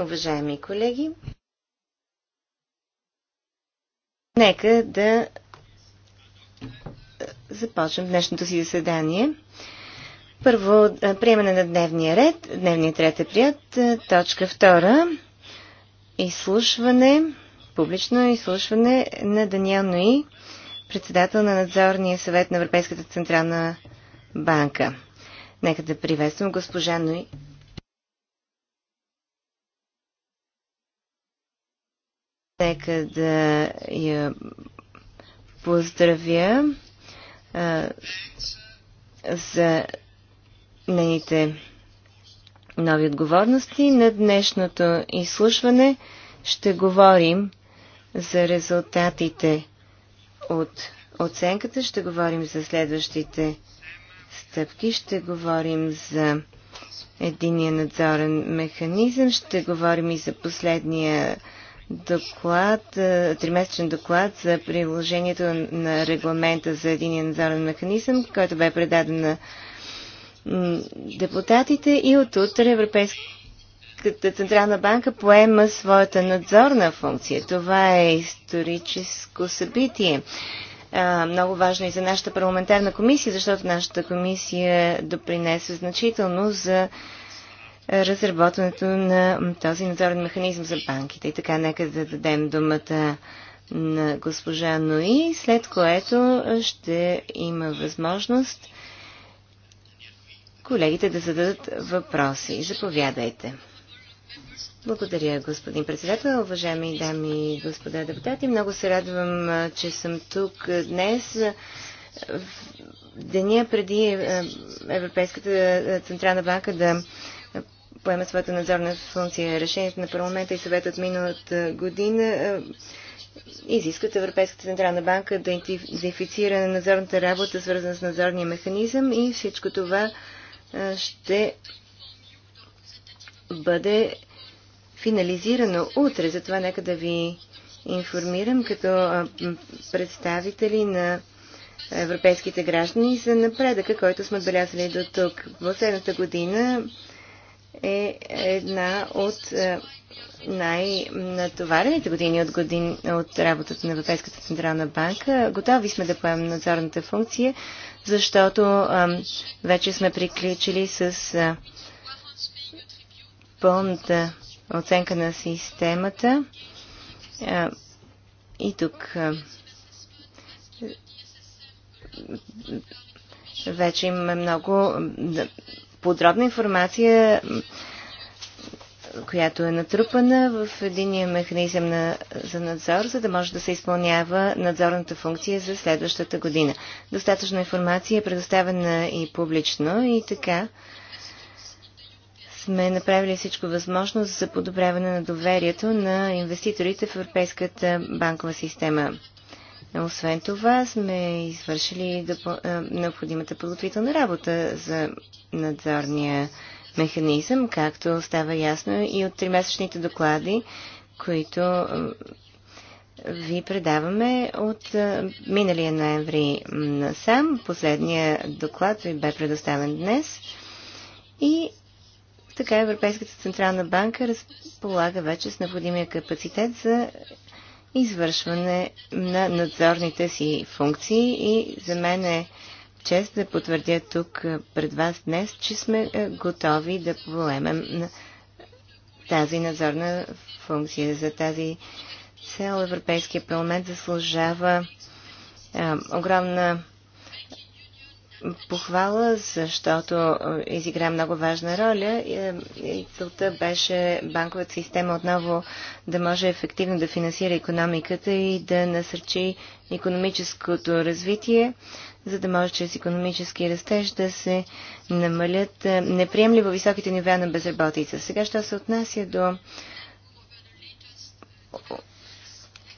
Уважаеми колеги, нека да е, започнем днешното си заседание. Първо, е, приемане на дневния ред. Дневният ред е прият. Е, точка втора. Изслушване, публично изслушване на Даниел Нои, председател на надзорния съвет на Европейската централна банка. Нека да приветствам госпожа Ной. Нека да я поздравя а, за нейните нови отговорности. На днешното изслушване ще говорим за резултатите от оценката, ще говорим за следващите стъпки. Ще говорим за единия надзорен механизъм, ще говорим и за последния доклад, е, тримесечен доклад за приложението на регламента за единия надзорен механизъм, който бе предаден на депутатите и от утре Европейската Централна банка поема своята надзорна функция. Това е историческо събитие много важно и за нашата парламентарна комисия, защото нашата комисия допринесе значително за разработването на този надзорен механизъм за банките. И така, нека да дадем думата на госпожа Нои, след което ще има възможност колегите да зададат въпроси. Заповядайте. Благодаря, господин председател. Уважаеми дами и господа депутати, много се радвам, че съм тук днес. деня преди Европейската Централна банка да поема своята надзорна функция, решението на парламента и съвета от миналата година изискват Европейската Централна банка да идентифицира надзорната работа, свързана с надзорния механизъм и всичко това ще бъде финализирано утре. Затова нека да ви информирам като представители на европейските граждани за напредъка, който сме отбелязали до тук. В следната година е една от най-натоварените години от, годин, от работата на Европейската Централна банка. Готови сме да поемем надзорната функция, защото ам, вече сме приключили с а, пълната оценка на системата. И тук вече имаме много подробна информация, която е натрупана в единия механизъм на, за надзор, за да може да се изпълнява надзорната функция за следващата година. Достатъчно информация е предоставена и публично и така сме направили всичко възможно за подобряване на доверието на инвеститорите в Европейската банкова система. Освен това, сме извършили необходимата подготвителна работа за надзорния механизъм, както става ясно и от тримесечните доклади, които ви предаваме от миналия ноември насам. Последния доклад ви бе предоставен днес. И така Европейската Централна банка разполага вече с необходимия капацитет за извършване на надзорните си функции и за мен е чест да потвърдя тук пред вас днес, че сме готови да поемем тази надзорна функция. За тази цел Европейския парламент заслужава е, огромна похвала, защото изигра много важна роля и целта беше банковата система отново да може ефективно да финансира економиката и да насърчи економическото развитие, за да може чрез економически растеж да се намалят неприемливо високите нива на безработица. Сега, що се отнася до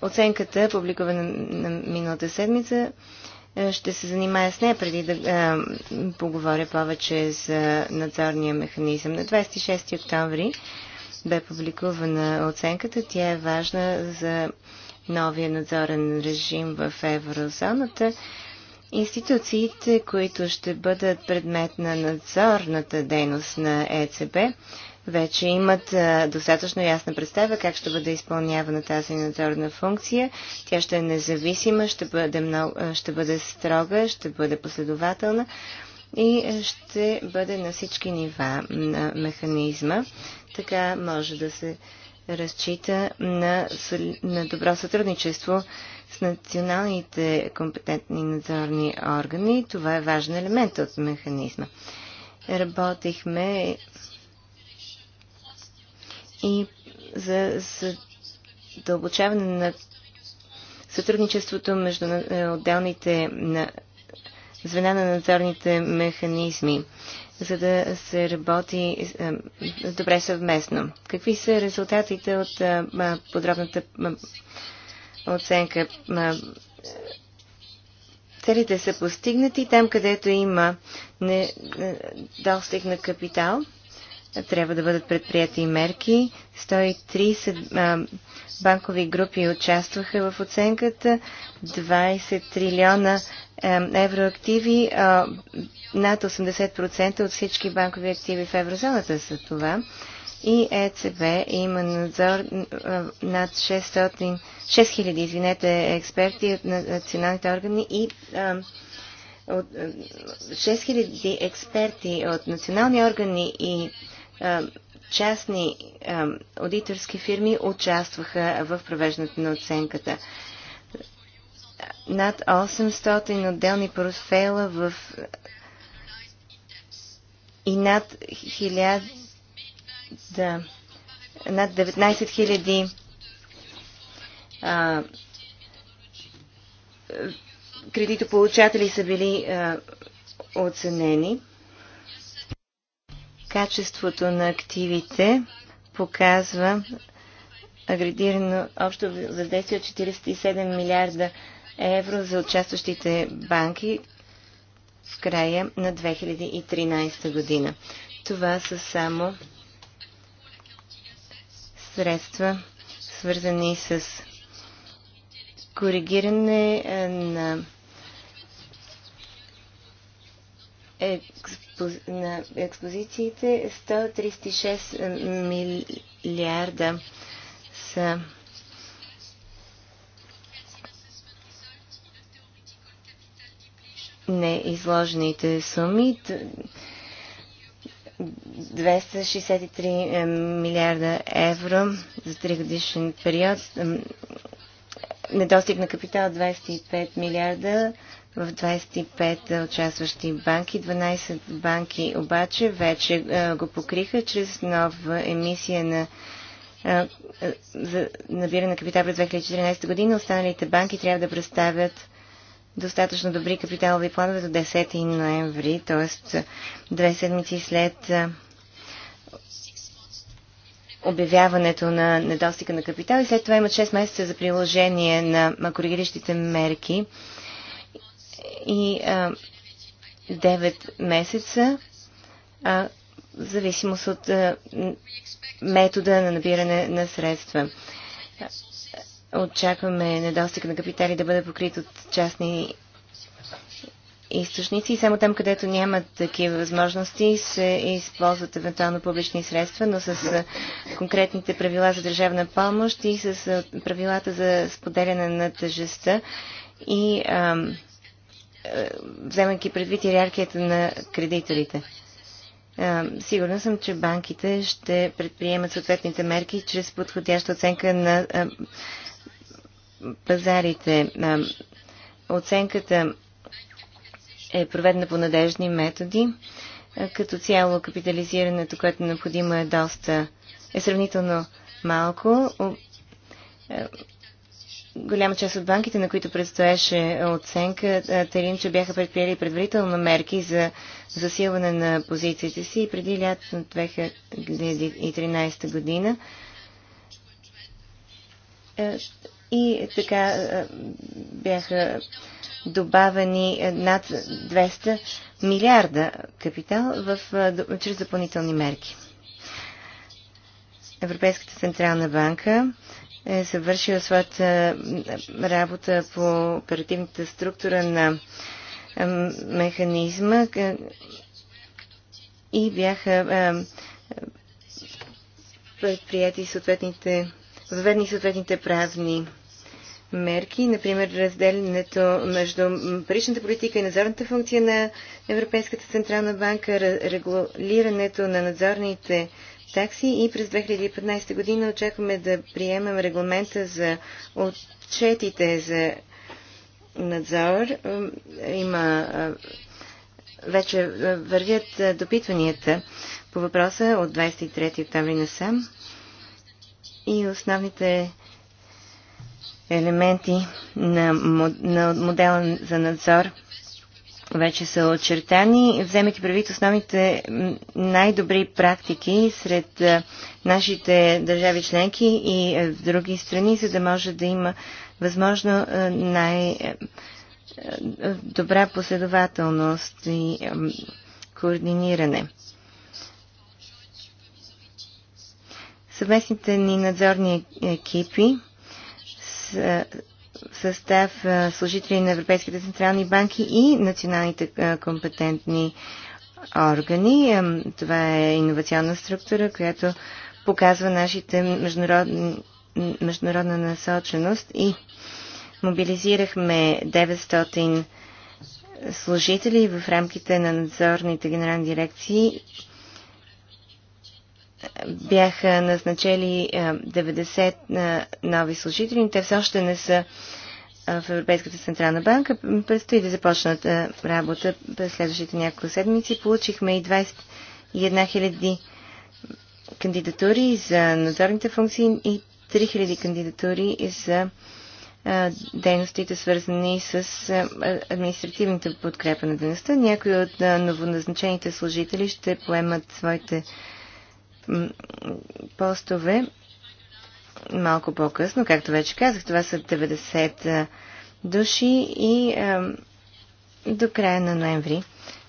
оценката, публикувана на миналата седмица, е, ще се занимая с нея преди да е, поговоря повече за надзорния механизъм. На 26 октомври бе публикувана оценката. Тя е важна за новия надзорен режим в еврозоната. Институциите, които ще бъдат предмет на надзорната дейност на ЕЦБ, вече имат достатъчно ясна представа как ще бъде изпълнявана тази надзорна функция. Тя ще е независима, ще бъде, много, ще бъде строга, ще бъде последователна и ще бъде на всички нива на механизма. Така може да се разчита на, на добро сътрудничество с националните компетентни надзорни органи. Това е важен елемент от механизма. Работихме и за задълбочаване на сътрудничеството между е, отделните на звена на надзорните механизми, за да се работи е, добре съвместно. Какви са резултатите от е, подробната оценка? Целите са постигнати там, където има недостиг на капитал трябва да бъдат предприяти мерки. 130 банкови групи участваха в оценката, 20 трилиона евроактиви, над 80% от всички банкови активи в еврозоната са това. И ЕЦБ има надзор над 600, 6000 извинете, експерти от националните органи и от 6000 експерти от национални органи и е, частни е, аудиторски фирми участваха в провеждането на оценката. Над 800 отделни портфела в и над 1000 да, над 19 000 кредитополучатели са били а, оценени качеството на активите показва агредирано общо въздействие от 47 милиарда евро за участващите банки в края на 2013 година. Това са само средства, свързани с коригиране на на експозициите 136 милиарда са неизложените суми. 263 милиарда евро за 3 годишен период недостиг на капитал 25 милиарда в 25 участващи банки. 12 банки обаче вече е, го покриха чрез нова емисия на е, е, за набиране на капитал през 2014 година. Останалите банки трябва да представят достатъчно добри капиталови планове до 10 ноември, т.е. две седмици след обявяването на недостига на капитал и след това имат 6 месеца за приложение на коригиращите мерки и а, 9 месеца, а, в зависимост от а, метода на набиране на средства. Очакваме недостиг на капитали да бъде покрит от частни източници и само там, където нямат такива възможности, се използват евентуално публични средства, но с конкретните правила за държавна помощ и с правилата за споделяне на тъжеста и ам, е, вземайки предвид иерархията на кредиторите. Е, сигурна съм, че банките ще предприемат съответните мерки чрез подходяща оценка на е, пазарите. Оценката е проведена по надежни методи. Като цяло капитализирането, което е необходимо, е доста е сравнително малко голяма част от банките, на които предстояше оценка, теринча че бяха предприели предварително мерки за засилване на позициите си и преди лято на 2013 година. И така бяха добавени над 200 милиарда капитал в, чрез допълнителни мерки. Европейската централна банка е завършила своята работа по оперативната структура на механизма и бяха предприяти съответните, въведени съответните правни мерки, например разделянето между паричната политика и надзорната функция на Европейската централна банка, регулирането на надзорните такси и през 2015 година очакваме да приемем регламента за отчетите за надзор. Е, има е, вече е, вървят допитванията по въпроса от 23 октомври сам и основните елементи на, на модела за надзор вече са очертани, вземайки правит основните най-добри практики сред нашите държави членки и в други страни, за да може да има възможно най-добра последователност и координиране. Съвместните ни надзорни екипи състав служители на Европейските централни банки и националните компетентни органи. Това е иновационна структура, която показва нашите международни, международна насоченост и мобилизирахме 900 служители в рамките на надзорните генерални дирекции бяха назначели 90 е, е, нови служители. Те все още не са е, в Европейската централна банка. Предстои да започнат работа през следващите няколко седмици. Получихме и 21 000 кандидатури за надзорните функции и 3000 кандидатури за дейностите, свързани с административната подкрепа на дейността. Някои от новоназначените служители ще поемат своите постове малко по-късно, както вече казах, това са 90 души и а, до края на ноември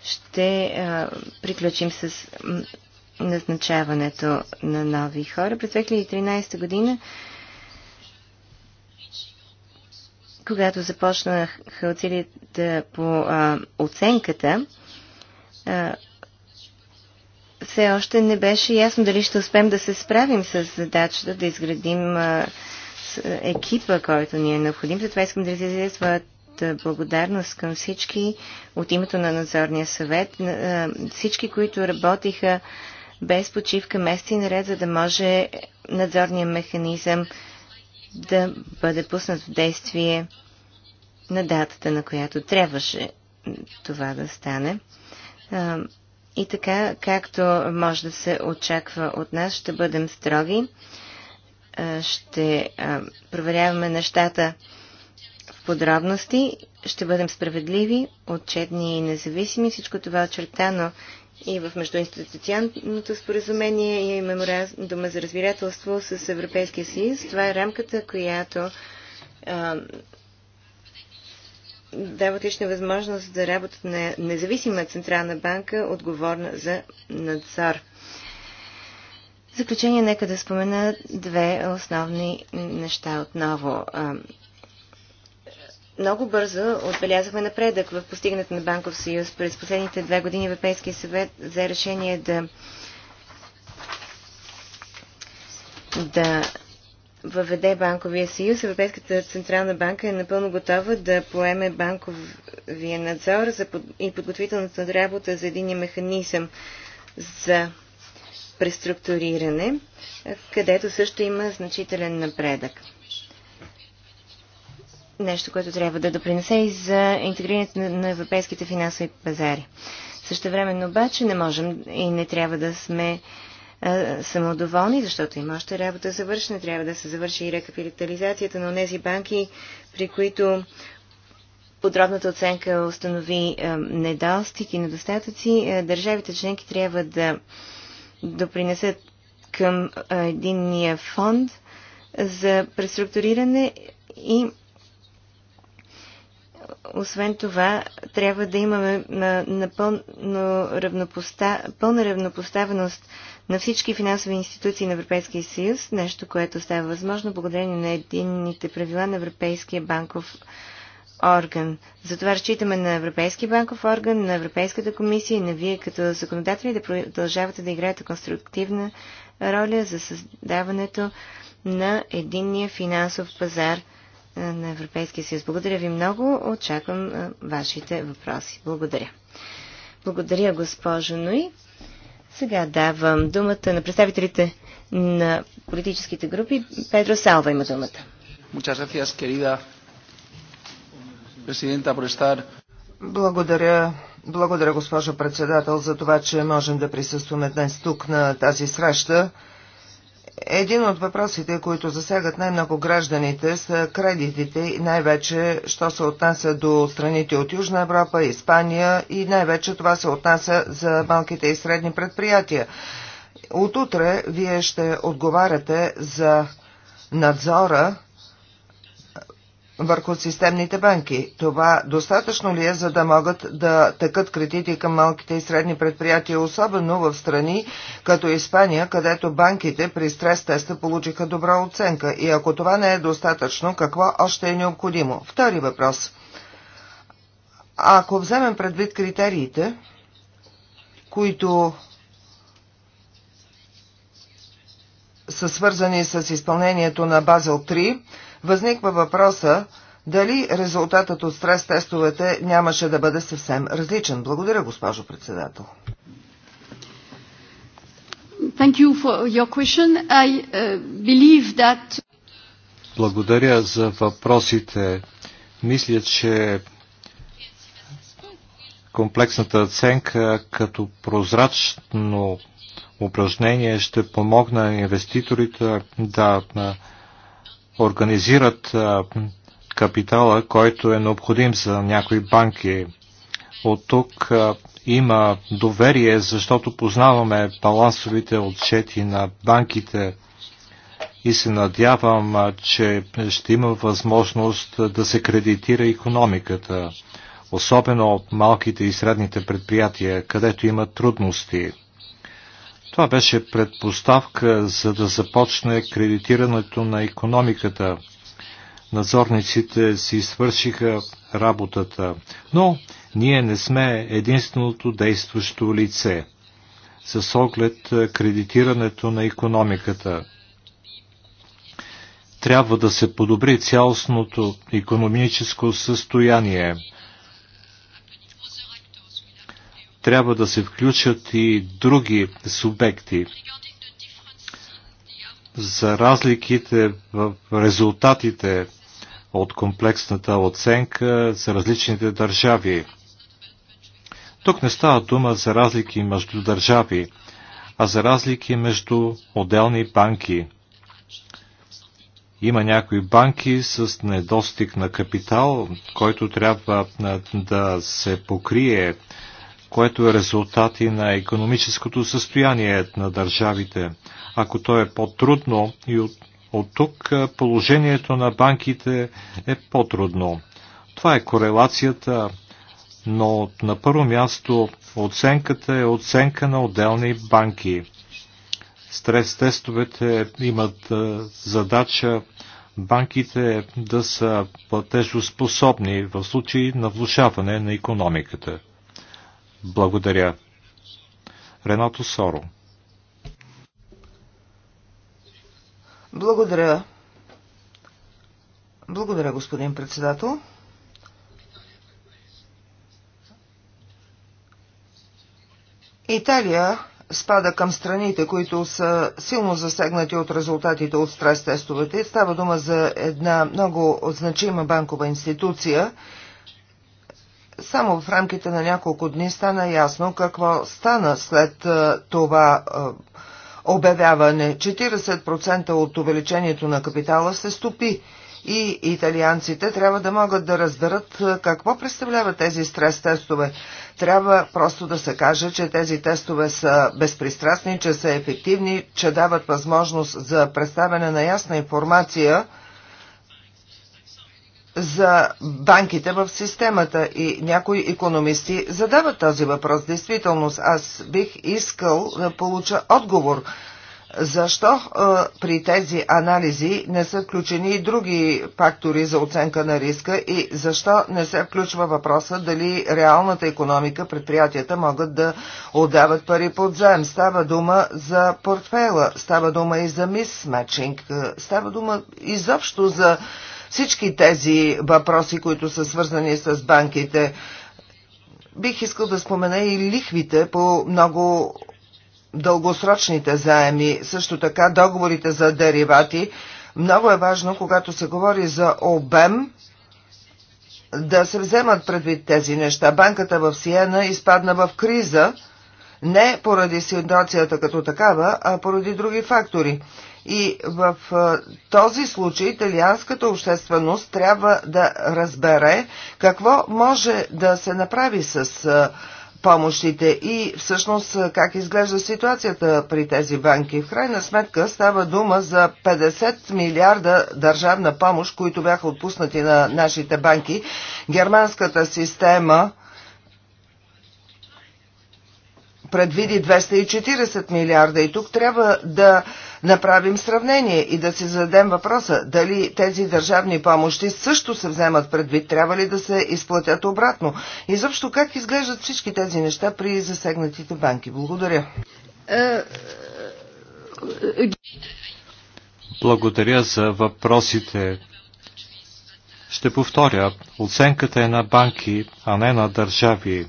ще а, приключим с назначаването на нови хора. През 2013 година, когато започнаха усилията по а, оценката, а, все още не беше ясно дали ще успеем да се справим с задачата да изградим екипа, който ни е необходим. Затова искам да изразя своята благодарност към всички от името на надзорния съвет, всички, които работиха без почивка месеци наред, за да може надзорния механизъм да бъде пуснат в действие на датата, на която трябваше това да стане. И така, както може да се очаква от нас, ще бъдем строги, ще проверяваме нещата в подробности, ще бъдем справедливи, отчетни и независими. Всичко това е очертано и в междуинституционното споразумение и меморандума за разбирателство с Европейския съюз. Това е рамката, която Дават лична възможност за работата на независима Централна банка, отговорна за надзор. В заключение, нека да спомена две основни неща отново. Много бързо отбелязахме напредък в постигането на Банков съюз. През последните две години Европейския съвет взе решение да да въведе банковия съюз, Европейската централна банка е напълно готова да поеме банковия надзор за под... и подготвителната работа за един механизъм за преструктуриране, където също има значителен напредък. Нещо, което трябва да допринесе и за интегрирането на европейските финансови пазари. Същевременно обаче не можем и не трябва да сме е, самодоволни, защото има още работа завършена. Трябва да се завърши и рекапитализацията на тези банки, при които подробната оценка установи е, недостиг и недостатъци. Е, държавите членки трябва да допринесат към единния фонд за преструктуриране и освен това, трябва да имаме напълно равнопоста... пълна равнопоставеност на всички финансови институции на Европейския съюз, нещо, което става възможно благодарение на единните правила на Европейския банков орган. Затова разчитаме на Европейския банков орган, на Европейската комисия и на вие като законодатели да продължавате да играете конструктивна роля за създаването на единния финансов пазар на Европейския съюз. Благодаря ви много. Очаквам вашите въпроси. Благодаря. Благодаря, госпожо Нуи. Сега давам думата на представителите на политическите групи. Педро Салва има думата. Благодаря, благодаря, госпожо председател, за това, че можем да присъстваме днес тук на тази среща. Един от въпросите, които засягат най-много гражданите, са кредитите, най-вече, що се отнася до страните от Южна Европа, Испания и най-вече това се отнася за малките и средни предприятия. Отутре вие ще отговаряте за надзора върху системните банки. Това достатъчно ли е, за да могат да тъкат кредити към малките и средни предприятия, особено в страни като Испания, където банките при стрес-теста получиха добра оценка? И ако това не е достатъчно, какво още е необходимо? Втори въпрос. Ако вземем предвид критериите, които са свързани с изпълнението на Базел 3, възниква въпроса дали резултатът от стрес-тестовете нямаше да бъде съвсем различен. Благодаря, госпожо председател. Thank you for your question. I uh, believe that... Благодаря за въпросите. Мисля, че комплексната оценка като прозрачно упражнение ще помогна инвеститорите да организират капитала, който е необходим за някои банки. От тук има доверие, защото познаваме балансовите отчети на банките и се надявам, че ще има възможност да се кредитира економиката, особено от малките и средните предприятия, където има трудности. Това беше предпоставка за да започне кредитирането на економиката. Надзорниците си свършиха работата, но ние не сме единственото действащо лице с оглед кредитирането на економиката. Трябва да се подобри цялостното економическо състояние трябва да се включат и други субекти за разликите в резултатите от комплексната оценка за различните държави. Тук не става дума за разлики между държави, а за разлики между отделни банки. Има някои банки с недостиг на капитал, който трябва да се покрие което е резултат и на економическото състояние на държавите. Ако то е по-трудно и от, от тук положението на банките е по-трудно. Това е корелацията, но на първо място оценката е оценка на отделни банки. Стрес тестовете имат задача банките да са платежоспособни в случай на влушаване на економиката. Благодаря. Ренато Соро. Благодаря. Благодаря, господин председател. Италия спада към страните, които са силно засегнати от резултатите от стрес тестовете. Става дума за една много значима банкова институция – само в рамките на няколко дни стана ясно какво стана след е, това е, обявяване. 40% от увеличението на капитала се стопи и италианците трябва да могат да разберат е, какво представляват тези стрес тестове. Трябва просто да се каже, че тези тестове са безпристрастни, че са ефективни, че дават възможност за представяне на ясна информация – за банките в системата и някои економисти задават този въпрос. Действително, аз бих искал да получа отговор. Защо а, е, при тези анализи не са включени и други фактори за оценка на риска и защо не се включва въпроса дали реалната економика предприятията могат да отдават пари под заем? Става дума за портфела, става дума и за мисмечинг, е, става дума изобщо за всички тези въпроси, които са свързани с банките. Бих искал да спомена и лихвите по много дългосрочните заеми, също така договорите за деривати. Много е важно, когато се говори за обем, да се вземат предвид тези неща. Банката в Сиена изпадна в криза не поради ситуацията като такава, а поради други фактори. И в този случай италианската общественост трябва да разбере какво може да се направи с помощите и всъщност как изглежда ситуацията при тези банки. В крайна сметка става дума за 50 милиарда държавна помощ, които бяха отпуснати на нашите банки. Германската система предвиди 240 милиарда и тук трябва да направим сравнение и да си зададем въпроса дали тези държавни помощи също се вземат предвид, трябва ли да се изплатят обратно. И защо как изглеждат всички тези неща при засегнатите банки? Благодаря. Е, е, е, Благодаря за въпросите. Ще повторя, оценката е на банки, а не на държави.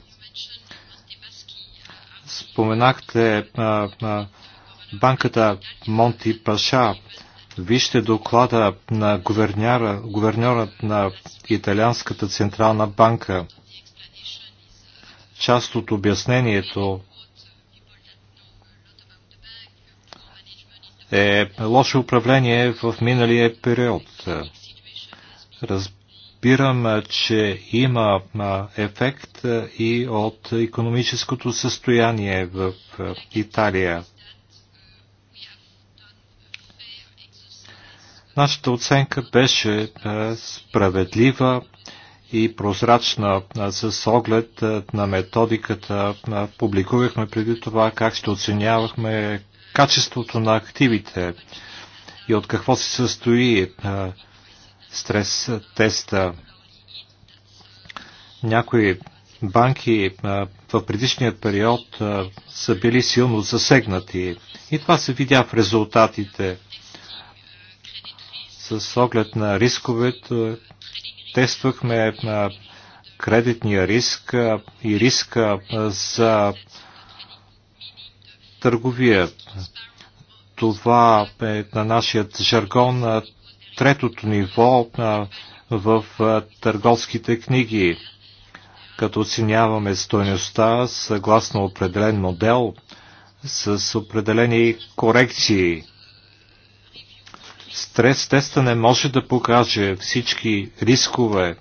Споменахте а, а, банката Монти Паша. Вижте доклада на гуверньорът на Италианската централна банка. Част от обяснението е лошо управление в миналия период. Разбирам, че има ефект и от економическото състояние в Италия. Нашата оценка беше е, справедлива и прозрачна е, с оглед е, на методиката. Публикувахме преди това как ще оценявахме качеството на активите и от какво се състои стрес теста. Някои банки в предишния период са били силно засегнати и това се видя в резултатите с оглед на рисковете тествахме на кредитния риск и риска за търговия. Това е на нашият жаргон на третото ниво в търговските книги. Като оценяваме стойността съгласно определен модел с определени корекции – Стрес теста не може да покаже всички рискове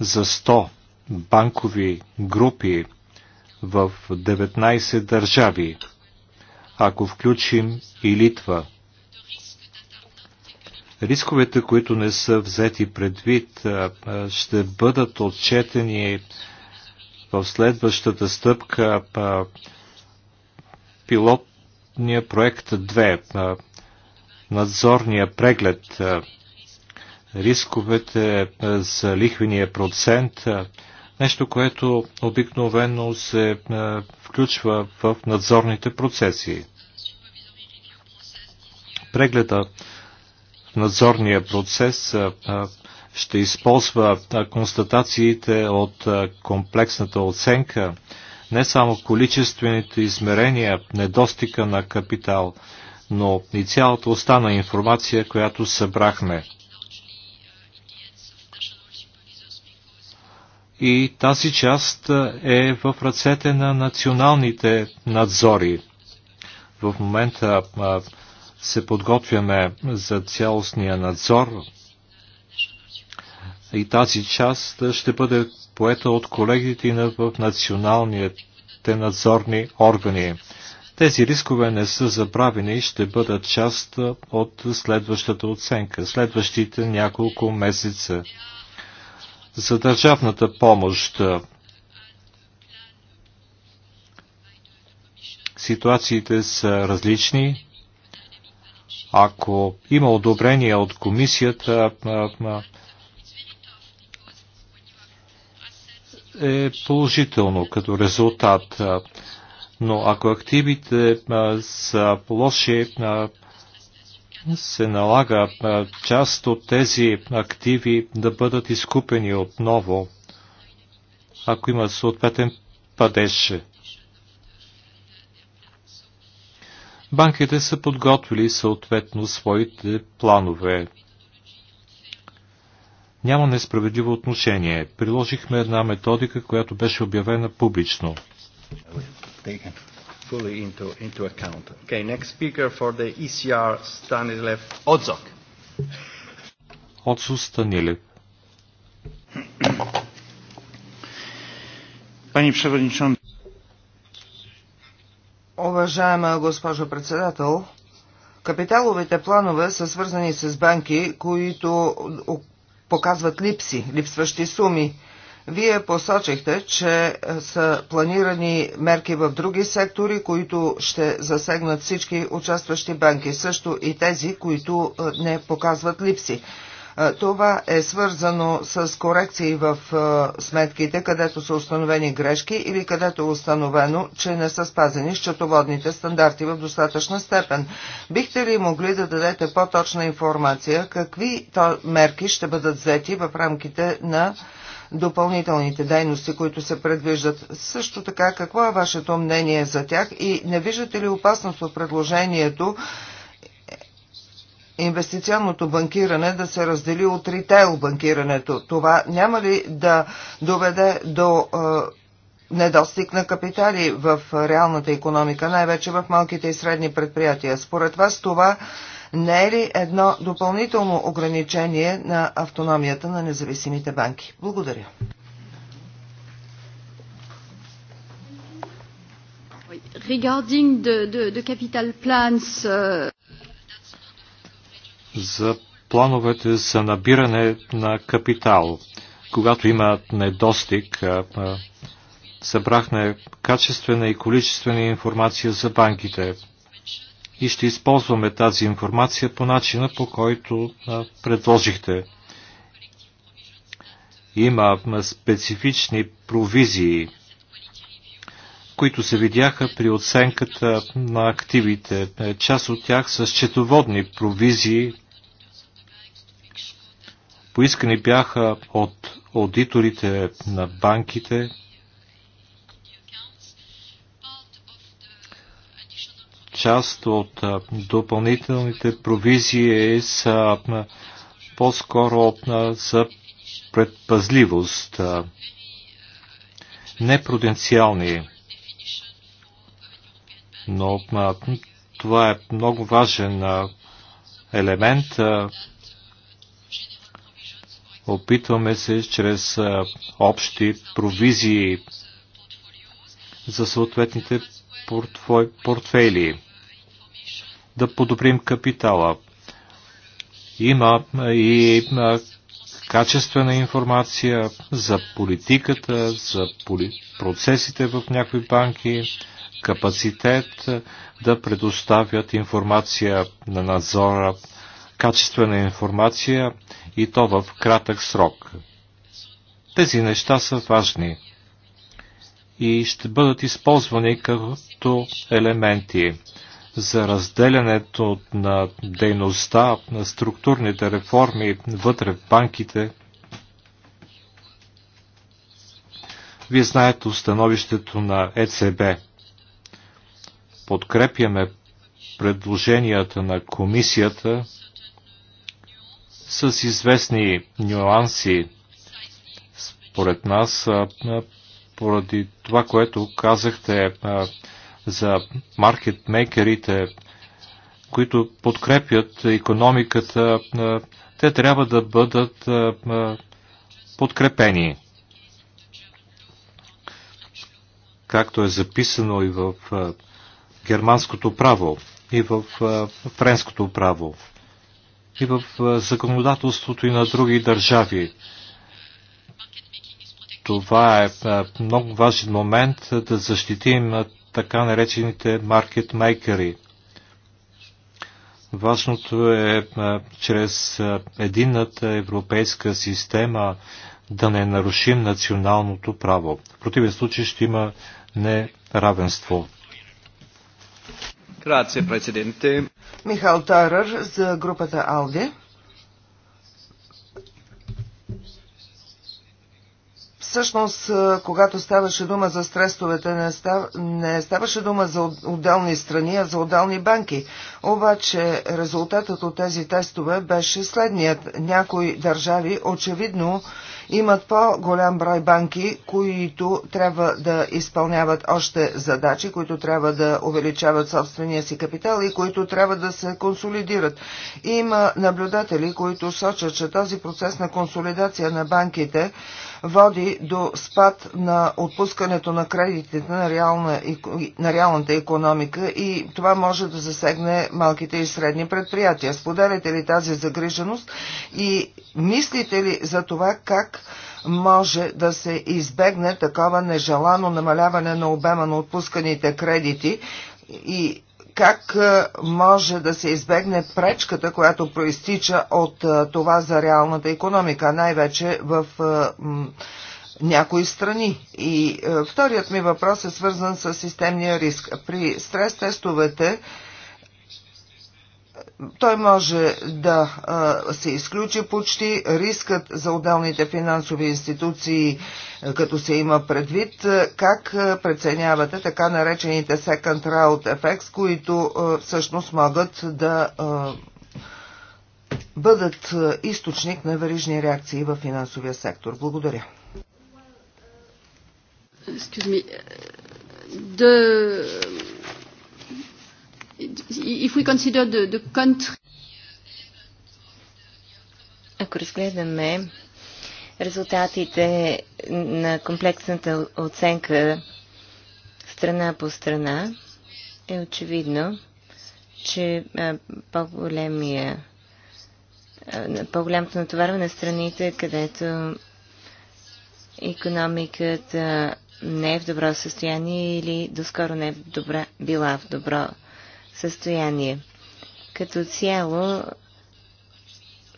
за 100 банкови групи в 19 държави, ако включим и Литва. Рисковете, които не са взети предвид, ще бъдат отчетени в следващата стъпка пилотния проект 2 надзорния преглед, рисковете за лихвения процент, нещо, което обикновено се включва в надзорните процеси. Прегледа в надзорния процес ще използва констатациите от комплексната оценка, не само количествените измерения, недостига на капитал, но и цялата остана информация, която събрахме. И тази част е в ръцете на националните надзори. В момента се подготвяме за цялостния надзор и тази част ще бъде поета от колегите в националните надзорни органи. Тези рискове не са забравени и ще бъдат част от следващата оценка, следващите няколко месеца. За държавната помощ ситуациите са различни. Ако има одобрение от комисията, е положително като резултат но ако активите са лоши, се налага част от тези активи да бъдат изкупени отново, ако има съответен падеж. Банките са подготвили съответно своите планове. Няма несправедливо отношение. Приложихме една методика, която беше обявена публично taken fully into, into account. Okay, next speaker for the ECR, Stanislav Odzok. Отсо Stanislav. Пани Przewodniczący. Уважаема госпожо председател, капиталовите планове са свързани с банки, които показват липси, липсващи суми. Вие посочихте, че е, са планирани мерки в други сектори, които ще засегнат всички участващи банки, също и тези, които е, не показват липси. Е, това е свързано с корекции в сметките, където са установени грешки или където е установено, че не са спазени счетоводните стандарти в достатъчна степен. Бихте ли могли да дадете по-точна информация какви мерки ще бъдат взети в рамките на допълнителните дейности, които се предвиждат. Също така, какво е вашето мнение за тях и не виждате ли опасност от предложението инвестиционното банкиране да се раздели от ритейл банкирането? Това няма ли да доведе до е, недостиг на капитали в реалната економика, най-вече в малките и средни предприятия. Според вас това не е ли едно допълнително ограничение на автономията на независимите банки? Благодаря. Regarding the, the, the capital plans, uh... За плановете за набиране на капитал, когато има недостиг, събрахме качествена и количествена информация за банките и ще използваме тази информация по начина, по който предложихте. Има специфични провизии, които се видяха при оценката на активите. Е, част от тях са счетоводни провизии. Поискани бяха от аудиторите на банките – част от допълнителните провизии са по-скоро за предпазливост, непруденциални. Но това е много важен елемент. Опитваме се чрез общи провизии за съответните портфели да подобрим капитала. Има и качествена информация за политиката, за процесите в някои банки, капацитет да предоставят информация на надзора, качествена информация и то в кратък срок. Тези неща са важни и ще бъдат използвани като елементи за разделянето на дейността, на структурните реформи вътре в банките. Вие знаете установището на ЕЦБ. Подкрепяме предложенията на комисията с известни нюанси. Според нас, поради това, което казахте, за маркетмейкерите, които подкрепят економиката, те трябва да бъдат подкрепени. Както е записано и в германското право, и в френското право, и в законодателството и на други държави. Това е много важен момент да защитим така наречените маркетмейкери. Важното е, е чрез е, единната европейска система да не нарушим националното право. В противен случай ще има неравенство. Грация, Михал Тарър за групата Алде. Всъщност, когато ставаше дума за стрестовете, не, став... не ставаше дума за отделни страни, а за отделни банки. Обаче резултатът от тези тестове беше следният. Някои държави очевидно имат по-голям брой банки, които трябва да изпълняват още задачи, които трябва да увеличават собствения си капитал и които трябва да се консолидират. Има наблюдатели, които сочат, че този процес на консолидация на банките води до спад на отпускането на кредитите на, реална, на реалната економика и това може да засегне малките и средни предприятия. Споделяте ли тази загриженост и мислите ли за това как може да се избегне такова нежелано намаляване на обема на отпусканите кредити и как може да се избегне пречката, която проистича от това за реалната економика, най-вече в някои страни. И вторият ми въпрос е свързан с системния риск. При стрес тестовете той може да се изключи почти. Рискът за отделните финансови институции, като се има предвид, как преценявате така наречените second round effects, които всъщност могат да бъдат източник на верижни реакции в финансовия сектор. Благодаря. Excuse me. De е, е, if we consider the, the country... Ако разгледаме резултатите на комплексната оценка страна по страна, е очевидно, че по-големия по-голямото натоварване на страните, където економиката не е в добро състояние или доскоро не е в добра, била в добро състояние. Като цяло,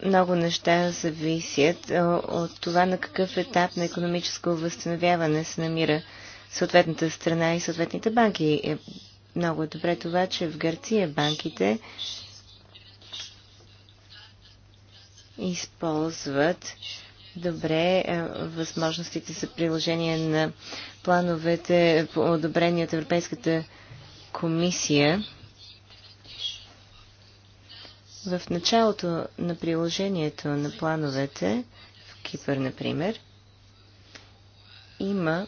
много неща зависят от това на какъв етап на економическо възстановяване се намира съответната страна и съответните банки. Е много е добре това, че в Гърция банките използват добре възможностите за приложение на плановете, по одобрение от Европейската комисия в началото на приложението на плановете, в Кипър, например, има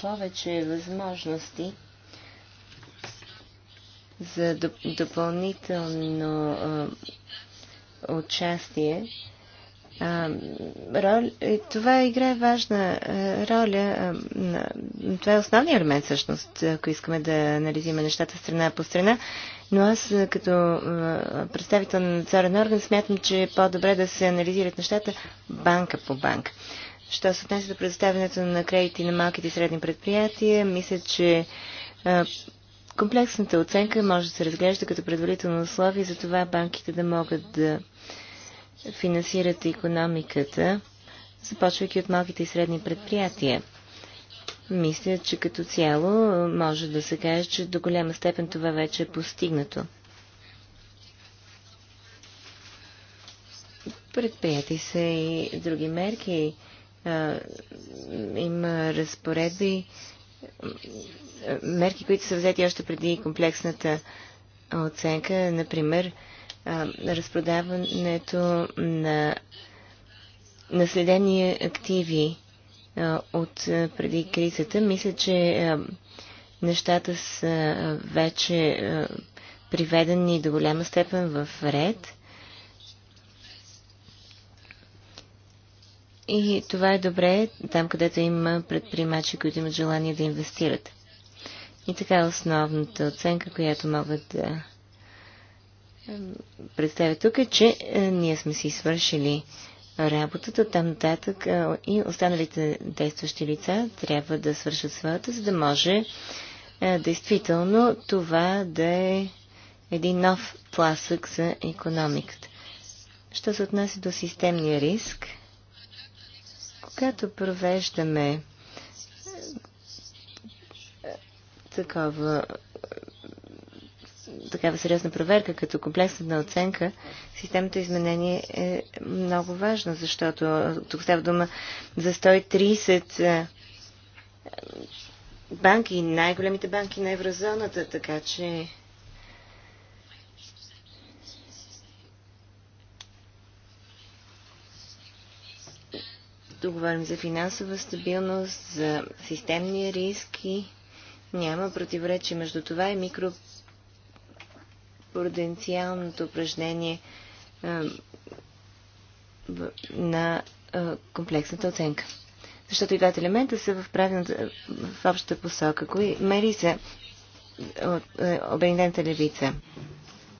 повече възможности за допълнително участие роля, това играе важна роля. Това е основният елемент, всъщност, ако искаме да анализираме нещата страна по страна. Но аз, като представител на царен орган, смятам, че е по-добре да се анализират нещата банка по банка. Що се отнесе до предоставянето на кредити на малките и средни предприятия, мисля, че комплексната оценка може да се разглежда като предварително условие за това банките да могат да финансират економиката, започвайки от малките и средни предприятия. Мисля, че като цяло може да се каже, че до голяма степен това вече е постигнато. Предприяти са и други мерки. Има разпоредби, мерки, които са взети още преди комплексната оценка, например, а, разпродаването на наследени активи а, от а, преди кризата, мисля, че а, нещата са вече а, приведени до голяма степен в ред. И това е добре там, където има предприемачи, които имат желание да инвестират. И така основната оценка, която могат да представя тук е, че е, ние сме си свършили работата там нататък е, и останалите действащи лица трябва да свършат своята, за да може е, действително това да е един нов пласък за економиката. Що се отнася до системния риск, когато провеждаме такова такава сериозна проверка, като комплексна оценка, системното изменение е много важно, защото тук става дума за 130 банки, най-големите банки на еврозоната, така че Тук говорим за финансова стабилност, за системни риски, няма противоречие между това и микро пруденциалното упражнение на комплексната оценка. Защото и двата елемента са в правилната, в общата посока. Кои мери се Обединената левица?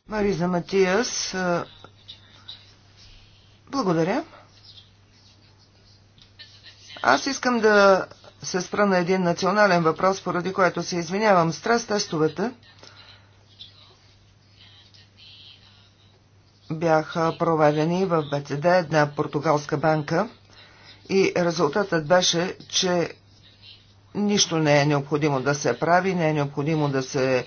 Мариза Матиас, благодаря. Аз искам да се спра на един национален въпрос, поради който се извинявам. Стрес тестовете бяха проведени в БЦД, една португалска банка, и резултатът беше, че нищо не е необходимо да се прави, не е необходимо да се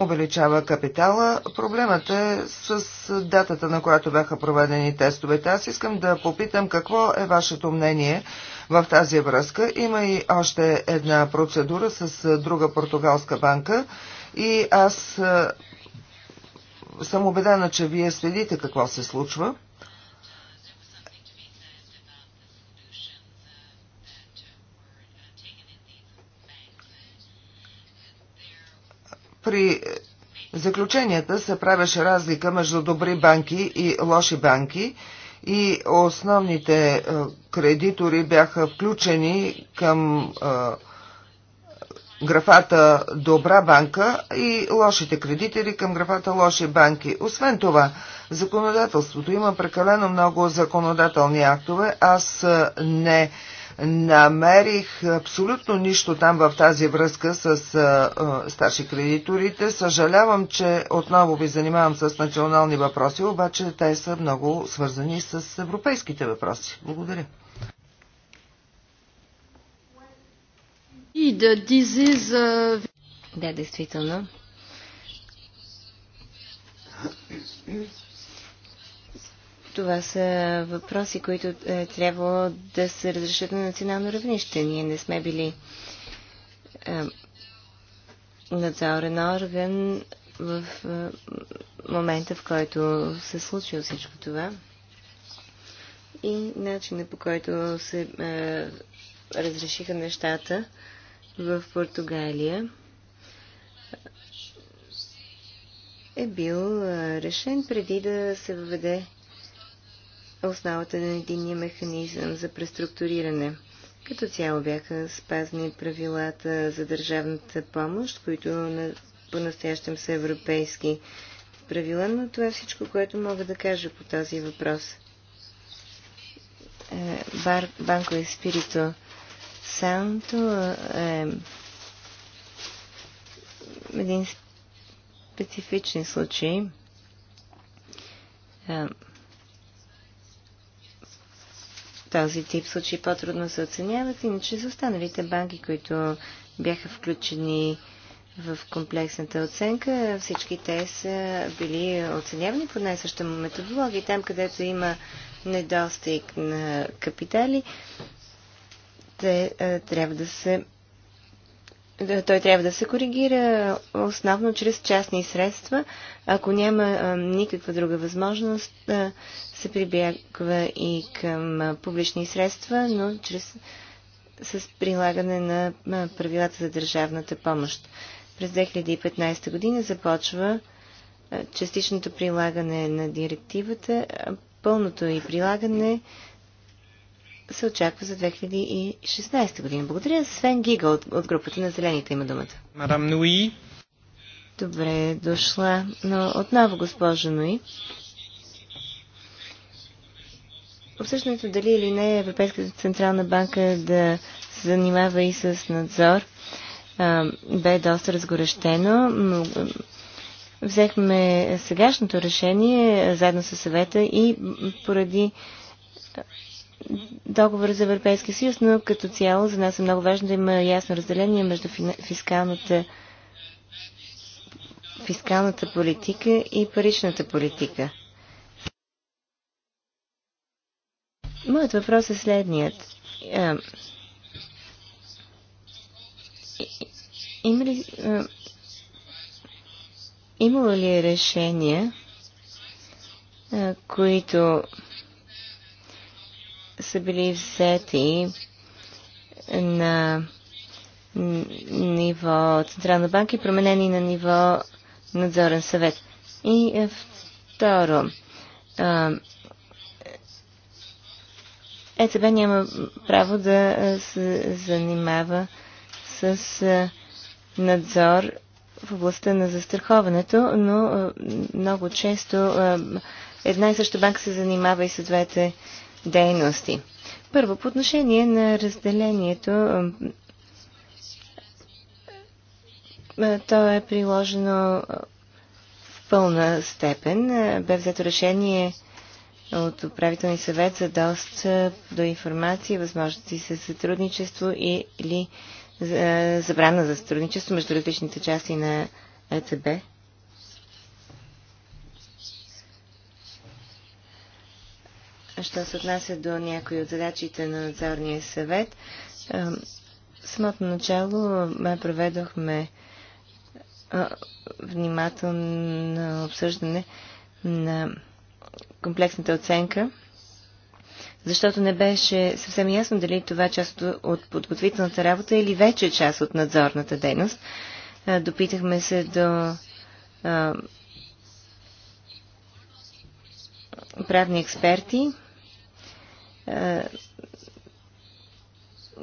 увеличава капитала. Проблемът е с датата, на която бяха проведени тестовете. Аз искам да попитам какво е вашето мнение в тази връзка. Има и още една процедура с друга португалска банка и аз съм убедена, че вие следите какво се случва. При заключенията се правеше разлика между добри банки и лоши банки и основните е, кредитори бяха включени към а, е, графата Добра банка и лошите кредитери към графата Лоши банки. Освен това, законодателството има прекалено много законодателни актове. Аз не намерих абсолютно нищо там в тази връзка с а, старши кредиторите. Съжалявам, че отново ви занимавам с национални въпроси, обаче те са много свързани с европейските въпроси. Благодаря. И да Да, действително. Това са въпроси, които е трябвало да се разрешат на национално равнище. Ние не сме били е, надзорен орган в е, момента, в който се е случило всичко това. И начинът по който се е, разрешиха нещата в Португалия е бил решен преди да се въведе основата на единния механизъм за преструктуриране. Като цяло бяха спазни правилата за държавната помощ, които по-настоящем са европейски правила, но това е всичко, което мога да кажа по този въпрос. Е, Банко е спирито. Саунто е един специфичен случай. Е, този тип случаи по-трудно се оценяват, иначе за останалите банки, които бяха включени в комплексната оценка, всички те са били оценявани по най-същата методология. Там, където има недостиг на капитали, те е, трябва да се той трябва да се коригира основно чрез частни средства. Ако няма а, е, никаква друга възможност, а, е, се прибягва и към а, публични средства, но чрез, с прилагане на а, правилата за държавната помощ. През 2015 година започва а, частичното прилагане на директивата, а, пълното и прилагане се очаква за 2016 година. Благодаря. Свен Гига от, от групата на Зелените има думата. Мадам Нуи. Добре дошла. Но отново, госпожа Нуи. Обсъждането дали или не Европейската централна банка да се занимава и с надзор бе доста разгорещено. Взехме сегашното решение заедно с съвета и поради договора за Европейския съюз, но като цяло за нас е много важно да има ясно разделение между фискалната, фискалната политика и паричната политика. Моят въпрос е следният. има ли, имало ли решения, които са били взети на ниво Централна банка и променени на ниво надзорен съвет. И е, второ, ЕЦБ няма право да е, се занимава с е, надзор в областта на застраховането, но много често една и съща банка се занимава и с двете дейности. Първо, по отношение на разделението, то е приложено в пълна степен. Бе взето решение от управителни съвет за достъп до информация, възможности за сътрудничество или забрана за сътрудничество между различните части на ЕЦБ. що се отнася до някои от задачите на надзорния съвет. В самото начало ме проведохме внимателно обсъждане на комплексната оценка, защото не беше съвсем ясно дали това е част от подготвителната работа или вече е част от надзорната дейност. Допитахме се до правни експерти е,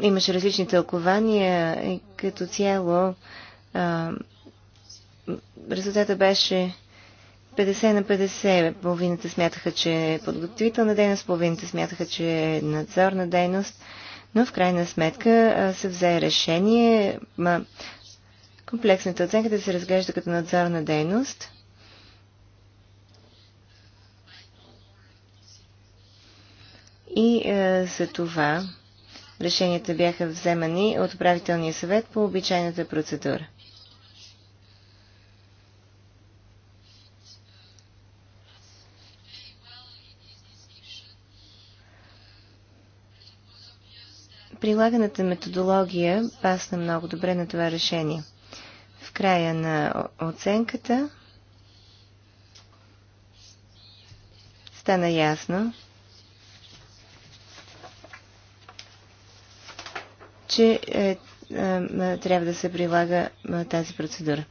имаше различни тълкования и като цяло а, е, резултата беше 50 на 50. Половината смятаха, че е подготовителна дейност, половината смятаха, че е надзорна дейност, но в крайна сметка а, е, се взе решение. Ма, комплексната оценка да се разглежда като надзорна дейност И а, е, за това решенията бяха вземани от управителния съвет по обичайната процедура. прилаганата методология пасна много добре на това решение. В края на оценката стана ясно, че е, е, е, трябва да се прилага е, тази процедура.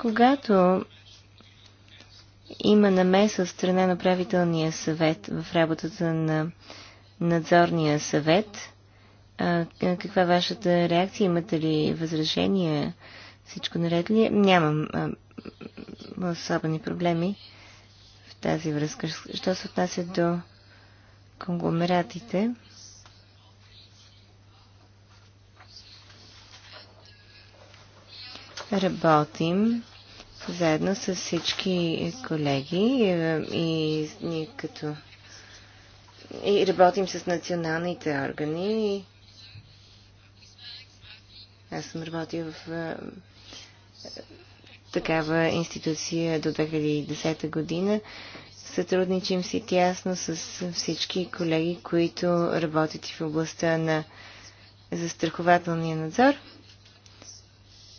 Когато има намеса от страна на правителния съвет в работата на надзорния съвет, е, каква е вашата реакция? Имате ли възражения? Всичко наред ли? Е? Нямам а, особени проблеми в тази връзка. Що се отнася до конгломератите. Работим заедно с всички колеги е, и, и като и работим с националните органи. Аз съм работил в а, е, такава институция до 2010 година Сътрудничим си тясно с всички колеги, които работят в областта на застрахователния надзор.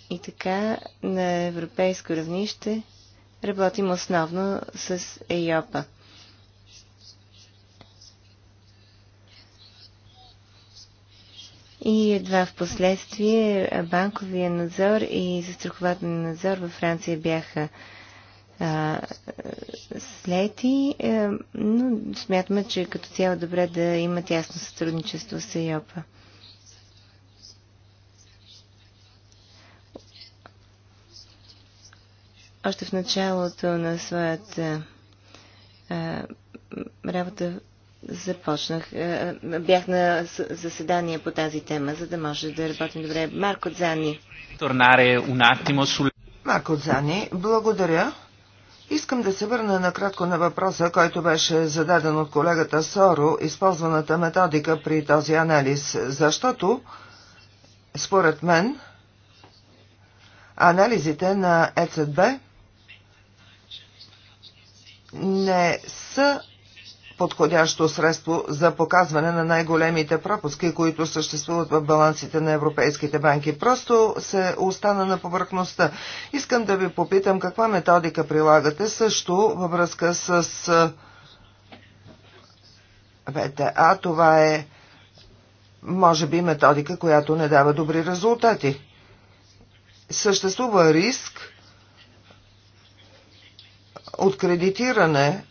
И така на европейско равнище работим основно с ЕЙОПА. И едва в последствие банковия надзор и застрахователния надзор във Франция бяха а, слети, а, е, но смятаме, че като цяло е добре да има тясно сътрудничество с Айопа. Още в началото на своята а, работа започнах. Бях на заседание по тази тема, за да може да работим добре. Марко Дзани. Марко Дзани, благодаря. Искам да се върна накратко на въпроса, който беше зададен от колегата Соро, използваната методика при този анализ, защото, според мен, анализите на ЕЦБ не са подходящо средство за показване на най-големите пропуски, които съществуват в балансите на европейските банки. Просто се остана на повърхността. Искам да ви попитам каква методика прилагате също във връзка с ВТА. Това е, може би, методика, която не дава добри резултати. Съществува риск от кредитиране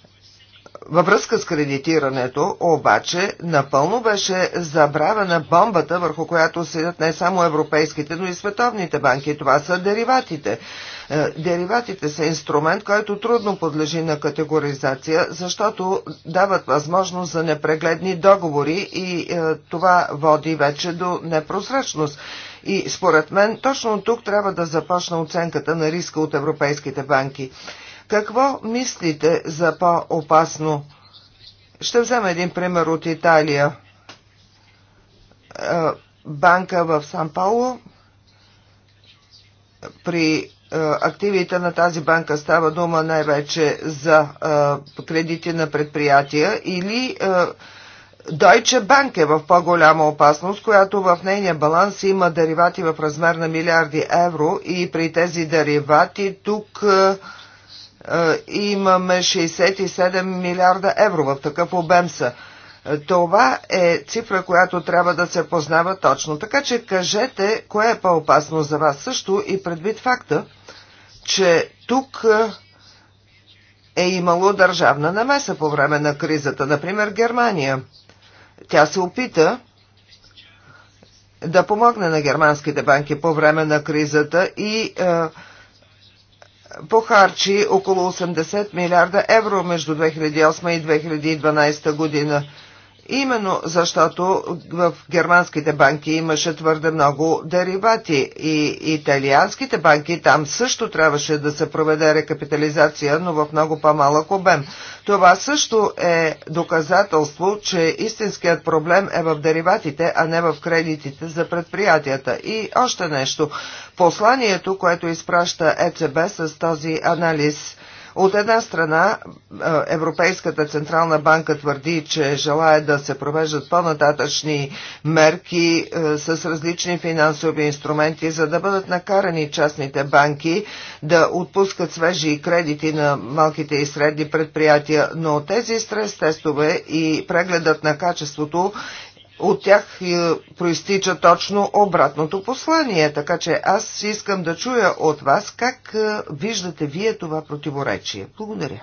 във връзка с кредитирането, обаче, напълно беше забравена бомбата, върху която седят не само европейските, но и световните банки. Това са дериватите. Е, дериватите са инструмент, който трудно подлежи на категоризация, защото дават възможност за непрегледни договори и е, това води вече до непрозрачност. И според мен точно тук трябва да започна оценката на риска от европейските банки. Какво мислите за по-опасно? Ще взема един пример от Италия. Е, банка в Сан Пауло при е, активите на тази банка става дума най-вече за е, кредити на предприятия или Deutsche Bank е в по-голяма опасност, която в нейния баланс има деривати в размер на милиарди евро и при тези деривати тук е, е, имаме 67 милиарда евро в такъв обем са. Е, това е цифра, която трябва да се познава точно. Така че кажете, кое е по-опасно за вас също и предвид факта, че тук е, е имало държавна намеса по време на кризата. Например, Германия. Тя се опита да помогне на германските банки по време на кризата и е, похарчи около 80 милиарда евро между 2008 и 2012 година. Именно защото в германските банки имаше твърде много деривати и италианските банки там също трябваше да се проведе рекапитализация, но в много по-малък обем. Това също е доказателство, че истинският проблем е в дериватите, а не в кредитите за предприятията. И още нещо. Посланието, което изпраща ЕЦБ с този анализ – от една страна, е, Европейската Централна банка твърди, че желая да се провеждат по-нататъчни мерки е, с различни финансови инструменти, за да бъдат накарани частните банки да отпускат свежи кредити на малките и средни предприятия, но тези стрес тестове и прегледът на качеството от тях е, проистича точно обратното послание. Така че аз искам да чуя от вас как е, виждате вие това противоречие. Благодаря.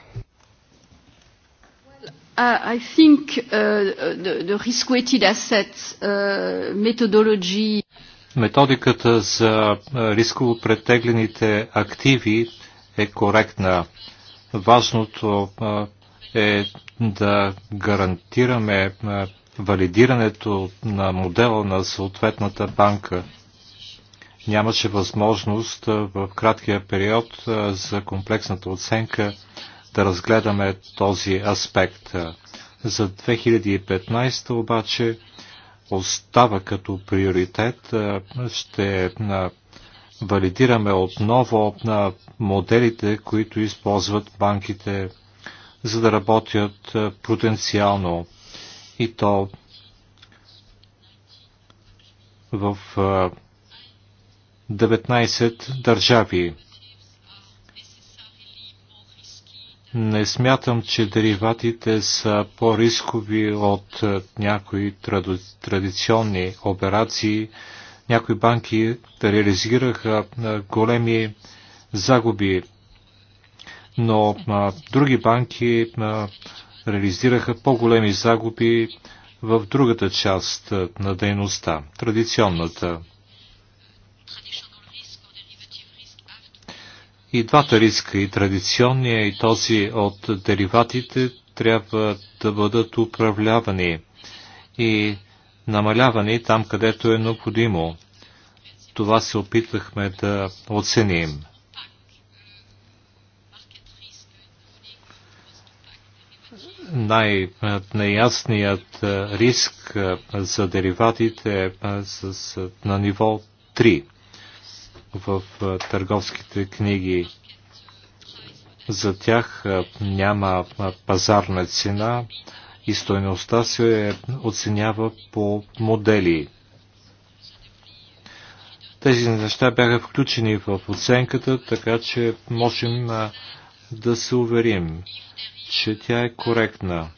I think uh, the, the risk-weighted uh, methodology Методиката за рисково претеглените активи е коректна. Важното е да гарантираме валидирането на модела на съответната банка. Нямаше възможност в краткия период за комплексната оценка да разгледаме този аспект. За 2015 обаче остава като приоритет. Ще валидираме отново на моделите, които използват банките, за да работят потенциално и то в 19 държави. Не смятам, че дериватите са по-рискови от някои традиционни операции. Някои банки реализираха големи загуби, но други банки реализираха по-големи загуби в другата част е, на дейността, традиционната. И двата риска, и традиционния, и този от дериватите, трябва да бъдат управлявани и намалявани там, където е необходимо. Това се опитвахме да оценим. най-неясният риск за дериватите е на ниво 3 в търговските книги. За тях няма пазарна цена и стоеността се оценява по модели. Тези неща бяха включени в оценката, така че можем да се уверим, че тя е коректна.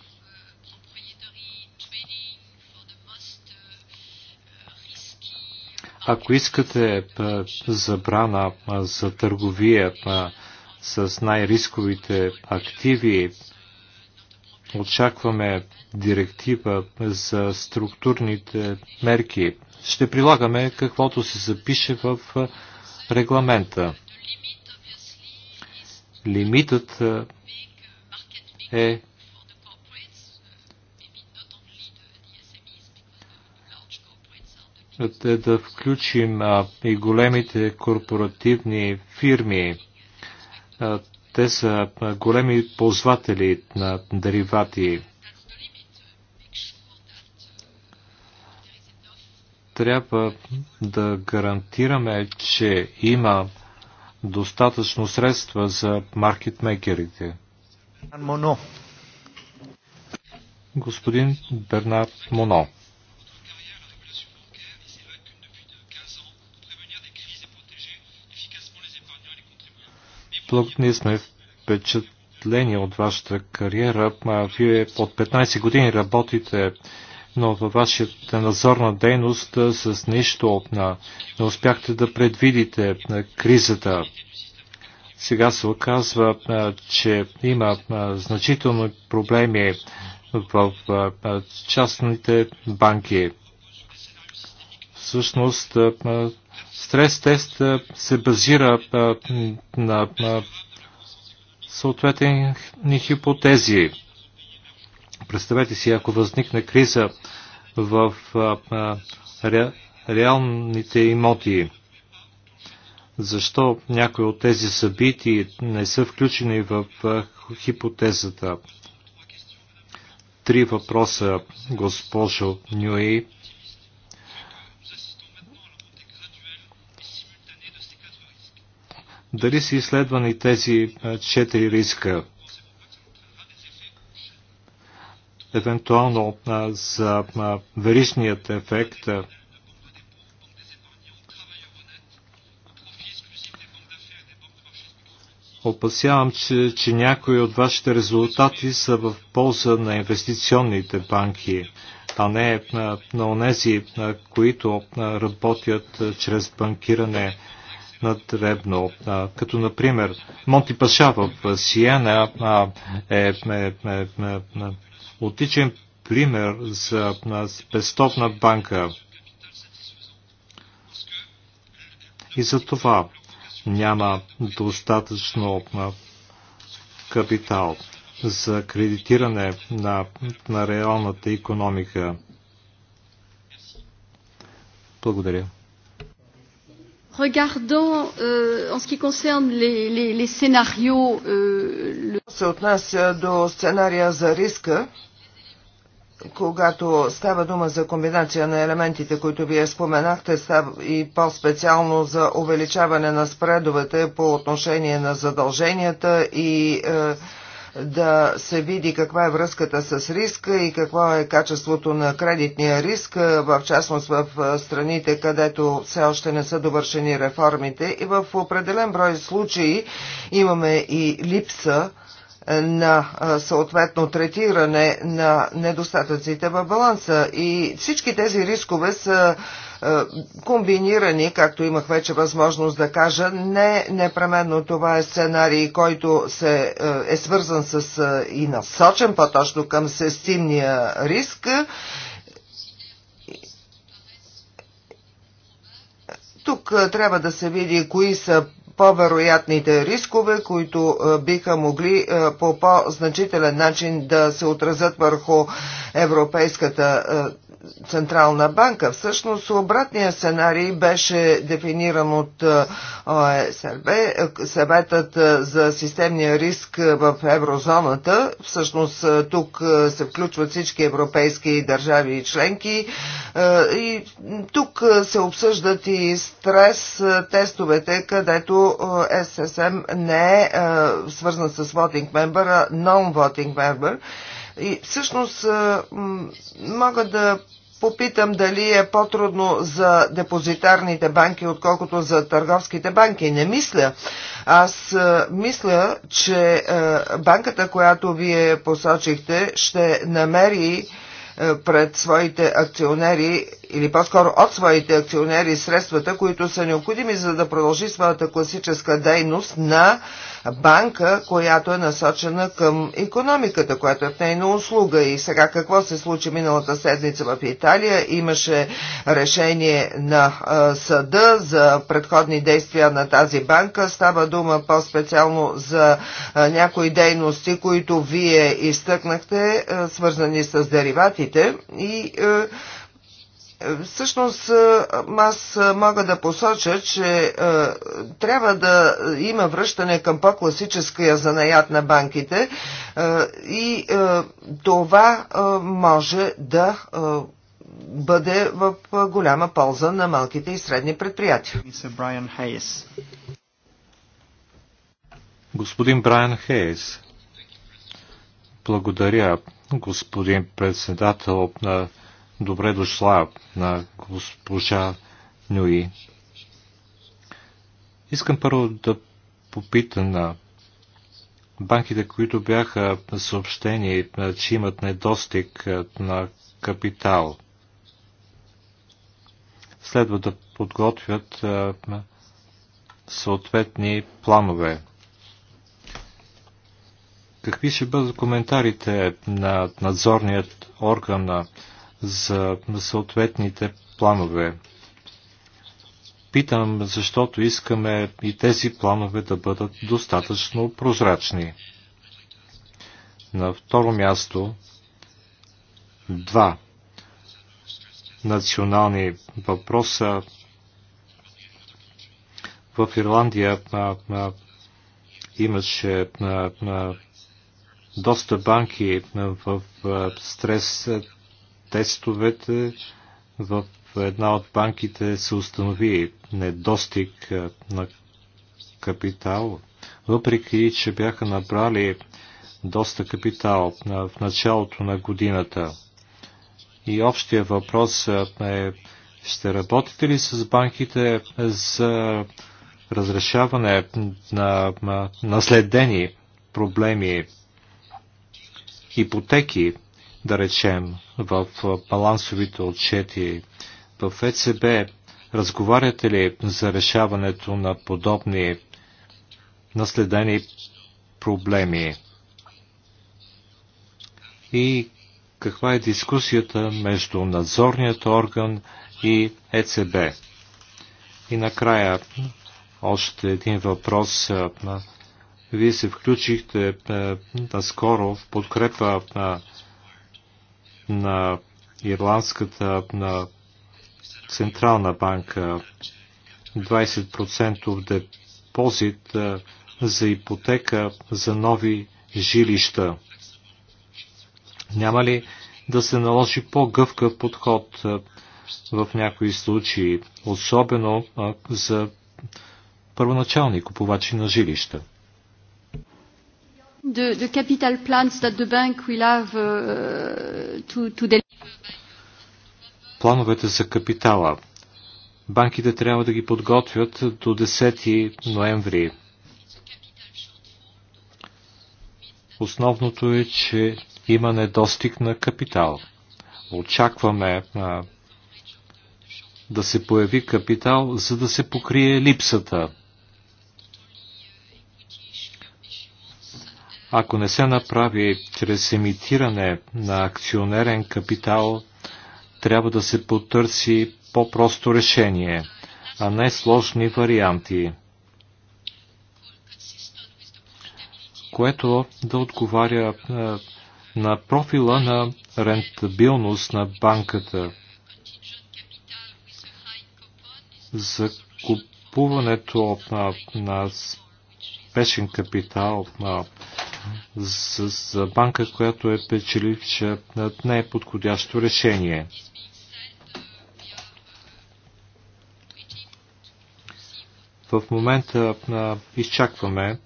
Ако искате е, забрана е, за търговия е, с най-рисковите активи, очакваме директива за структурните мерки. Ще прилагаме каквото се запише в регламента. Лимитът е Да, да включим а, и големите корпоративни фирми. А, те са големи ползватели на деривати. Трябва да гарантираме, че има достатъчно средства за маркетмейкерите. Моно. Господин Бернар Моно. Ние сме впечатлени от вашата кариера. Вие от 15 години работите но във вашата надзорна дейност с нищо не успяхте да предвидите кризата. Сега се оказва, че има значителни проблеми в частните банки. Всъщност, стрес тест се базира на съответни хипотези. Представете си, ако възникне криза в реалните имоти, защо някои от тези събития не са включени в хипотезата. Три въпроса, госпожо Нюи. Дали са изследвани тези четири риска? Евентуално за веришният ефект Опасявам, че, че някои от вашите резултати са в полза на инвестиционните банки, а не на, на онези, на които работят чрез банкиране на дребно. Като, например, Монти Паша в Сиена е, е, е, е, е отличен пример за спестовна банка. И за това няма достатъчно капитал за кредитиране на, на реалната економика. Благодаря. Regardons euh, en ce qui concerne les, les, les scénarios. Euh, le... Se отнася до сценария за риска, когато става дума за комбинация на елементите, които вие споменахте, и по-специално за увеличаване на спредовете по отношение на задълженията и е, да се види каква е връзката с риска и какво е качеството на кредитния риск, е, в частност в е, страните, където все още не са довършени реформите. И в определен брой случаи имаме и липса на съответно третиране на недостатъците в баланса. И всички тези рискове са комбинирани, както имах вече възможност да кажа, не непременно това е сценарий, който се, е свързан с и насочен по-точно към сестимния риск. Тук трябва да се види кои са по-вероятните рискове, които биха могли по по-значителен начин да се отразят върху европейската Централна банка. Всъщност обратния сценарий беше дефиниран от ОСРБ, съветът за системния риск в еврозоната. Всъщност тук се включват всички европейски държави и членки. И тук се обсъждат и стрес тестовете, където ССМ не е свързан с voting member, а non-voting member. И всъщност мога да попитам дали е по-трудно за депозитарните банки, отколкото за търговските банки. Не мисля. Аз е, мисля, че е, банката, която вие посочихте, ще намери е, пред своите акционери или по-скоро от своите акционери средствата, които са необходими за да продължи своята класическа дейност на банка, която е насочена към економиката, която е в нейна услуга. И сега какво се случи миналата седмица в Италия? Имаше решение на съда за предходни действия на тази банка. Става дума по-специално за някои дейности, които вие изтъкнахте, свързани с дериватите и Всъщност аз мога да посоча, че е, трябва да има връщане към по-класическия занаят на банките е, и е, това е, може да е, бъде в голяма полза на малките и средни предприятия. Господин Брайан Хейс, благодаря, господин председател на Добре дошла на госпожа Нюи. Искам първо да попитам на банките, които бяха съобщени, че имат недостиг на капитал. Следва да подготвят съответни планове. Какви ще бъдат коментарите на надзорният орган за съответните планове. Питам, защото искаме и тези планове да бъдат достатъчно прозрачни. На второ място, два национални въпроса. В Ирландия а, а, имаше а, а, доста банки в а, стрес тестовете в една от банките се установи недостиг на капитал, въпреки че бяха набрали доста капитал в началото на годината. И общия въпрос е, ще работите ли с банките за разрешаване на наследени проблеми, ипотеки, да речем, в балансовите отчети, в ЕЦБ, разговаряте ли за решаването на подобни наследени проблеми? И каква е дискусията между надзорният орган и ЕЦБ? И накрая още един въпрос. Вие се включихте наскоро в подкрепа на на Ирландската на Централна банка 20% депозит за ипотека за нови жилища. Няма ли да се наложи по-гъвкав подход в някои случаи, особено за първоначални купувачи на жилища? the, the capital plans that the bank will have uh, to, to deliver. Плановете за капитала. Банките трябва да ги подготвят до 10 ноември. Основното е, че има недостиг на капитал. Очакваме а, да се появи капитал, за да се покрие липсата. ако не се направи чрез емитиране на акционерен капитал, трябва да се потърси по-просто решение, а не сложни варианти, което да отговаря е, на профила на рентабилност на банката. За купуването на, на спешен капитал на за банка, която е печеливша, не е подходящо решение. В момента изчакваме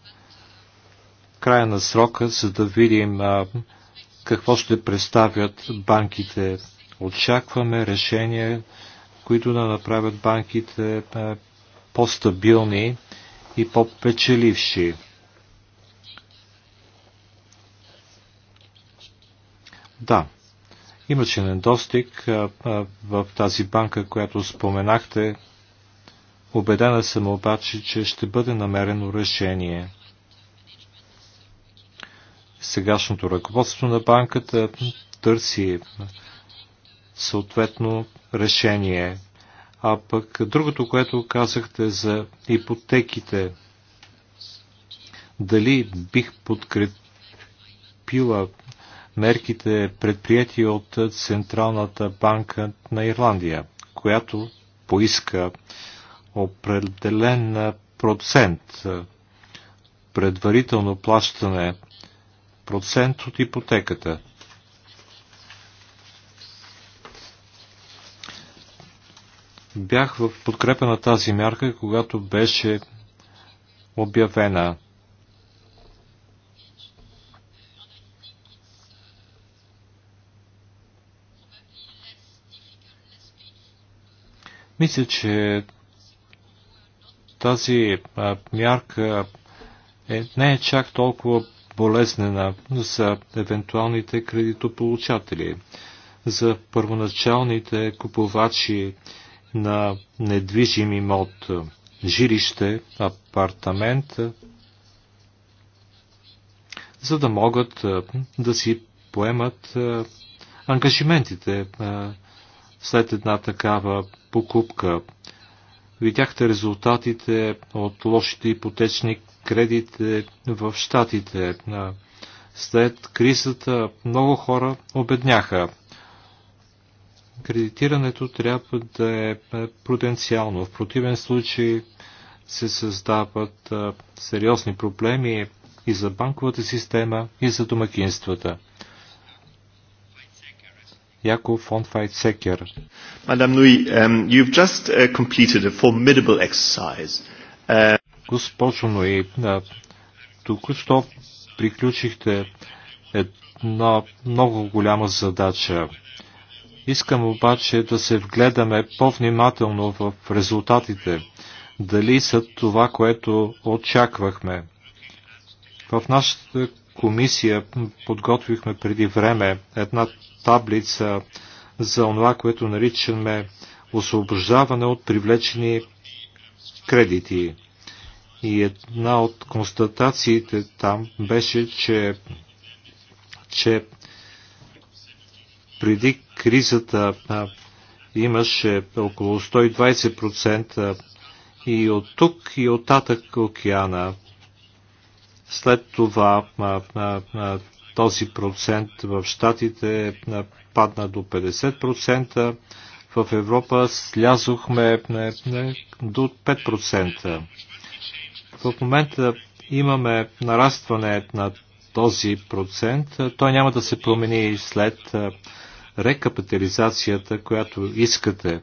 края на срока, за да видим какво ще представят банките. Очакваме решения, които да направят банките по-стабилни и по-печеливши. Да, имаше недостиг в тази банка, която споменахте. Обедена съм обаче, че ще бъде намерено решение. Сегашното ръководство на банката търси съответно решение. А пък другото, което казахте за ипотеките, дали бих подкрепила мерките предприяти от Централната банка на Ирландия, която поиска определен процент предварително плащане процент от ипотеката. Бях в подкрепа на тази мярка, когато беше обявена. Мисля, че тази мярка е, не е чак толкова болезнена за евентуалните кредитополучатели, за първоначалните купувачи на недвижим имот, жилище, апартамент, за да могат да си поемат ангажиментите след една такава покупка. Видяхте резултатите от лошите ипотечни кредити в щатите. След кризата много хора обедняха. Кредитирането трябва да е, е пруденциално. В противен случай се създават сериозни проблеми и за банковата система, и за домакинствата. Jakob von Weizsäcker. Madame Nui, um, you've just uh, completed a formidable exercise. Uh... Госпожо Нуи, е, току-що приключихте една много голяма задача. Искам обаче да се вгледаме по-внимателно в резултатите. Дали са това, което очаквахме. В нашата комисия подготвихме преди време една таблица за това, което наричаме освобождаване от привлечени кредити. И една от констатациите там беше, че, че преди кризата а, имаше около 120% и от тук и от татък океана след това този процент в Штатите падна до 50%, в Европа слязохме до 5%. В момента имаме нарастване на този процент. Той няма да се промени след рекапитализацията, която искате.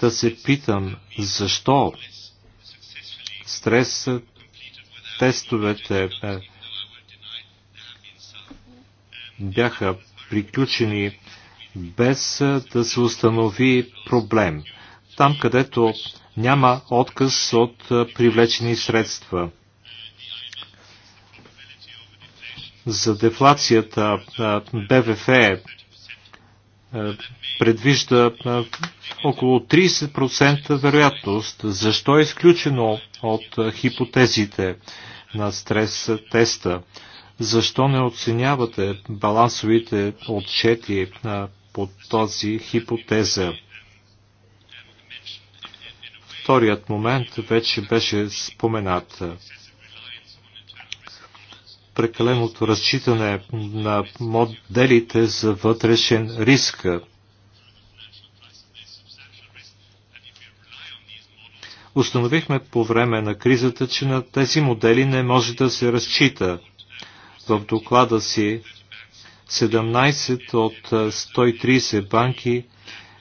Да се питам защо стресът? тестовете е, бяха приключени без е, да се установи проблем. Там, където няма отказ от е, привлечени средства. За дефлацията БВФ е, предвижда е, около 30% вероятност. Защо е изключено от е, хипотезите на стрес теста? Защо не оценявате балансовите отчети по този хипотеза? Вторият момент вече беше споменат прекаленото разчитане на моделите за вътрешен риск. Установихме по време на кризата, че на тези модели не може да се разчита. В доклада си 17 от 130 банки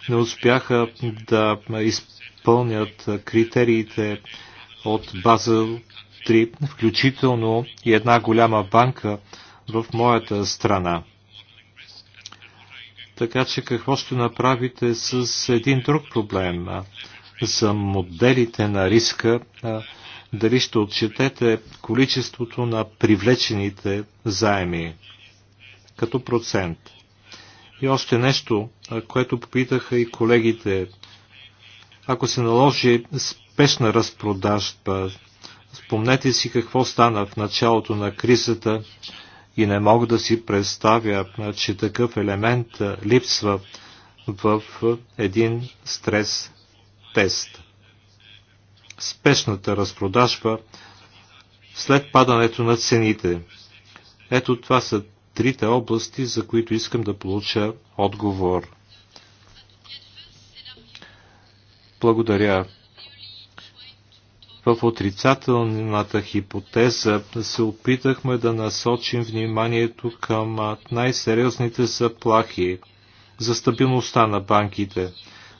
не успяха да изпълнят критериите от Базел три, включително и една голяма банка в моята страна. Така че какво ще направите с един друг проблем? За моделите на риска, дали ще отчетете количеството на привлечените заеми като процент? И още нещо, което попитаха и колегите. Ако се наложи спешна разпродажба, Спомнете си какво стана в началото на кризата и не мога да си представя, че такъв елемент липсва в един стрес тест. Спешната разпродажба след падането на цените. Ето това са трите области, за които искам да получа отговор. Благодаря. В отрицателната хипотеза се опитахме да насочим вниманието към най-сериозните заплахи за стабилността на банките.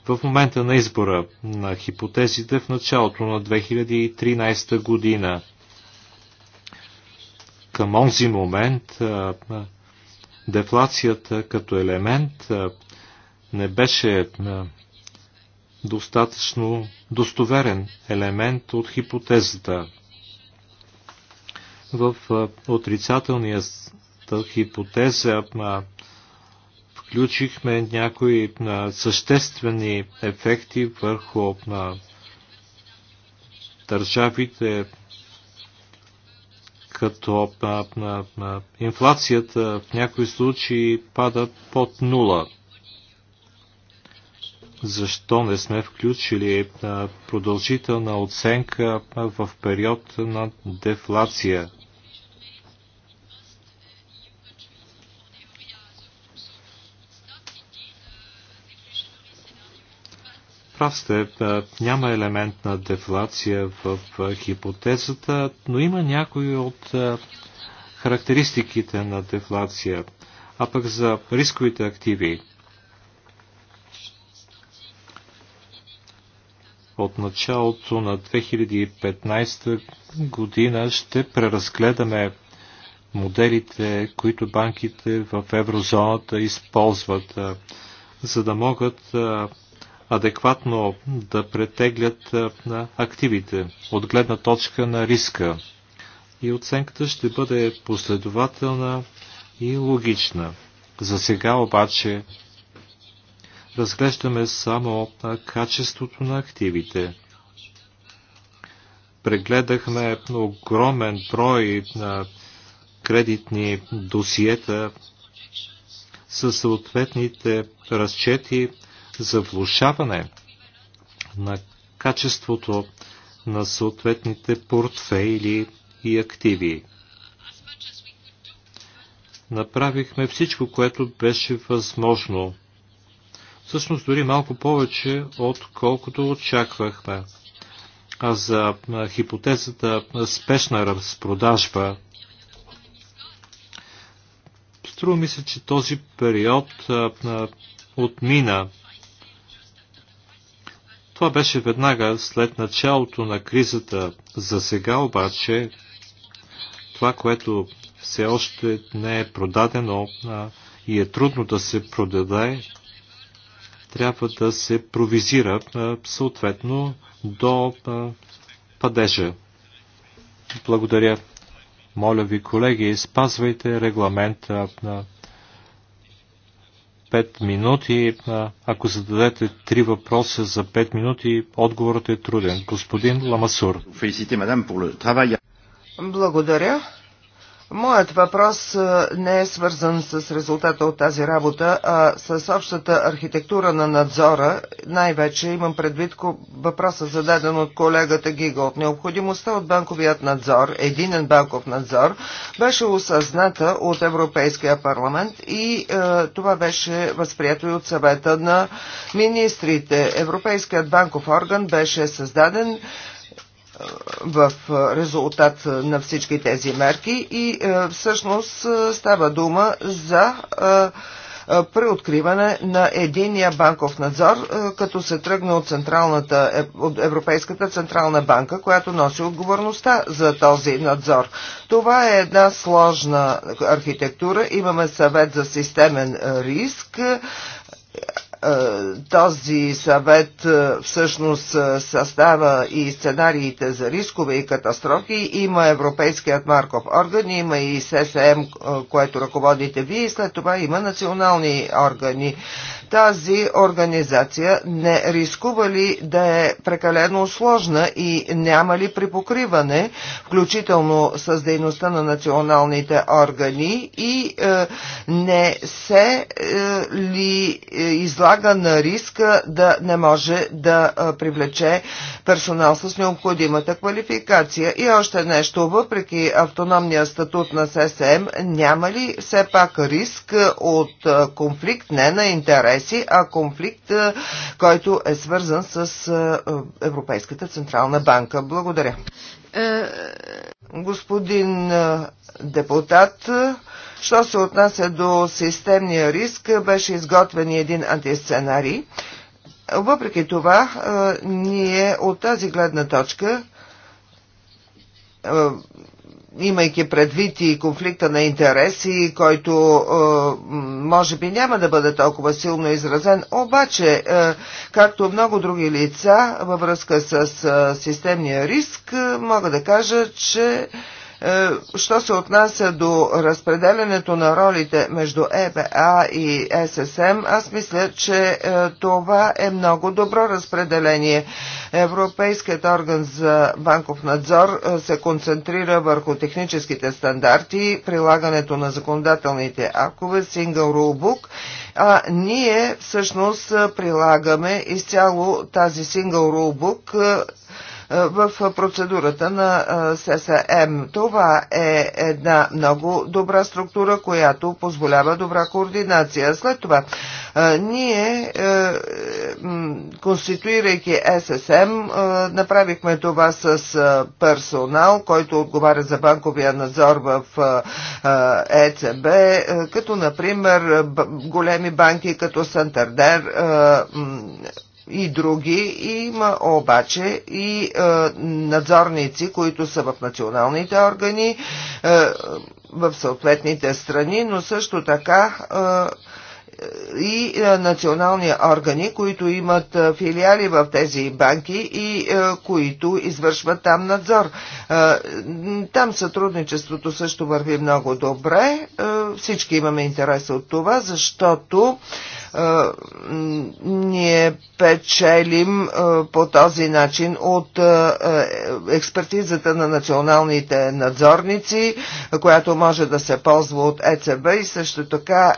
В момента на избора на хипотезите в началото на 2013 година. Към онзи момент дефлацията като елемент не беше достатъчно достоверен елемент от хипотезата. В отрицателния хипотеза включихме някои съществени ефекти върху държавите като инфлацията в някои случаи пада под нула защо не сме включили продължителна оценка в период на дефлация. прав сте, няма елемент на дефлация в хипотезата, но има някои от характеристиките на дефлация. А пък за рисковите активи от началото на 2015 година ще преразгледаме моделите, които банките в еврозоната използват, за да могат адекватно да претеглят активите от гледна точка на риска. И оценката ще бъде последователна и логична. За сега обаче разглеждаме само качеството на активите. Прегледахме огромен брой на кредитни досиета със съответните разчети за влушаване на качеството на съответните портфейли и активи. Направихме всичко, което беше възможно – всъщност дори малко повече, отколкото очаквахме. А за хипотезата спешна разпродажба, струва ми се, че този период отмина. Това беше веднага след началото на кризата. За сега обаче това, което все още не е продадено и е трудно да се продаде, трябва да се провизира съответно до падежа. Благодаря. Моля ви, колеги, спазвайте регламента на 5 минути. Ако зададете три въпроса за 5 минути, отговорът е труден. Господин Ламасур. Благодаря. Моят въпрос не е свързан с резултата от тази работа, а с общата архитектура на надзора. Най-вече имам предвид въпроса зададен от колегата Гига от необходимостта от банковият надзор, единен банков надзор, беше осъзната от Европейския парламент и е, това беше възприето и от съвета на министрите. Европейският банков орган беше създаден в резултат на всички тези мерки и е, всъщност е, става дума за е, преоткриване на единия банков надзор, като се тръгне от, централната, от Европейската централна банка, която носи отговорността за този надзор. Това е една сложна архитектура. Имаме съвет за системен риск, е, този съвет е, всъщност е, състава и сценариите за рискове и катастрофи. Има Европейският Марков орган, има и ССМ, което ръководите вие и след това има национални органи. Тази организация не рискува ли да е прекалено сложна и няма ли припокриване, включително с дейността на националните органи и не се ли излага излага на риск да не може да привлече персонал с необходимата квалификация. И още нещо, въпреки автономния статут на ССМ, няма ли все пак риск от конфликт не на интереси, а конфликт, който е свързан с Европейската централна банка? Благодаря. Е, Господин депутат, Що се отнася до системния риск, беше изготвен и един антисценарий. Въпреки това, е, ние от тази гледна точка, е, имайки предвид и конфликта на интереси, който е, може би няма да бъде толкова силно изразен, обаче, както много други лица във връзка с системния риск, мога да кажа, че е, що се отнася до разпределянето на ролите между ЕБА и е ССМ, аз мисля, че е, това е много добро разпределение. Европейският орган за банков надзор се концентрира върху техническите стандарти, прилагането на законодателните акове, Single Rule Book, а ние всъщност прилагаме изцяло тази Single Rule Book е, в процедурата на е, ССМ. Това е една много добра структура, която позволява добра координация. След това е, ние, конституирайки ССМ, направихме това с персонал, който отговаря за банковия надзор в ЕЦБ, като например големи банки като Сантардер, и други. И има обаче и е, надзорници, които са в националните органи, е, в съответните страни, но също така е, и е, национални органи, които имат е, филиали в тези банки и е, които извършват там надзор. Там сътрудничеството също върви много добре. Всички имаме интерес от това, защото ние печелим по този начин от експертизата на националните надзорници, която може да се ползва от ЕЦБ и също така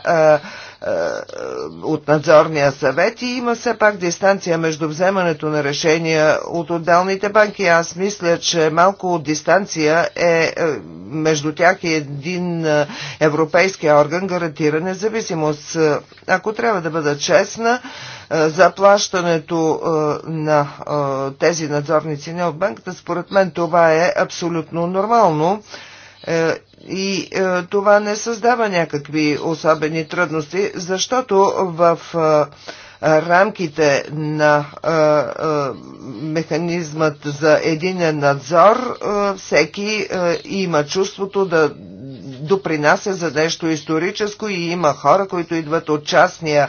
е, е, от надзорния съвет и има все пак дистанция между вземането на решения от отделните банки. Аз мисля, че малко дистанция е, е между тях и един европейски орган гарантира независимост. Ако трябва да бъда честна, заплащането на тези надзорници не от банката, според мен това е абсолютно нормално и е, това не създава някакви особени трудности, защото в е, рамките на механизмът за единен надзор, всеки има чувството да допринася за нещо историческо и има хора, които идват от частния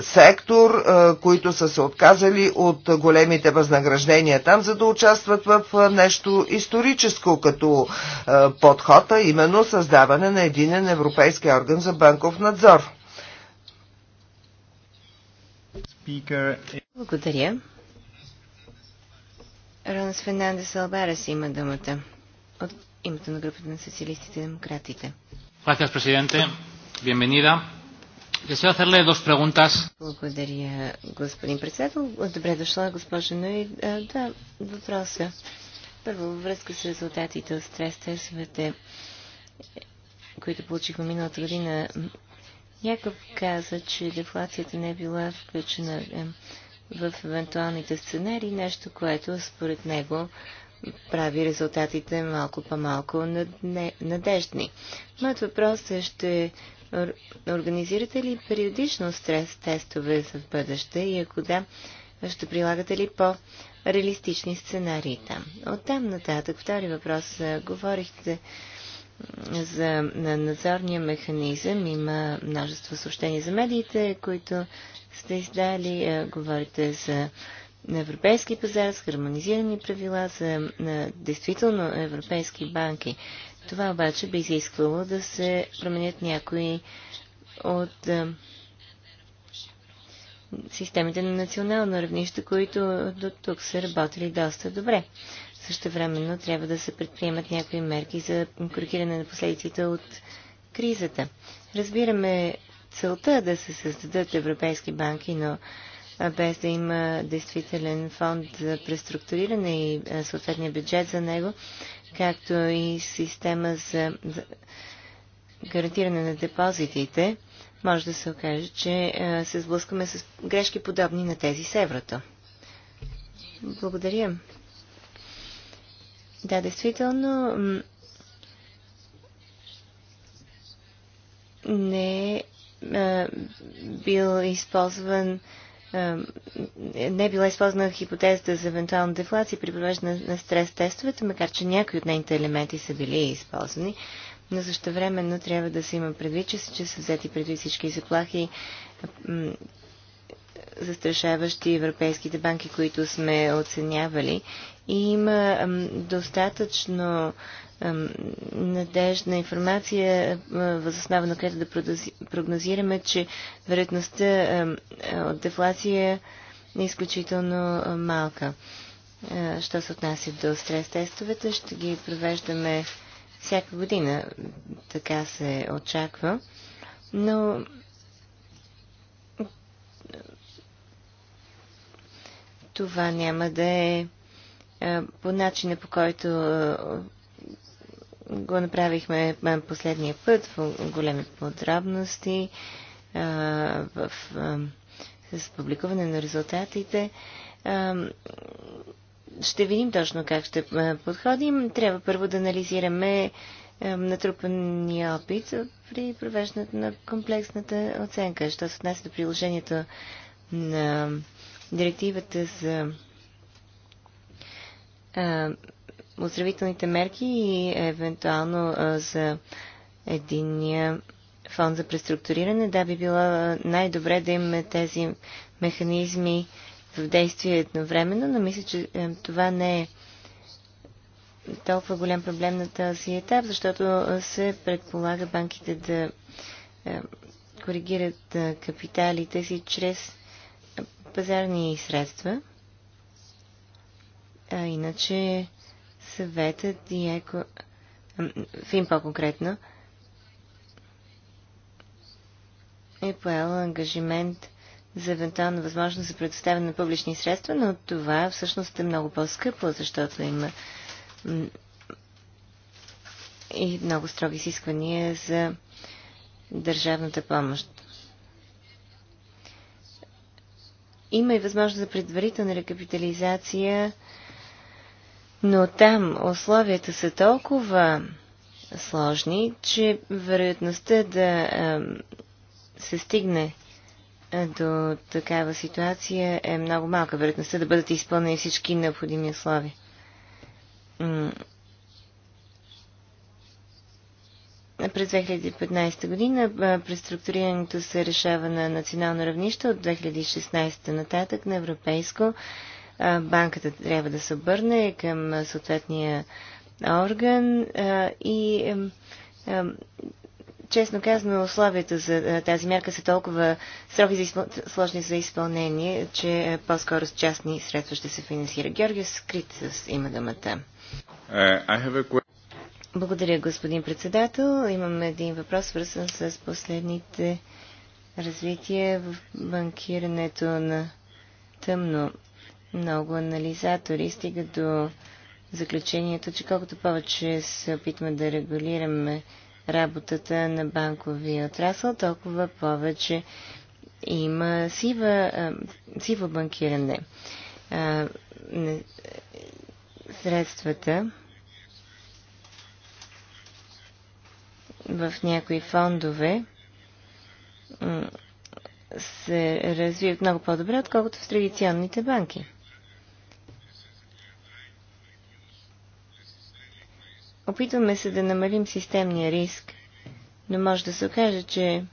сектор, които са се отказали от големите възнаграждения там, за да участват в нещо историческо като подхода, именно създаване на единен европейски орган за банков надзор. Благодаря. Ронс Фернандес Албарес има думата. От името на групата на социалистите и демократите. Gracias, presidente. Bienvenida. Deseo hacerle dos preguntas. Благодаря, господин председател. Добре дошла, госпожа Ной. Да, въпроса. Първо, във връзка с резултатите от стрес тестовете, които получихме миналата година, Яков каза, че дефлацията не е била включена е, в евентуалните сценарии, нещо, което според него прави резултатите малко по-малко надеждни. Моят въпрос е, ще организирате ли периодично стрес тестове за в бъдеще и ако да, ще прилагате ли по-реалистични сценарии там? От там нататък, втори въпрос, говорихте за на надзорния механизъм. Има множество съобщения за медиите, които сте издали. Е, говорите за европейски пазар с хармонизирани правила за на е, действително европейски банки. Това обаче би изисквало да се променят някои от е, системите на национално равнище, които до тук са работили доста добре. Също времено трябва да се предприемат някои мерки за коригиране на последиците от кризата. Разбираме целта да се създадат европейски банки, но без да има действителен фонд за преструктуриране и съответния бюджет за него, както и система за гарантиране на депозитите, може да се окаже, че се сблъскаме с грешки подобни на тези с еврото. Благодаря. Да, действително не е бил използван не е била използвана хипотезата за евентуална дефлация при провеждане на стрес тестовете, макар че някои от нейните елементи са били използвани, но също времено трябва да се има предвид, че, са взети предвид всички заплахи, застрашаващи европейските банки, които сме оценявали има достатъчно надежна информация, възоснова на която да прогнозираме, че вероятността от дефлация е изключително малка. Що се отнася до стрес-тестовете, ще ги провеждаме всяка година. Така се очаква. Но това няма да е е, по начина по който е, го направихме е, последния път в големи подробности, в, с публикуване на резултатите. Ще видим точно как ще подходим. Трябва първо да анализираме натрупания опит при провеждането на комплексната оценка. Що се отнася до приложението на директивата за е, оздравителните мерки и евентуално е, за единния фонд за преструктуриране. Да, би било е, най-добре да имаме тези механизми в действие едновременно, но мисля, че това не е толкова голям проблем на този етап, защото се предполага банките да коригират капиталите си чрез пазарни средства. А иначе съветът и еко... Фин по-конкретно е поел ангажимент за евентуална възможност за предоставяне на публични средства, но това всъщност е много по-скъпо, защото има и много строги изисквания за държавната помощ. Има и възможност за предварителна рекапитализация но там условията са толкова сложни, че вероятността да се стигне до такава ситуация е много малка. Вероятността да бъдат изпълнени всички необходими условия. През 2015 година преструктурирането се решава на национално равнище от 2016 нататък на европейско банката трябва да се обърне към съответния орган и честно казано, условията за тази мярка са толкова сроки за изпъл... сложни за изпълнение, че е, по-скоро с частни средства ще се финансира. Георгия с има думата. Е, a... Благодаря, господин председател. Имам един въпрос, свързан с последните развития в банкирането на тъмно много анализатори стигат до заключението, че колкото повече се опитваме да регулираме работата на банковия отрасъл, толкова повече има сива, а, сиво банкиране. А, не, средствата в някои фондове се развиват много по-добре, отколкото в традиционните банки. Опитваме се да намалим системния риск, но може да се окаже, че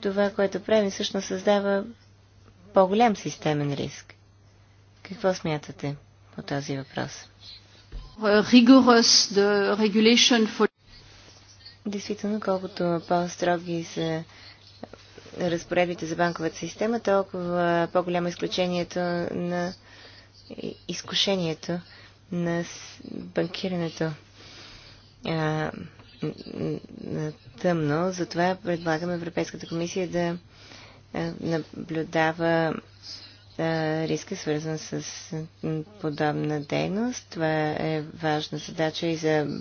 това, което правим, всъщност създава по-голям системен риск. Какво смятате по този въпрос? Действително, колкото по-строги са разпоредбите за банковата система, толкова по-голямо е изключението на изкушението на банкирането а, на тъмно. Затова предлагам Европейската комисия да наблюдава риска, свързан с подобна дейност. Това е важна задача и за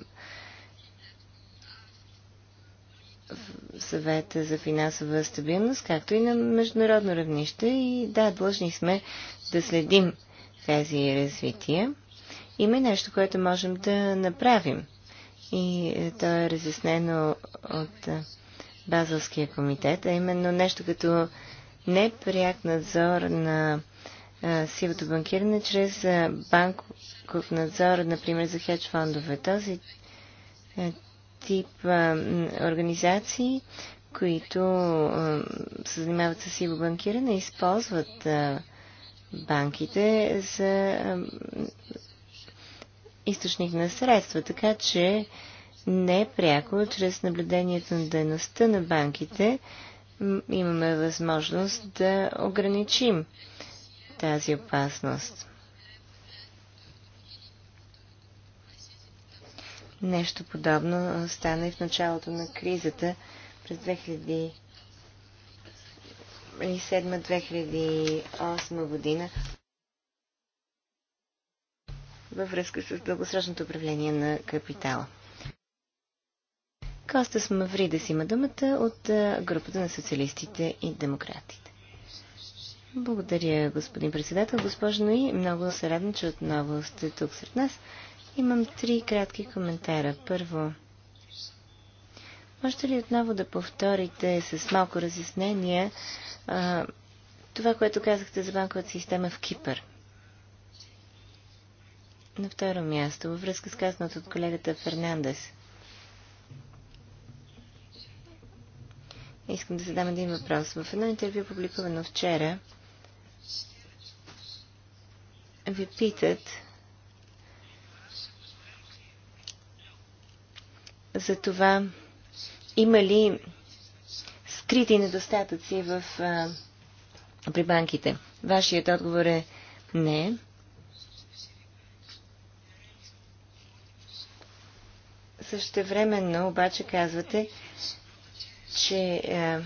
съвета за финансова стабилност, както и на международно равнище. И да, длъжни сме да следим тези развития. Има нещо, което можем да направим. И е, то е разяснено от е, Базълския комитет, а именно нещо като непряк надзор на е, сивото банкиране чрез банков надзор, например, за хедж фондове. Този тип организации, които се занимават с сиво банкиране, използват банките за източник на средства, така че не е пряко, чрез наблюдението на дейността на банките, имаме възможност да ограничим тази опасност. Нещо подобно стана и в началото на кризата през 2007-2008 година във връзка с дългосрочното управление на капитала. Костас Мавридес има думата от групата на социалистите и демократите. Благодаря, господин председател. Госпожо Нои, много се радвам, че отново сте тук сред нас. Имам три кратки коментара. Първо, можете ли отново да повторите с малко разяснение а, това, което казахте за банковата система в Кипър? На второ място, във връзка с казаното от колегата Фернандес. Искам да задам един въпрос. В едно интервю, публикувано вчера, ви питат за това има ли скрити недостатъци в, а, при банките. Вашият отговор е не. Същевременно обаче казвате, че а, е,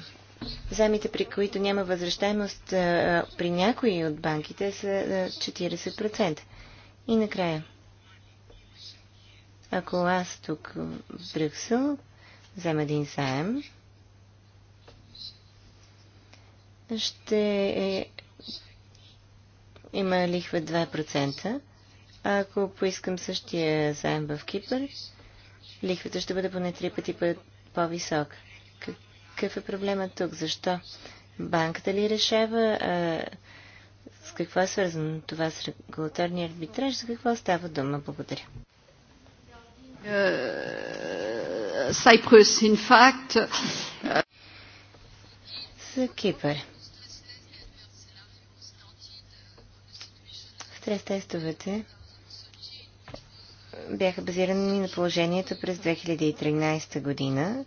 Заемите, при които няма възвръщаемост е, при някои от банките са 40%. Е, И накрая, ако аз тук в Брюксел взема един заем, ще има лихва 2%, а ако поискам същия заем в Кипър, лихвата ще бъде поне три пъти по-висока. Какъв е проблемът тук? Защо? Банката ли решава? А, с какво е свързано това с регулаторния арбитраж? За какво става дума? Благодаря. Сайпрус, е, in е, За Кипър. В стрес тестовете бяха базирани на положението през 2013 година,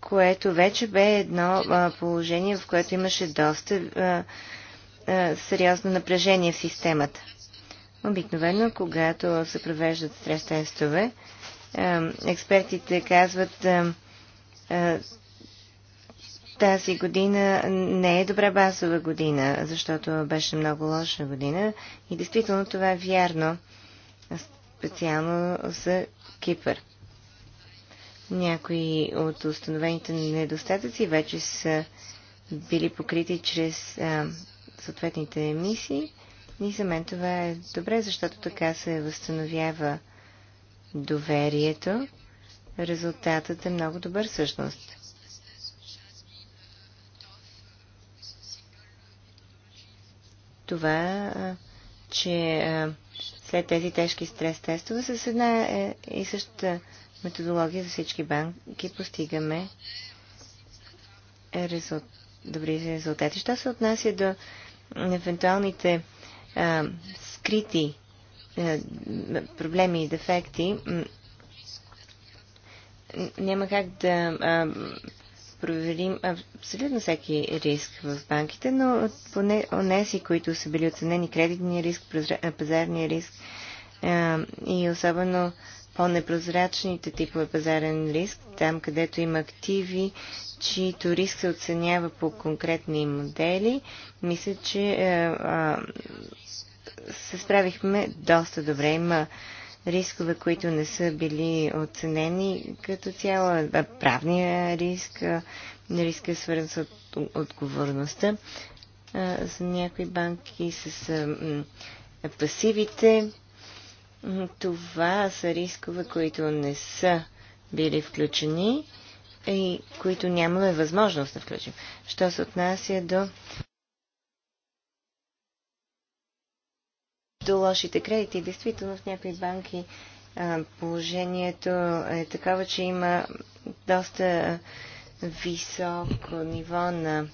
което вече бе едно положение, в което имаше доста сериозно напрежение в системата. Обикновено, когато се провеждат стрес-тестове, експертите казват тази година не е добра базова година, защото беше много лоша година и действително това е вярно специално за Кипър. Някои от установените недостатъци вече са били покрити чрез а, съответните емисии. И за мен това е добре, защото така се възстановява доверието. Резултатът е много добър всъщност. Това, че след тези тежки стрес тестове, с една е, и съща методология за всички банки постигаме резулт... добри резултати. Що се отнася до евентуалните а, скрити а, проблеми и дефекти, няма как да а, проверим абсолютно всеки риск в банките, но поне онези, които са били оценени кредитния риск, пазарния риск и особено по-непрозрачните типове пазарен риск, там където има активи, чието риск се оценява по конкретни модели, мисля, че се справихме доста добре. Има рискове, които не са били оценени като цяло, правния риск, риска е свързан с отговорността за някои банки, с пасивите. Това са рискове, които не са били включени и които нямаме възможност да включим. Що се отнася до до лошите кредити. Действително в някои банки положението е такова, че има доста високо ниво на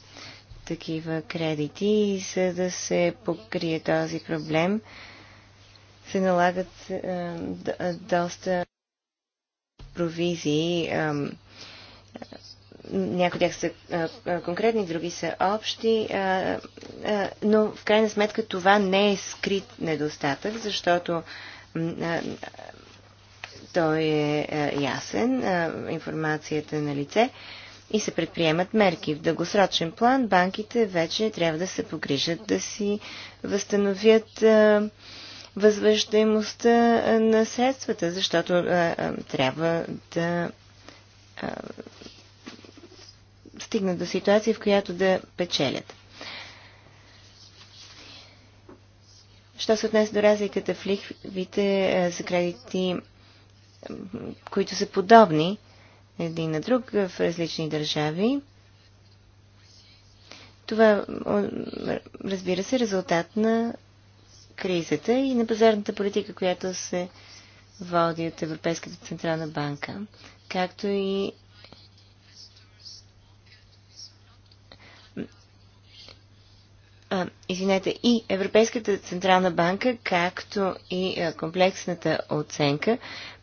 такива кредити и за да се покрие този проблем се налагат доста провизии някои тях са конкретни, други са общи, но в крайна сметка това не е скрит недостатък, защото той е ясен, информацията е на лице и се предприемат мерки. В дългосрочен план банките вече трябва да се погрижат да си възстановят възвръщаемостта на средствата, защото трябва да стигнат до ситуация, в която да печелят. Що се отнесе до разликата в лихвите е, за кредити, които са подобни един на друг е, в различни държави, това, разбира се, е резултат на кризата и на пазарната политика, която се води от Европейската Централна банка, както и а, извинете, и Европейската Централна банка, както и комплексната оценка,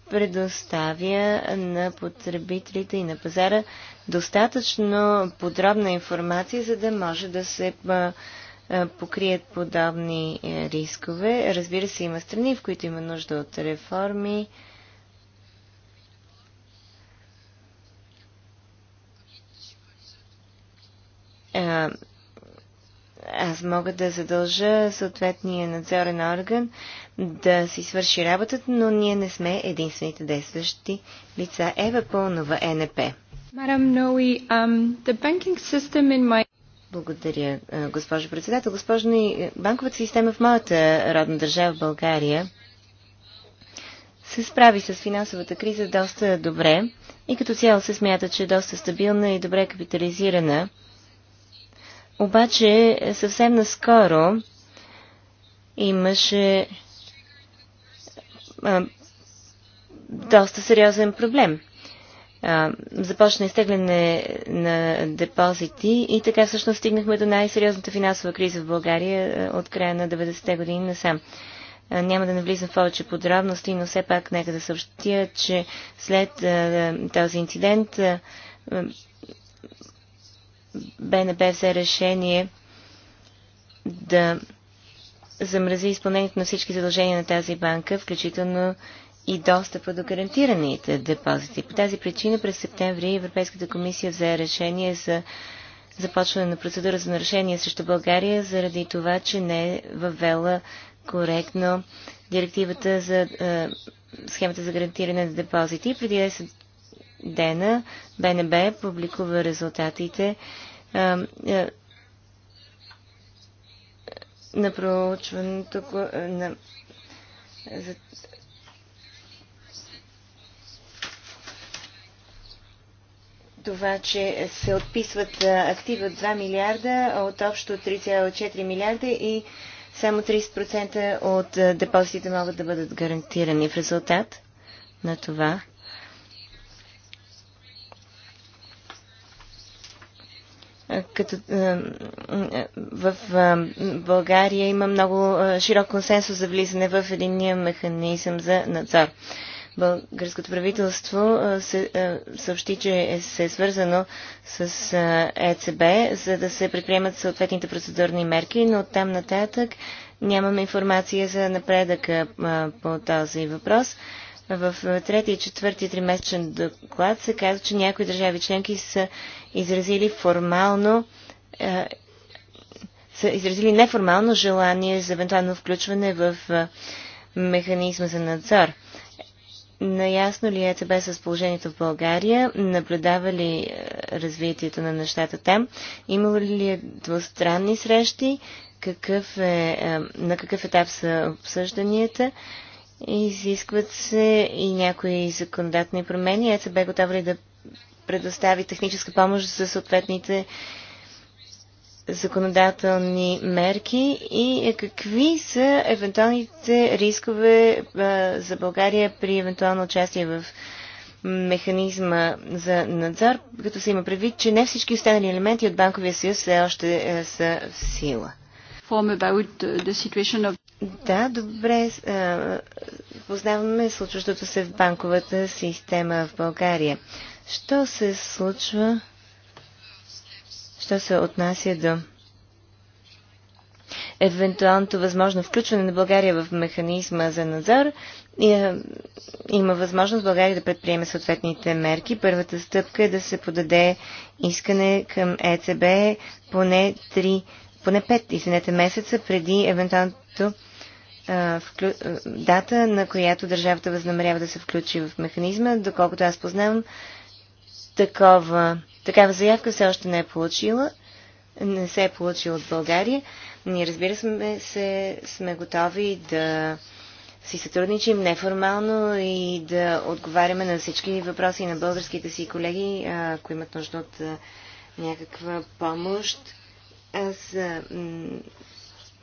предоставя на потребителите и на пазара достатъчно подробна информация, за да може да се покрият подобни е, рискове. Разбира се, има страни, в които има нужда от реформи аз мога да задължа съответния надзорен орган да си свърши работата, но ние не сме единствените действащи лица. Ева Пълнова, НП. Благодаря, госпожо председател. Госпожо, банковата система в моята родна държава, България, се справи с финансовата криза доста добре и като цяло се смята, че е доста стабилна и добре капитализирана обаче е, съвсем наскоро имаше а, доста сериозен проблем. А, започна изтегляне на депозити и така всъщност стигнахме до най-сериозната финансова криза в България от края на 90-те години насам. няма да навлизам в повече подробности, но все пак нека да съобщя, че след а, този инцидент а, БНБ взе решение да замрази изпълнението на всички задължения на тази банка, включително и достъпа до гарантираните депозити. По тази причина през септември Европейската комисия взе решение за започване на процедура за нарушение срещу България, заради това, че не е въвела коректно директивата за е, схемата за гарантиране на депозити. Преди 10 дена БНБ публикува резултатите на проучването на, това, че се отписват активи от 2 милиарда от общо 3,4 милиарда и само 30% от депозитите могат да бъдат гарантирани. В резултат на това като е, в е, България има много е, широк консенсус за влизане в единния механизъм за надзор. Българското правителство се, съобщи, че се е свързано с ЕЦБ, за да се предприемат съответните процедурни мерки, но там нататък нямаме информация за напредъка по този въпрос в третия и четвърти тримесечен доклад се казва, че някои държави членки са изразили формално е, са изразили неформално желание за евентуално включване в е, механизма за надзор. Наясно ли е ЕЦБ с положението в България? Наблюдава ли е, развитието на нещата там? Имало ли е двустранни срещи? Какъв е, на какъв етап са обсъжданията? Изискват се и някои законодателни промени. ЕЦБ е готова ли да предостави техническа помощ за съответните законодателни мерки и е, какви са евентуалните рискове за България при евентуално участие в механизма за надзор, като се има предвид, че не всички останали елементи от Банковия съюз все още е, са в сила. Да, добре. Познаваме случващото се в банковата система в България. Що се случва? Що се отнася до евентуалното възможно включване на България в механизма за надзор, има възможност България да предприеме съответните мерки. Първата стъпка е да се подаде искане към ЕЦБ поне 3, поне 5 извинете, месеца преди евентуалното вклю... дата, на която държавата възнамерява да се включи в механизма. Доколкото аз познавам, такова, такава заявка все още не е получила, не се е получила от България. Ние разбира сме, се, сме готови да си сътрудничим неформално и да отговаряме на всички въпроси на българските си колеги, ако имат нужда от някаква помощ. Аз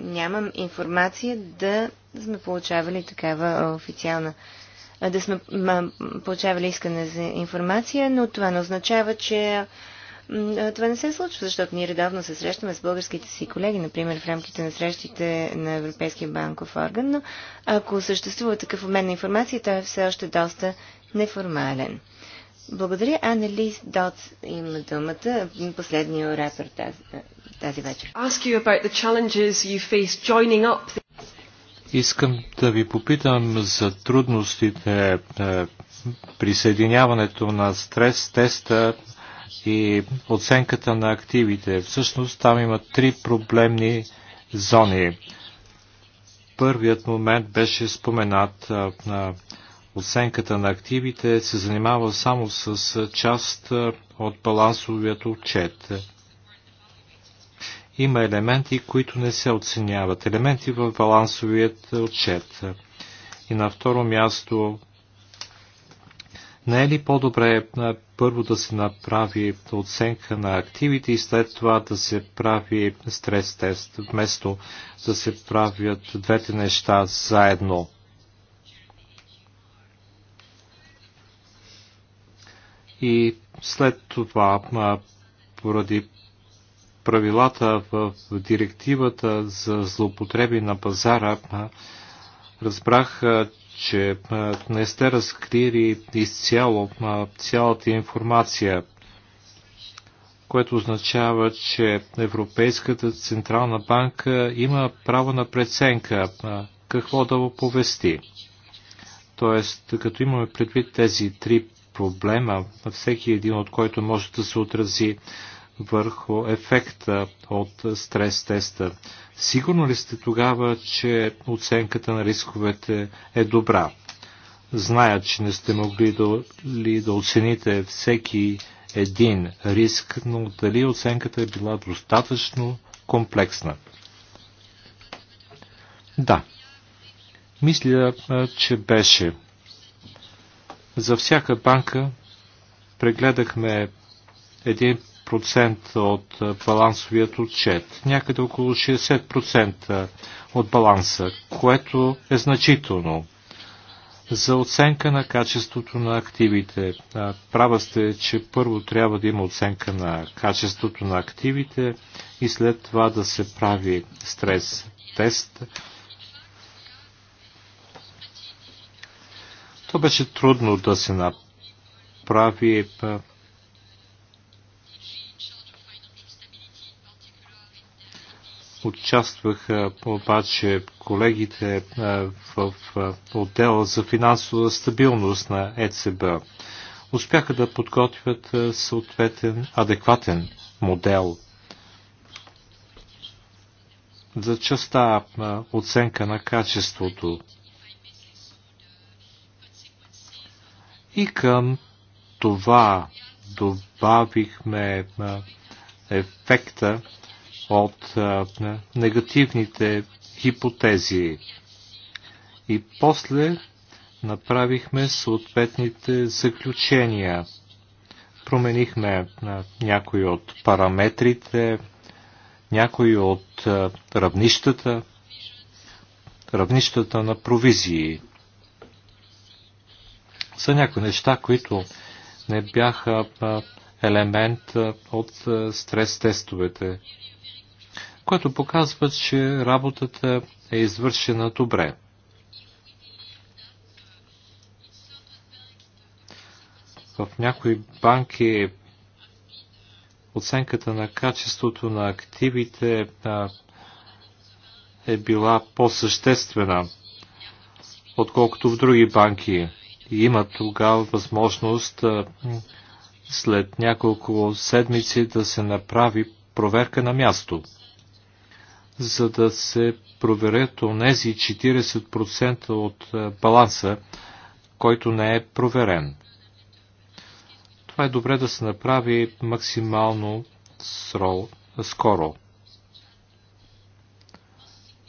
нямам информация да сме получавали такава официална да сме получавали искане за информация, но това не означава, че това не се случва, защото ние редовно се срещаме с българските си колеги, например в рамките на срещите на Европейския банков орган, но ако съществува такъв обмен на информация, той е все още доста неформален. Благодаря. Анализ Дотс има думата. Последния оратор тази, тази вечер. Искам да ви попитам за трудностите е, присъединяването на стрес теста и оценката на активите. Всъщност там има три проблемни зони. Първият момент беше споменат е, на оценката на активите се занимава само с част от балансовият отчет. Има елементи, които не се оценяват. Елементи в балансовият отчет. И на второ място, не е ли по-добре първо да се направи оценка на активите и след това да се прави стрес тест, вместо да се правят двете неща заедно? и след това поради правилата в директивата за злоупотреби на пазара разбрах, че не сте разкрили изцяло цялата информация, което означава, че Европейската Централна банка има право на преценка какво да оповести. Тоест, като имаме предвид тези три проблема, всеки един от който може да се отрази върху ефекта от стрес теста. Сигурно ли сте тогава, че оценката на рисковете е добра? Зная, че не сте могли да, ли да оцените всеки един риск, но дали оценката е била достатъчно комплексна? Да. Мисля, че беше за всяка банка прегледахме 1% от балансовият отчет, някъде около 60% от баланса, което е значително. За оценка на качеството на активите. Права сте, че първо трябва да има оценка на качеството на активите и след това да се прави стрес тест То беше трудно да се направи. Участваха обаче колегите в отдела за финансова стабилност на ЕЦБ. Успяха да подготвят съответен адекватен модел за частта оценка на качеството И към това добавихме ефекта от негативните хипотези. И после направихме съответните заключения. Променихме някои от параметрите, някои от равнищата, равнищата на провизии са някои неща, които не бяха елемент от стрес тестовете, което показва, че работата е извършена добре. В някои банки оценката на качеството на активите е била по-съществена, отколкото в други банки и тогава възможност след няколко седмици да се направи проверка на място, за да се проверят онези 40% от баланса, който не е проверен. Това е добре да се направи максимално скоро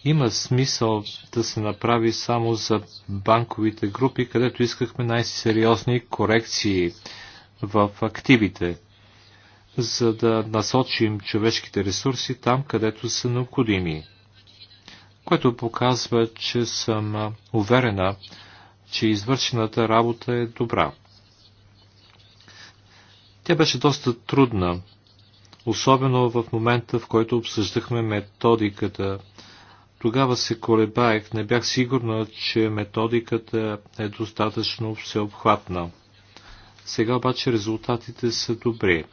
има смисъл да се направи само за банковите групи, където искахме най-сериозни корекции в активите, за да насочим човешките ресурси там, където са необходими. Което показва, че съм уверена, че извършената работа е добра. Тя беше доста трудна, особено в момента, в който обсъждахме методиката тогава се колебаех, не бях сигурна, че методиката е достатъчно всеобхватна. Сега обаче резултатите са добри.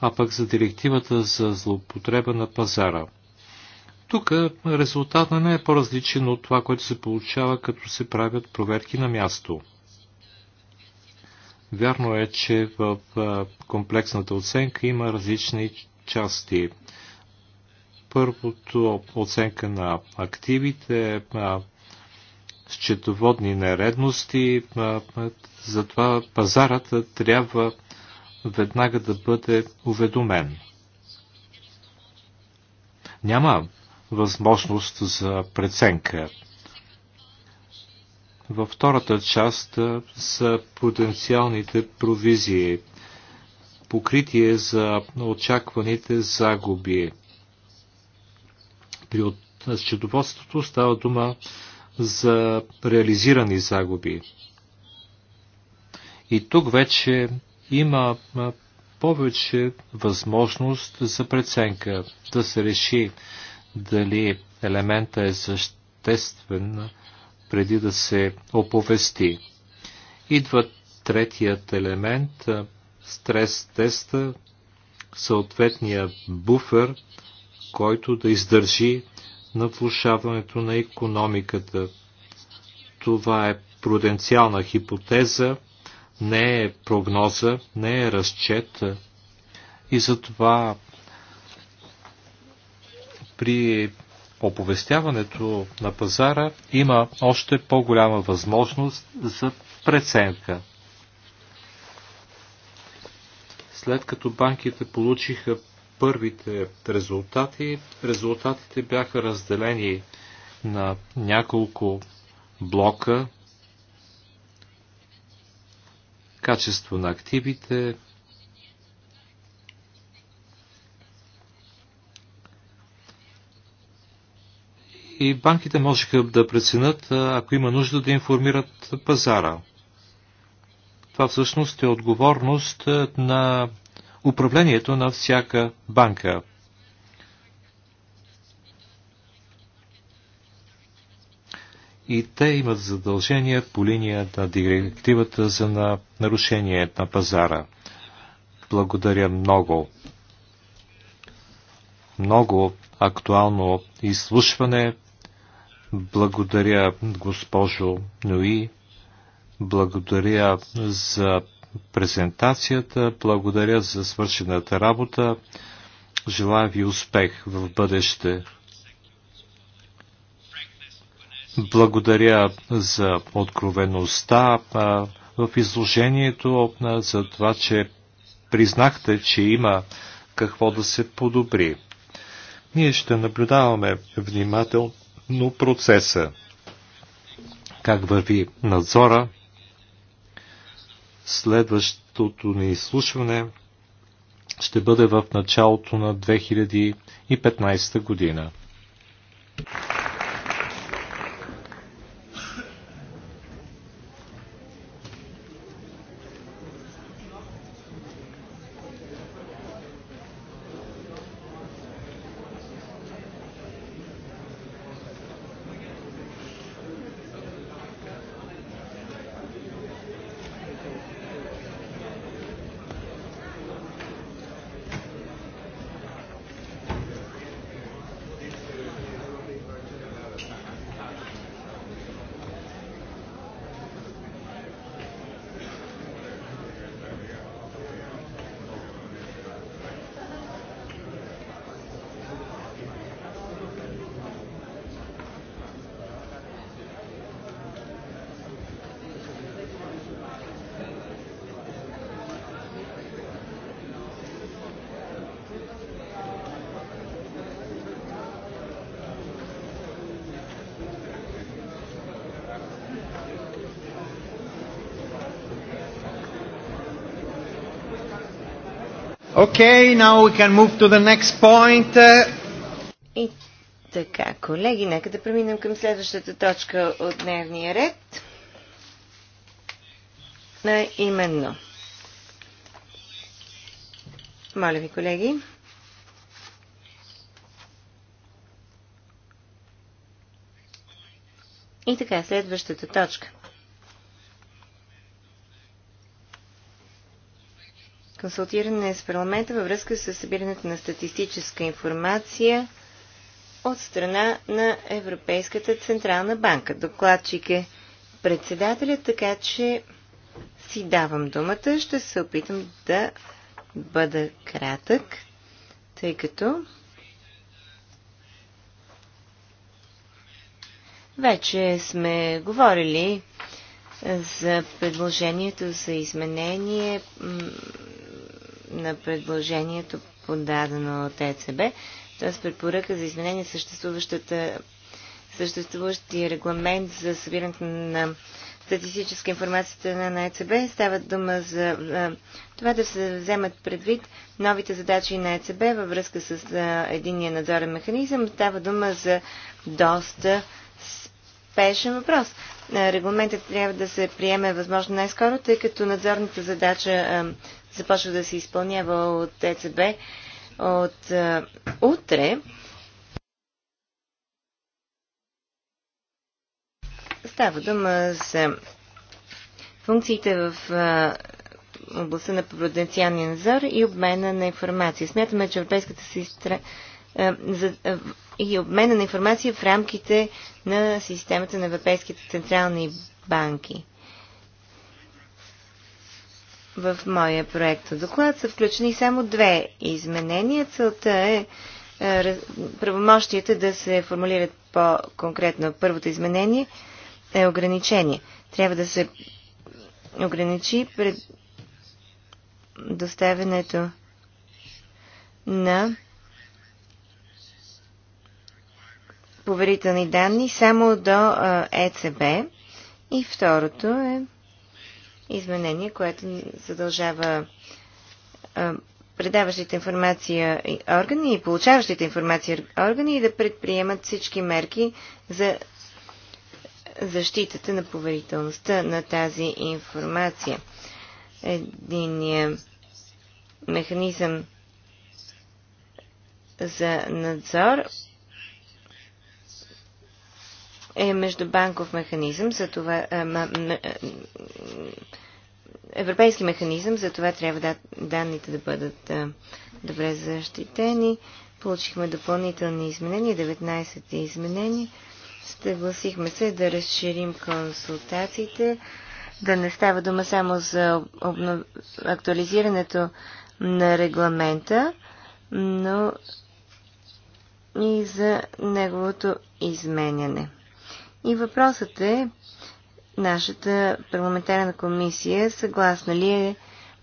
А пък за директивата за злоупотреба на пазара. Тук резултатът не е по-различен от това, което се получава, като се правят проверки на място. Вярно е, че в комплексната оценка има различни части. Първото оценка на активите, счетоводни нередности, затова пазарата трябва веднага да бъде уведомен. Няма възможност за преценка. Във втората част са потенциалните провизии, покритие за очакваните загуби. При от... Значи, счетоводството става дума за реализирани загуби. И тук вече има повече възможност за преценка, да се реши дали елемента е съществен преди да се оповести. Идва третият елемент, стрес теста, съответния буфер който да издържи на влушаването на економиката. Това е пруденциална хипотеза, не е прогноза, не е разчет. И затова при оповестяването на пазара има още по-голяма възможност за преценка. След като банките получиха първите резултати. Резултатите бяха разделени на няколко блока. Качество на активите, и банките можеха да преценят, ако има нужда да информират пазара. Това всъщност е отговорност на управлението на всяка банка. И те имат задължения по линия на директивата за на нарушение на пазара. Благодаря много. Много актуално изслушване. Благодаря, госпожо Нуи. Благодаря за презентацията. Благодаря за свършената работа. Желая ви успех в бъдеще. Благодаря за откровеността в изложението, за това, че признахте, че има какво да се подобри. Ние ще наблюдаваме внимателно процеса, как върви надзора Следващото ни изслушване ще бъде в началото на 2015 година. Okay, now we can move to the next point. Uh, И така, колеги, нека да преминем към следващата точка от дневния ред. На именно. Моля ви, колеги. И така, следващата точка. консултиране с парламента във връзка с събирането на статистическа информация от страна на Европейската Централна банка. Докладчик е председателя, така че си давам думата. Ще се опитам да бъда кратък, тъй като вече сме говорили за предложението за изменение на предложението подадено от ЕЦБ, т.е. препоръка за изменение съществуващата съществуващия регламент за събирането на статистическа информация на ЕЦБ. Става дума за това да се вземат предвид новите задачи на ЕЦБ във връзка с единия надзорен механизъм. Става дума за доста спешен въпрос. Регламентът трябва да се приеме възможно най-скоро, тъй като надзорната задача започва да се изпълнява от ЕЦБ от а, утре. Става дума за функциите в а, областта на пруденциалния надзор и обмена на информация. Смятаме, че Европейската сестра за, и обмена на информация в рамките на системата на европейските централни банки. В моя проект доклад са включени само две изменения. Целта е, е правомощията да се формулират по-конкретно. Първото изменение е ограничение. Трябва да се ограничи пред доставянето на поверителни данни само до ЕЦБ. Е И второто е изменение, което задължава предаващите информация органи и получаващите информация органи и да предприемат всички мерки за защитата на поверителността на тази информация. Единият механизъм за надзор е междубанков механизъм, за това, е, е, европейски механизъм, за това трябва да, данните да бъдат е, добре защитени. Получихме допълнителни изменения, 19 изменения. Съгласихме се да разширим консултациите, да не става дума само за обнов... актуализирането на регламента, но и за неговото изменяне. И въпросът е, нашата парламентарна комисия съгласна ли е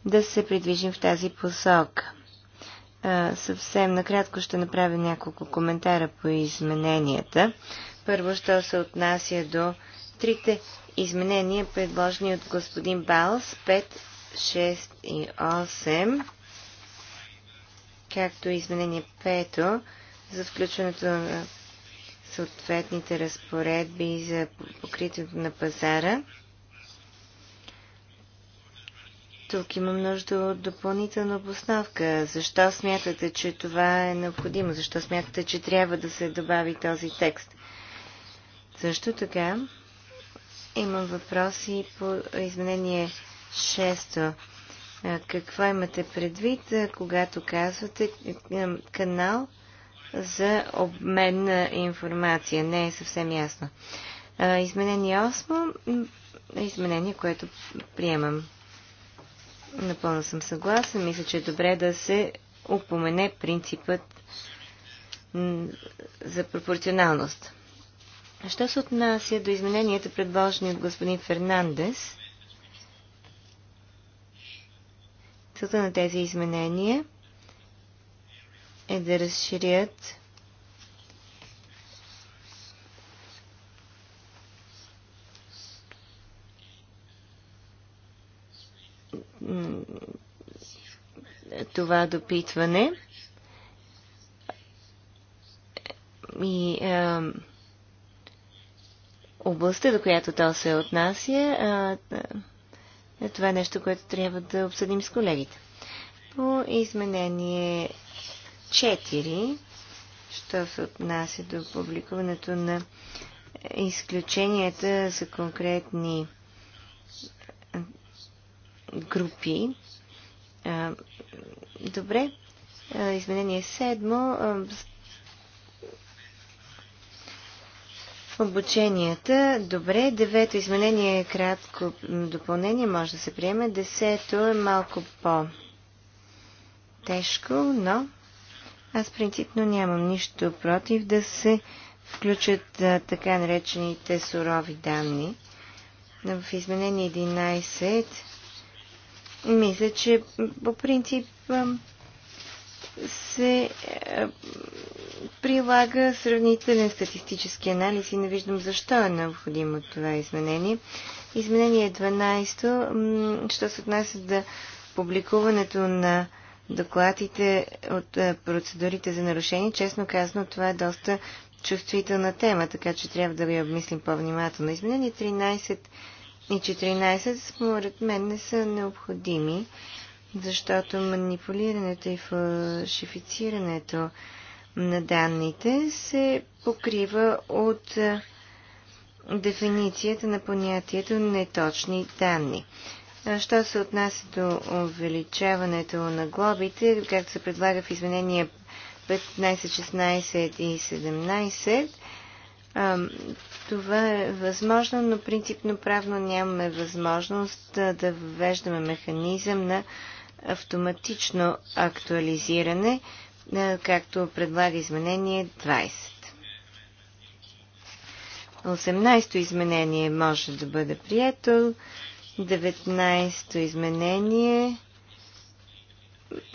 да се придвижим в тази посока? съвсем накратко ще направя няколко коментара по измененията. Първо, що се отнася до трите изменения, предложени от господин Балс 5, 6 и 8, както и изменение 5 за включването на съответните разпоредби за покритието на пазара. Тук имам нужда от допълнителна обосновка. Защо смятате, че това е необходимо? Защо смятате, че трябва да се добави този текст? Също така имам въпроси по изменение 6. Какво имате предвид, когато казвате канал за обмен на информация. Не е съвсем ясно. Изменение 8 изменение, което приемам. Напълно съм съгласен. Мисля, че е добре да се упомене принципът за пропорционалност. Що се отнася до измененията, предложени от господин Фернандес, целта на тези изменения е да разширят това допитване и е, областта, до която то се отнася, е, това е нещо, което трябва да обсъдим с колегите. По изменение 4, що се отнася до публикуването на изключенията за конкретни групи. Добре, изменение 7. Обученията. Добре, девето изменение е кратко допълнение, може да се приеме. Десето е малко по-тежко, но аз принципно нямам нищо против да се включат а, така наречените сурови данни. но В изменение 11 мисля, че по принцип а, се а, прилага сравнителен статистически анализ и не виждам защо е необходимо това изменение. Изменение 12, що се отнася да публикуването на докладите от е, процедурите за нарушение. Честно казано, това е доста чувствителна тема, така че трябва да ви обмислим по-внимателно. Изменени 13 и 14 според мен не са необходими, защото манипулирането и фалшифицирането на данните се покрива от е, дефиницията на понятието неточни данни. Що се отнася до увеличаването на глобите, както се предлага в изменения 15, 16 и 17, това е възможно, но принципно правно нямаме възможност да въвеждаме механизъм на автоматично актуализиране, както предлага изменение 20. 18-то изменение може да бъде прието. 19-то изменение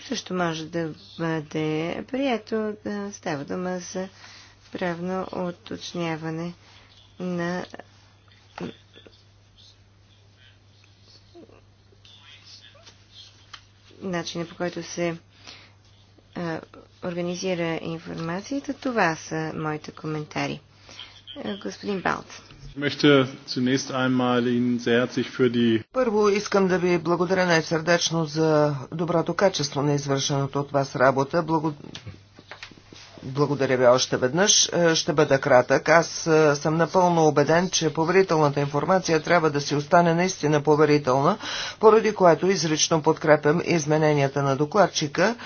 също може да бъде прието. Да става дума за правно уточняване на начина по който се организира информацията. Това са моите коментари. Господин Балт. Първо искам да ви благодаря най-сърдечно за доброто качество на извършеното от вас работа. Благодаря ви още веднъж. Е, ще бъда кратък. Аз е, съм напълно убеден, че поверителната информация трябва да си остане наистина поверителна, поради което изрично подкрепям измененията на докладчика,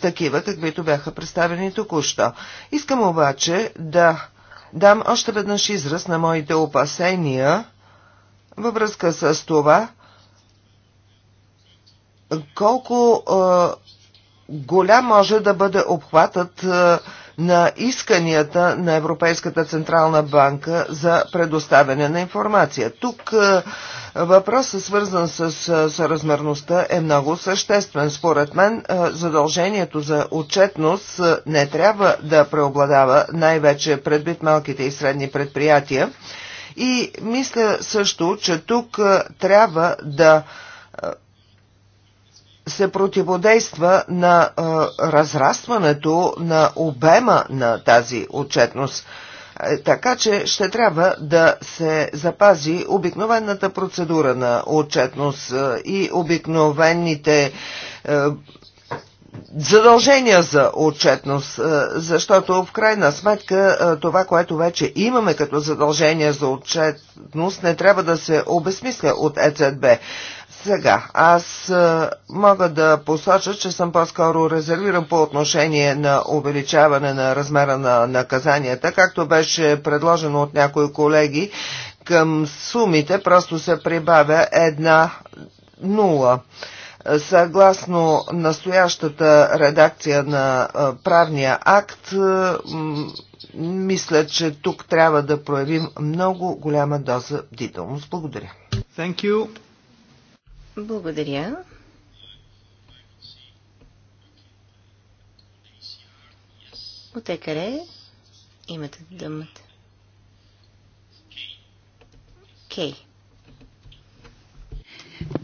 такива каквито бяха представени току-що. Искам обаче да дам още веднъж израз на моите опасения във връзка с това, колко голям може да бъде обхватът на исканията на Европейската Централна банка за предоставяне на информация. Тук е, въпросът, свързан с е, съразмерността, е много съществен. Според мен е, задължението за отчетност не трябва да преобладава най-вече предвид малките и средни предприятия. И мисля също, че тук трябва да се противодейства на разрастването на обема на тази отчетност е, така че ще трябва да се запази обикновената процедура на отчетност и обикновените е, задължения за отчетност, е, защото в крайна сметка това, което вече имаме като задължение за отчетност, не трябва да се обесмисля от ЕЦБ. Сега, аз а, мога да посоча, че съм по-скоро резервиран по отношение на увеличаване на размера на наказанията, както беше предложено от някои колеги, към сумите просто се прибавя една нула. Съгласно настоящата редакция на правния акт, мисля, че тук трябва да проявим много голяма доза бдителност. Благодаря. Thank you. Благодаря. От екаре имате думата. Кей.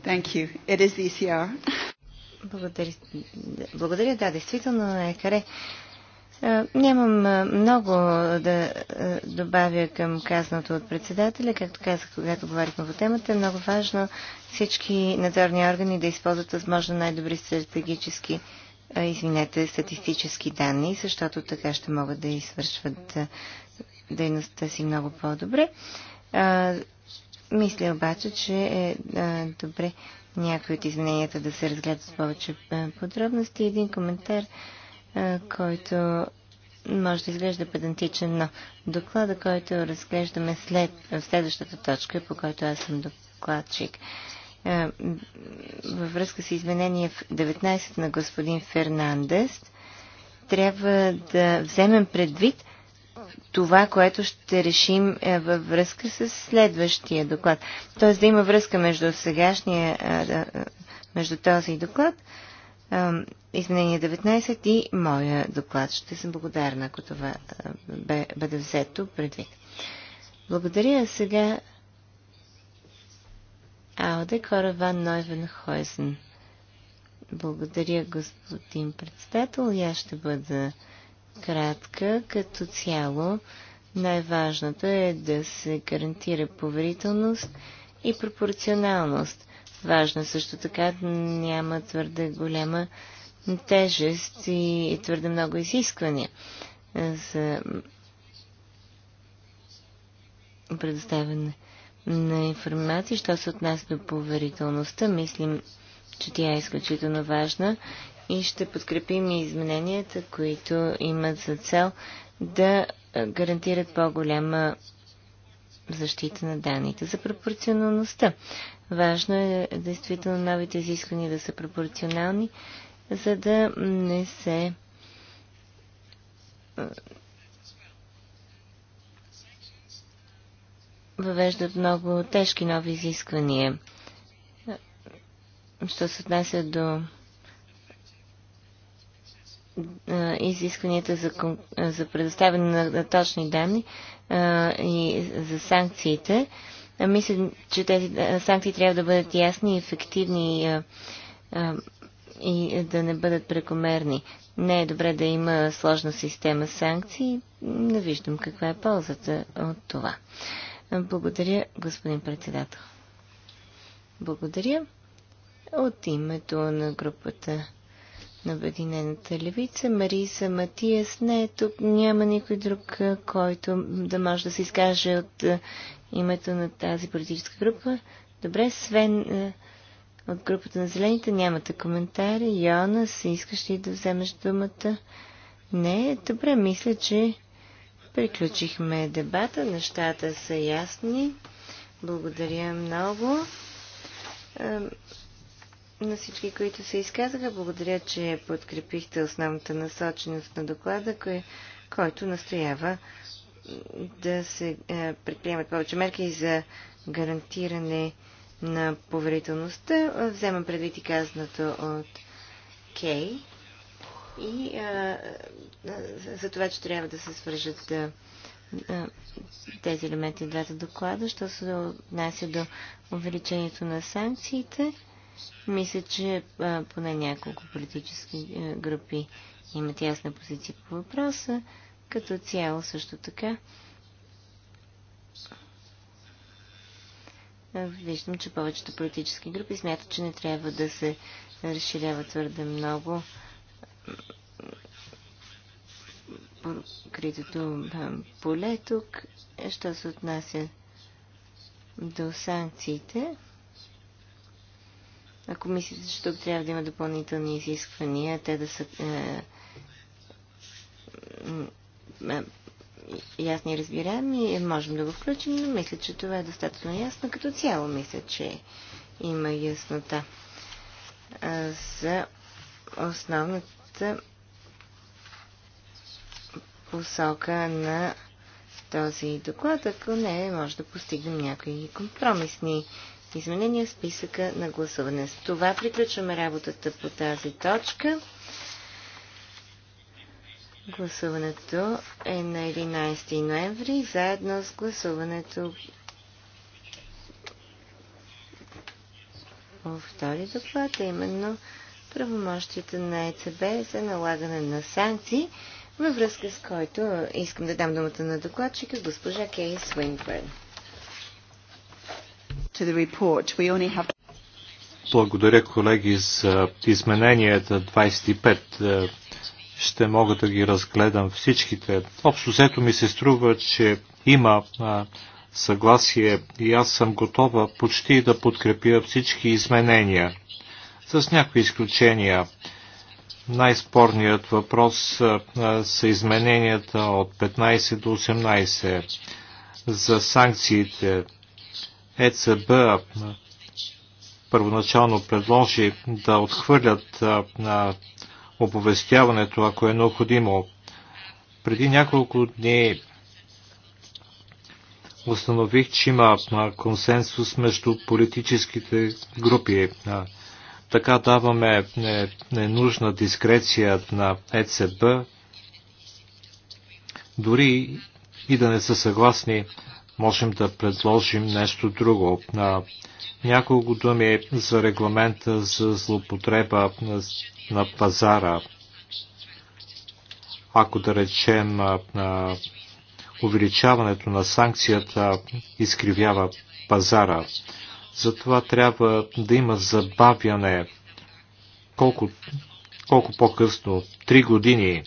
Thank you. It is ECR. E Благодаря. Благодаря, да, действително е каре. Е, нямам е, много да е, добавя към казаното от председателя. Както казах, когато говорихме по темата, е много важно всички надзорни органи да използват възможно най-добри стратегически, извинете, статистически данни, защото така ще могат да извършват дейността си много по-добре. Мисля обаче, че е добре някои от измененията да се разгледат с повече подробности. Един коментар който може да изглежда педантичен, но доклада, който разглеждаме след, в следващата точка, по който аз съм докладчик, във връзка с изменение в 19 на господин Фернандес, трябва да вземем предвид това, което ще решим във връзка с следващия доклад. Тоест да има връзка между сегашния, между този доклад изменение 19 и моя доклад. Ще съм благодарна, ако това бъде взето предвид. Благодаря сега Ауде Кора Ван Нойвенхойзен. Благодаря, господин председател. И аз ще бъда кратка. Като цяло, най-важното е да се гарантира поверителност и пропорционалност важна. Също така няма твърде голяма тежест и твърде много изисквания за предоставяне на информация. Що се отнася до поверителността, мислим, че тя е изключително важна и ще подкрепим и измененията, които имат за цел да гарантират по-голяма защита на данните. За пропорционалността. Важно е действително новите изисквания да са пропорционални, за да не се въвеждат много тежки нови изисквания. Що се отнася до изискванията за, за предоставяне на точни данни, и за санкциите. А, мисля, че тези санкции трябва да бъдат ясни, ефективни и да не бъдат прекомерни. Не е добре да има сложна система санкции. Не виждам каква е ползата от това. Благодаря, господин председател. Благодаря. От името на групата на Обединената левица. Мариса Матиас не е тук. Няма никой друг, който да може да се изкаже от името на тази политическа група. Добре, Свен от групата на зелените нямате коментари. Йона, се искаш ли да вземеш думата? Не, добре, мисля, че приключихме дебата. Нещата са ясни. Благодаря много на всички, които се изказаха. Благодаря, че подкрепихте основната насоченост на доклада, кой, който настоява да се е, предприемат повече мерки за гарантиране на поверителността. Вземам предвид и казаното от Кей и а, е, е, за, това, че трябва да се свържат а, е, а, тези елементи от двата доклада, що се отнася до увеличението на санкциите. Мисля, че поне няколко политически е, групи имат ясна позиция по въпроса. Като цяло също така. Виждам, че повечето политически групи смятат, че не трябва да се разширява твърде много критото поле тук, е, що се отнася до санкциите. Ако мислите, че тук трябва да има допълнителни изисквания, те да са е, е, ясни и разбираеми, можем да го включим, но мисля, че това е достатъчно ясно. Като цяло мисля, че има яснота е, за основната посока на този доклад. Ако не, може да постигнем някои компромисни изменения в списъка на гласуване. С това приключваме работата по тази точка. Гласуването е на 11 ноември, заедно с гласуването по втори доклад, а именно правомощията на ЕЦБ за налагане на санкции, във връзка с който искам да дам думата на докладчика госпожа Кей Свинбърн to the report. We only have... Благодаря, колеги, за измененията 25. Ще мога да ги разгледам всичките. Общо взето ми се струва, че има съгласие и аз съм готова почти да подкрепя всички изменения. С някои изключения. Най-спорният въпрос са измененията от 15 до 18 за санкциите ЕЦБ първоначално предложи да отхвърлят на оповестяването, ако е необходимо. Преди няколко дни установих, че има консенсус между политическите групи. Така даваме ненужна е, дискреция на ЕЦБ, дори и да не са съгласни можем да предложим нещо друго. На Няколко думи за регламента за злоупотреба на пазара. Ако да речем на увеличаването на санкцията изкривява пазара. Затова трябва да има забавяне колко, колко по-късно, 3 години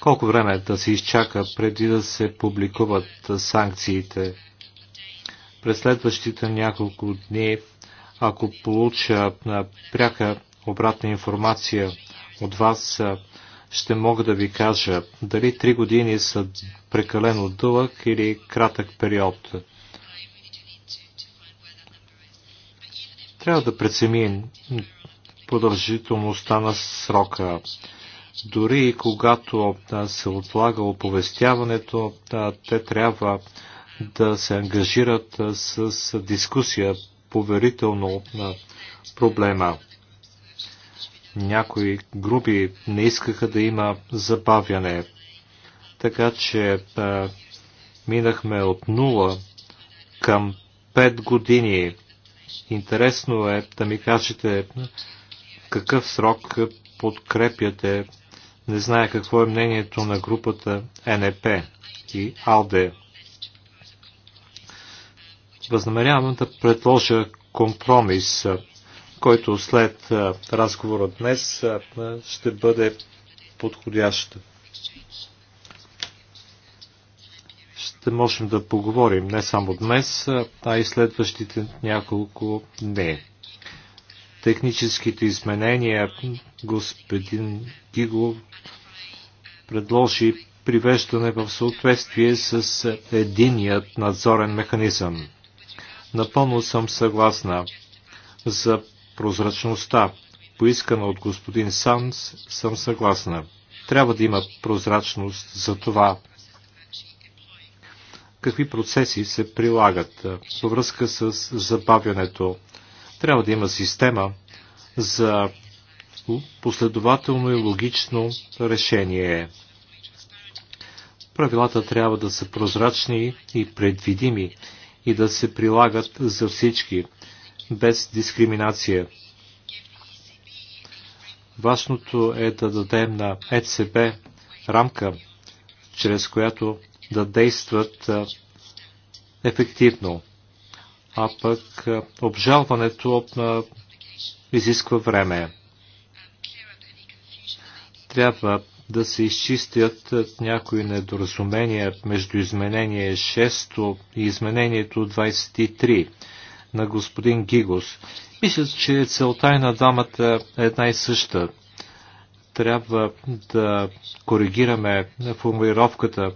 колко време е да се изчака преди да се публикуват санкциите? През следващите няколко дни, ако получа пряка обратна информация от вас, ще мога да ви кажа дали три години са прекалено дълъг или кратък период. Трябва да преценим продължителността на срока. Дори и когато се отлага оповестяването, те трябва да се ангажират с дискусия поверително на проблема. Някои групи не искаха да има забавяне, така че а, минахме от 0 към 5 години. Интересно е да ми кажете какъв срок подкрепяте не зная какво е мнението на групата НЕП и АЛДЕ. Възнамерявам да предложа компромис, който след разговора днес ще бъде подходящ. ще можем да поговорим не само днес, а и следващите няколко дни техническите изменения господин Гигов предложи привеждане в съответствие с единият надзорен механизъм. Напълно съм съгласна за прозрачността, поискана от господин Санс, съм съгласна. Трябва да има прозрачност за това, какви процеси се прилагат във връзка с забавянето трябва да има система за последователно и логично решение. Правилата трябва да са прозрачни и предвидими и да се прилагат за всички, без дискриминация. Важното е да дадем на ЕЦБ рамка, чрез която да действат ефективно а пък обжалването изисква време. Трябва да се изчистят някои недоразумения между изменение 6 и изменението 23 на господин Гигос. Мисля, че целта и е на дамата е една и съща. Трябва да коригираме формулировката.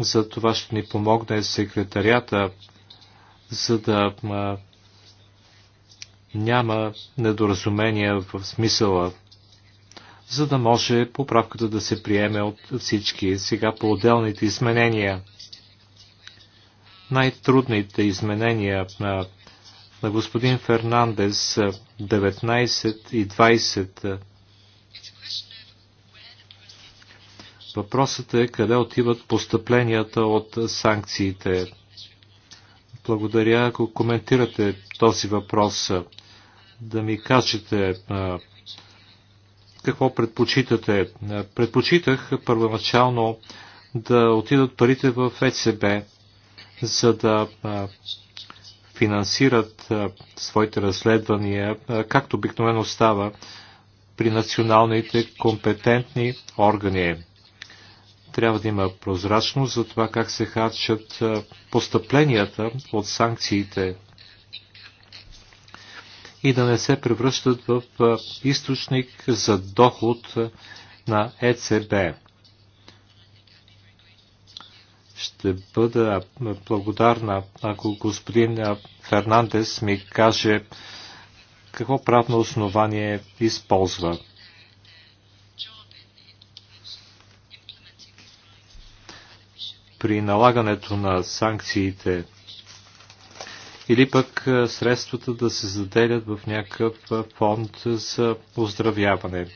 За това ще ни помогне секретарията за да няма недоразумения в смисъла, за да може поправката да се приеме от всички, сега по отделните изменения. Най-трудните изменения на, на господин Фернандес 19 и 20. Въпросът е къде отиват постъпленията от санкциите благодаря, ако коментирате този въпрос, да ми кажете какво предпочитате. Предпочитах първоначално да отидат парите в ЕЦБ, за да финансират своите разследвания, както обикновено става при националните компетентни органи. Трябва да има прозрачност за това как се харчат постъпленията от санкциите и да не се превръщат в източник за доход на ЕЦБ. Ще бъда благодарна, ако господин Фернандес ми каже какво правно основание използва. при налагането на санкциите или пък средствата да се заделят в някакъв фонд за оздравяване.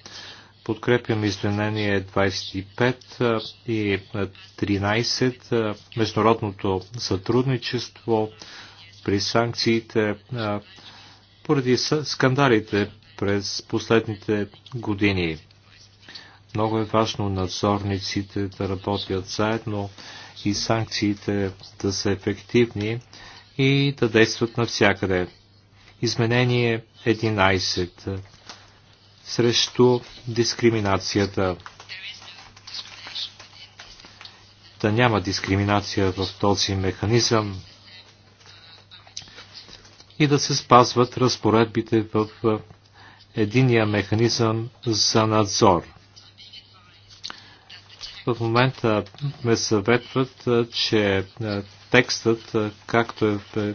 Подкрепям изменение 25 и 13 международното сътрудничество при санкциите поради скандалите през последните години. Много е важно надзорниците да работят заедно и санкциите да са ефективни и да действат навсякъде. Изменение 11 срещу дискриминацията. Да няма дискриминация в този механизъм и да се спазват разпоредбите в единия механизъм за надзор – в момента ме съветват, че текстът, както е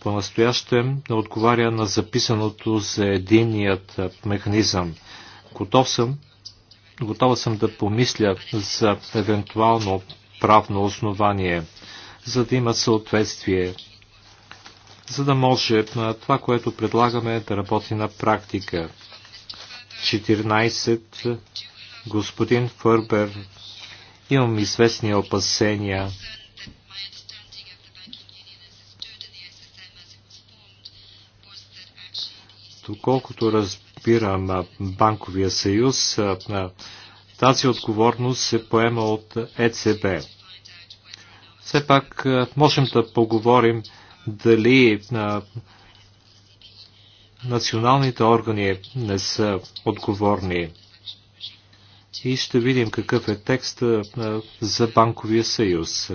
по-настоящем, не отговаря на записаното за единият механизъм. Готов съм, готова съм да помисля за евентуално правно основание, за да има съответствие, за да може това, което предлагаме, да работи на практика. 14 господин Фърбер, имам известни опасения. Доколкото разбирам банковия съюз, тази отговорност се поема от ЕЦБ. Все пак можем да поговорим дали националните органи не са отговорни и ще видим какъв е текст за банковия съюз.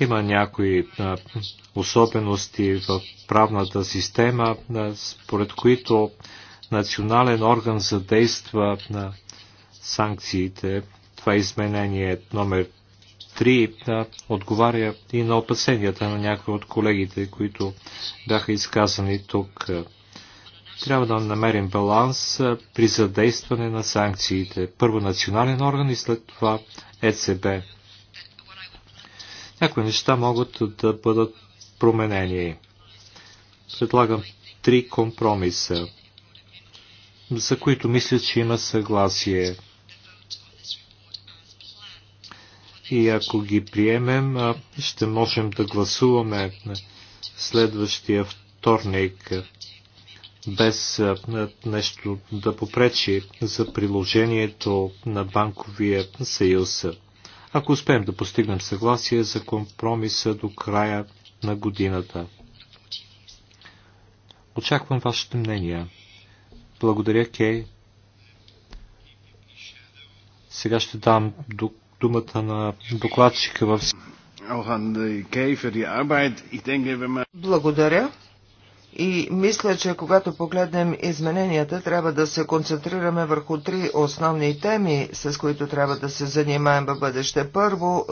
Има някои особености в правната система, според които национален орган задейства на санкциите. Това е изменение номер 3 да, отговаря и на опасенията на някои от колегите, които бяха изказани тук. Трябва да намерим баланс при задействане на санкциите. Първо национален орган и след това ЕЦБ. Някои неща могат да бъдат променени. Предлагам три компромиса, за които мисля, че има съгласие. и ако ги приемем, ще можем да гласуваме следващия вторник без нещо да попречи за приложението на банковия съюз. Ако успеем да постигнем съгласие за компромиса до края на годината. Очаквам вашето мнение. Благодаря, Кей. Сега ще дам дук думата на докладчика в... Благодаря. И мисля, че когато погледнем измененията, трябва да се концентрираме върху три основни теми, с които трябва да се занимаем в бъдеще. Първо,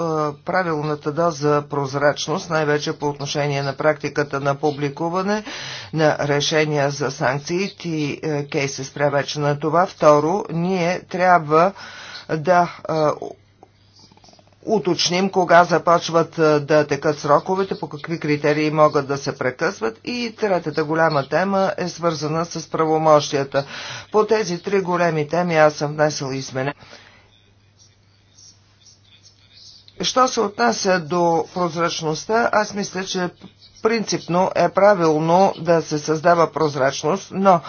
правилната доза прозрачност, най-вече по отношение на практиката на публикуване на решения за санкции. Ти кейс се спря вече на това. Второ, ние трябва да уточним кога започват да текат сроковете, по какви критерии могат да се прекъсват и третата голяма тема е свързана с правомощията. По тези три големи теми аз съм внесъл измене. Що се отнася до прозрачността, аз мисля, че принципно е правилно да се създава прозрачност, но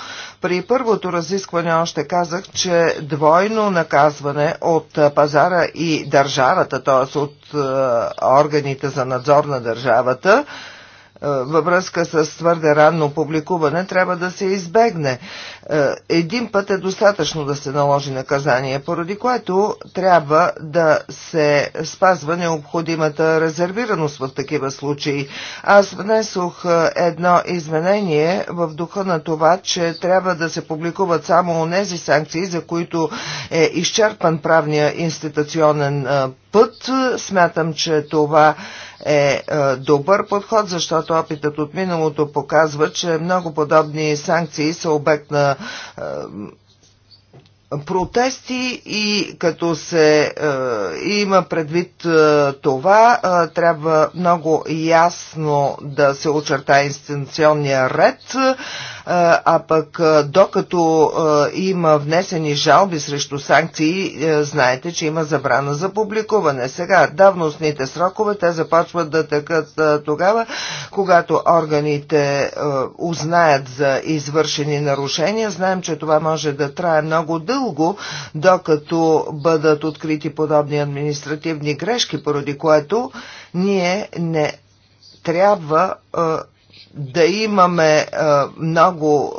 при първото разискване още казах, че двойно наказване от пазара и държавата, т.е. от органите за надзор на държавата, е, във връзка с твърде ранно публикуване трябва да се избегне. Е, един път е достатъчно да се наложи наказание, поради което трябва да се спазва необходимата резервираност в такива случаи. Аз внесох е, едно изменение в духа на това, че трябва да се публикуват само тези санкции, за които е изчерпан правния институционен път. Смятам, че това е, е добър подход, защото опитът от миналото показва, че много подобни санкции са обект на е, протести и като се е, има предвид е, това, е, трябва много ясно да се очерта инстанционния ред. Е, а пък докато има внесени жалби срещу санкции, е, знаете, че има забрана за публикуване. Сега, давностните срокове, те започват да тъкат тогава, когато органите е, узнаят за извършени нарушения. Знаем, че това може да трае много дълго, докато бъдат открити подобни административни грешки, поради което ние не трябва е, да имаме много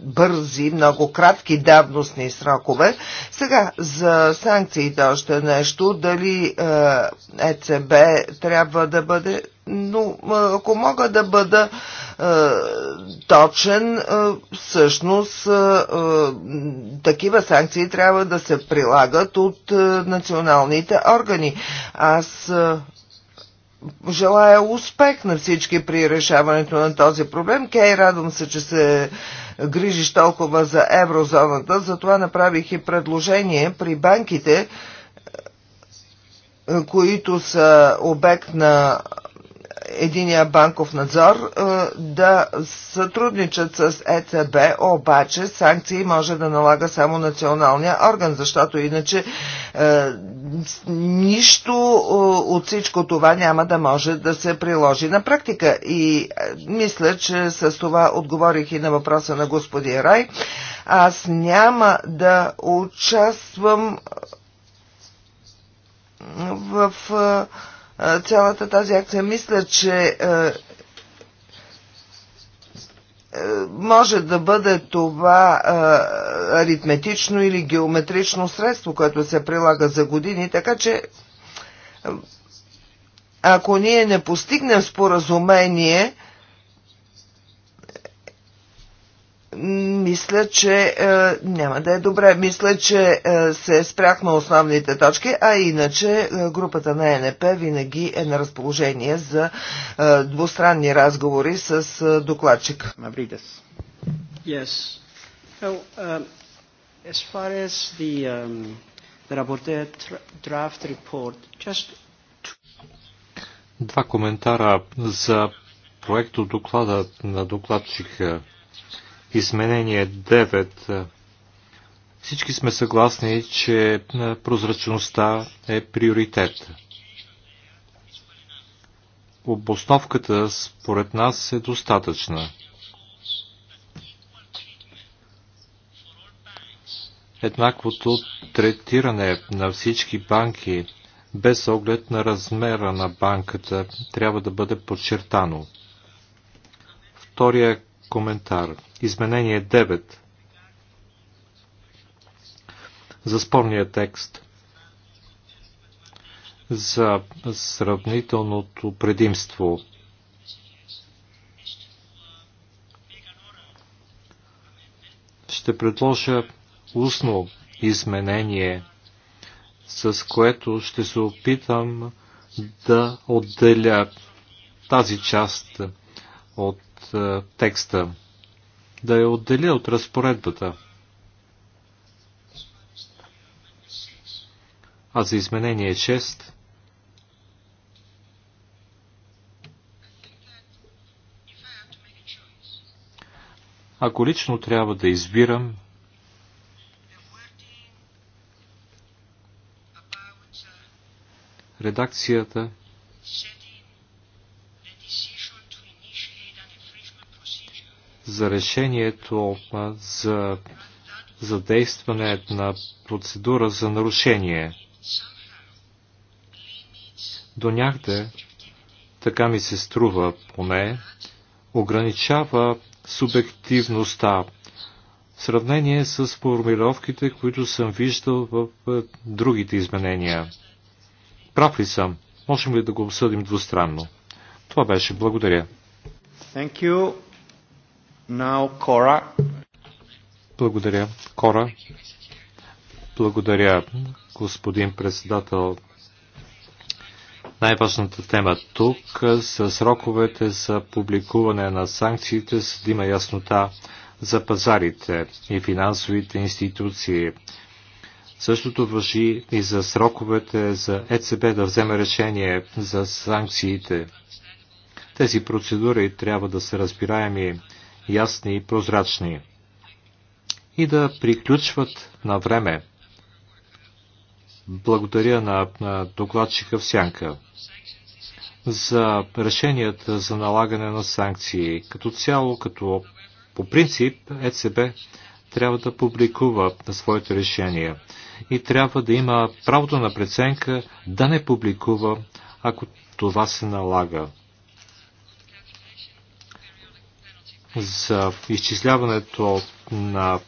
бързи, много кратки давностни срокове. Сега за санкциите още нещо. Дали ЕЦБ трябва да бъде. Но ако мога да бъда точен, всъщност такива санкции трябва да се прилагат от националните органи. Аз желая успех на всички при решаването на този проблем. Кей, радвам се, че се грижиш толкова за еврозоната, затова направих и предложение при банките, които са обект на единия банков надзор е, да сътрудничат с ЕЦБ, обаче санкции може да налага само националния орган, защото иначе е, нищо е, от всичко това няма да може да се приложи на практика. И мисля, че с това отговорих и на въпроса на господин Рай. Аз няма да участвам в Uh цялата тази акция. Мисля, че е, е, може да бъде това е, аритметично или геометрично средство, което се прилага за години, така че ако ние не постигнем споразумение, мисля, че е, няма да е добре. Мисля, че е, се е спряхме основните точки, а иначе е, групата на ЕНП винаги е на разположение за е, двустранни разговори с е, докладчик. Мавридес. Yes. So, um, as far as the, um, the rapporteur draft report, just... Два коментара за проекто доклада на докладчика изменение 9. Всички сме съгласни, че прозрачността е приоритет. Обосновката според нас е достатъчна. еднаквото третиране на всички банки без оглед на размера на банката трябва да бъде подчертано. Втория коментар. Изменение 9 за спорния текст за сравнителното предимство. Ще предложа устно изменение, с което ще се опитам да отделя тази част от от е, текста, да я отделя от разпоредбата. А за изменение 6 Ако лично трябва да избирам редакцията за решението за задействане на процедура за нарушение. До някъде, така ми се струва поне, ограничава субективността в сравнение с формировките, които съм виждал в другите изменения. Прав ли съм? Можем ли да го обсъдим двустранно? Това беше. Благодаря. Thank you. Now, Cora. Благодаря, Кора. Благодаря, господин председател. Най-важната тема тук са сроковете за публикуване на санкциите, за да има яснота за пазарите и финансовите институции. Същото въжи и за сроковете за ЕЦБ да вземе решение за санкциите. Тези процедури трябва да са разбираеми ясни и прозрачни и да приключват на време. Благодаря на, на докладчика в сянка за решенията за налагане на санкции. Като цяло, като по принцип ЕЦБ трябва да публикува своите решения и трябва да има правото на преценка да не публикува, ако това се налага. за изчисляването на,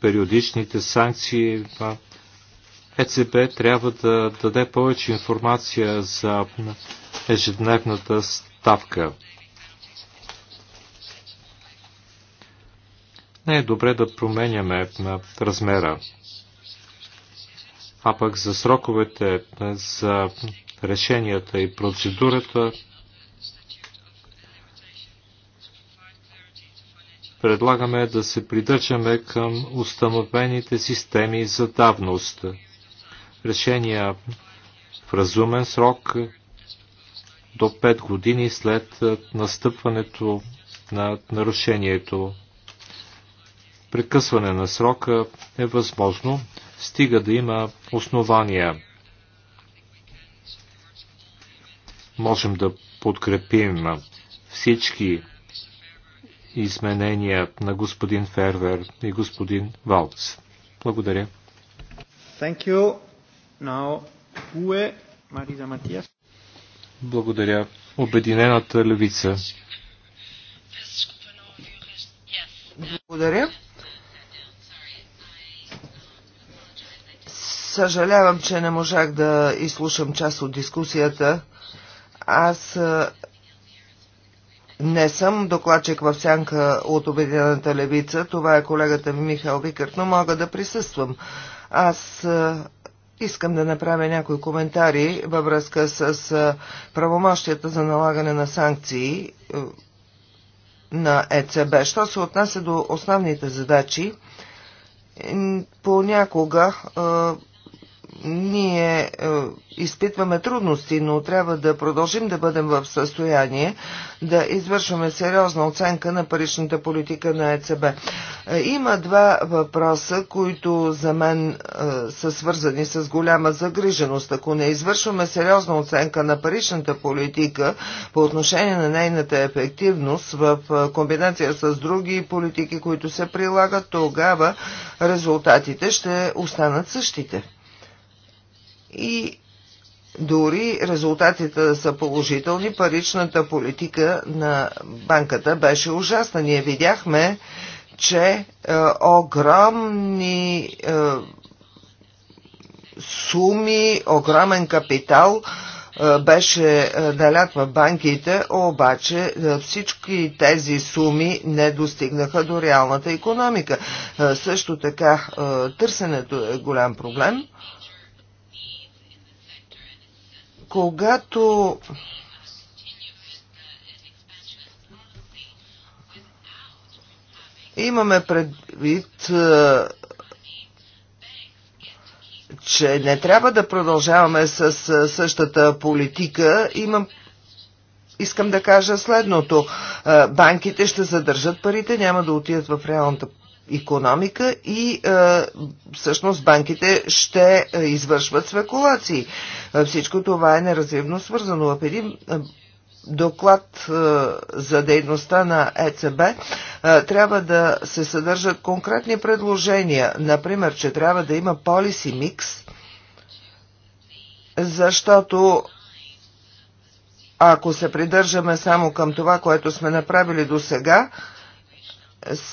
периодичните санкции. ЕЦБ трябва да даде повече информация за ежедневната ставка. Не е добре да променяме размера. А пък за сроковете, за решенията и процедурата предлагаме да се придържаме към установените системи за давност. Решения в разумен срок до 5 години след настъпването на нарушението. Прекъсване на срока е възможно, стига да има основания. Можем да подкрепим всички изменения на господин Фервер и господин Валц. Благодаря. Thank you. Now, who Мариза Матиас. Благодаря. Обединената левица. Благодаря. Съжалявам, че не можах да изслушам част от дискусията. Аз не съм докладчик в сянка от Обединената левица. Това е колегата ми Михаил Викърт, но мога да присъствам. Аз Искам да направя някои коментари във връзка с правомощията за налагане на санкции на ЕЦБ. Що се отнася до основните задачи, понякога ние е, изпитваме трудности, но трябва да продължим да бъдем в състояние да извършваме сериозна оценка на паричната политика на ЕЦБ. Е, има два въпроса, които за мен е, са свързани с голяма загриженост. Ако не извършваме сериозна оценка на паричната политика по отношение на нейната ефективност в комбинация с други политики, които се прилагат, тогава резултатите ще останат същите и дори резултатите да са положителни, паричната политика на банката беше ужасна. Ние видяхме, че е, огромни е, суми, огромен капитал е, беше е, далят в банките, обаче е, всички тези суми не достигнаха до реалната економика. Е, също така е, търсенето е голям проблем. Когато имаме предвид, че не трябва да продължаваме с същата политика, имам искам да кажа следното. Банките ще задържат парите, няма да отидат в реалната економика и а, е, всъщност банките ще е, извършват спекулации. Е, всичко това е неразривно свързано. В един доклад а, за дейността на ЕЦБ а, трябва да се съдържат конкретни предложения. Например, че трябва да има полиси микс, защото ако се придържаме само към това, което сме направили до сега,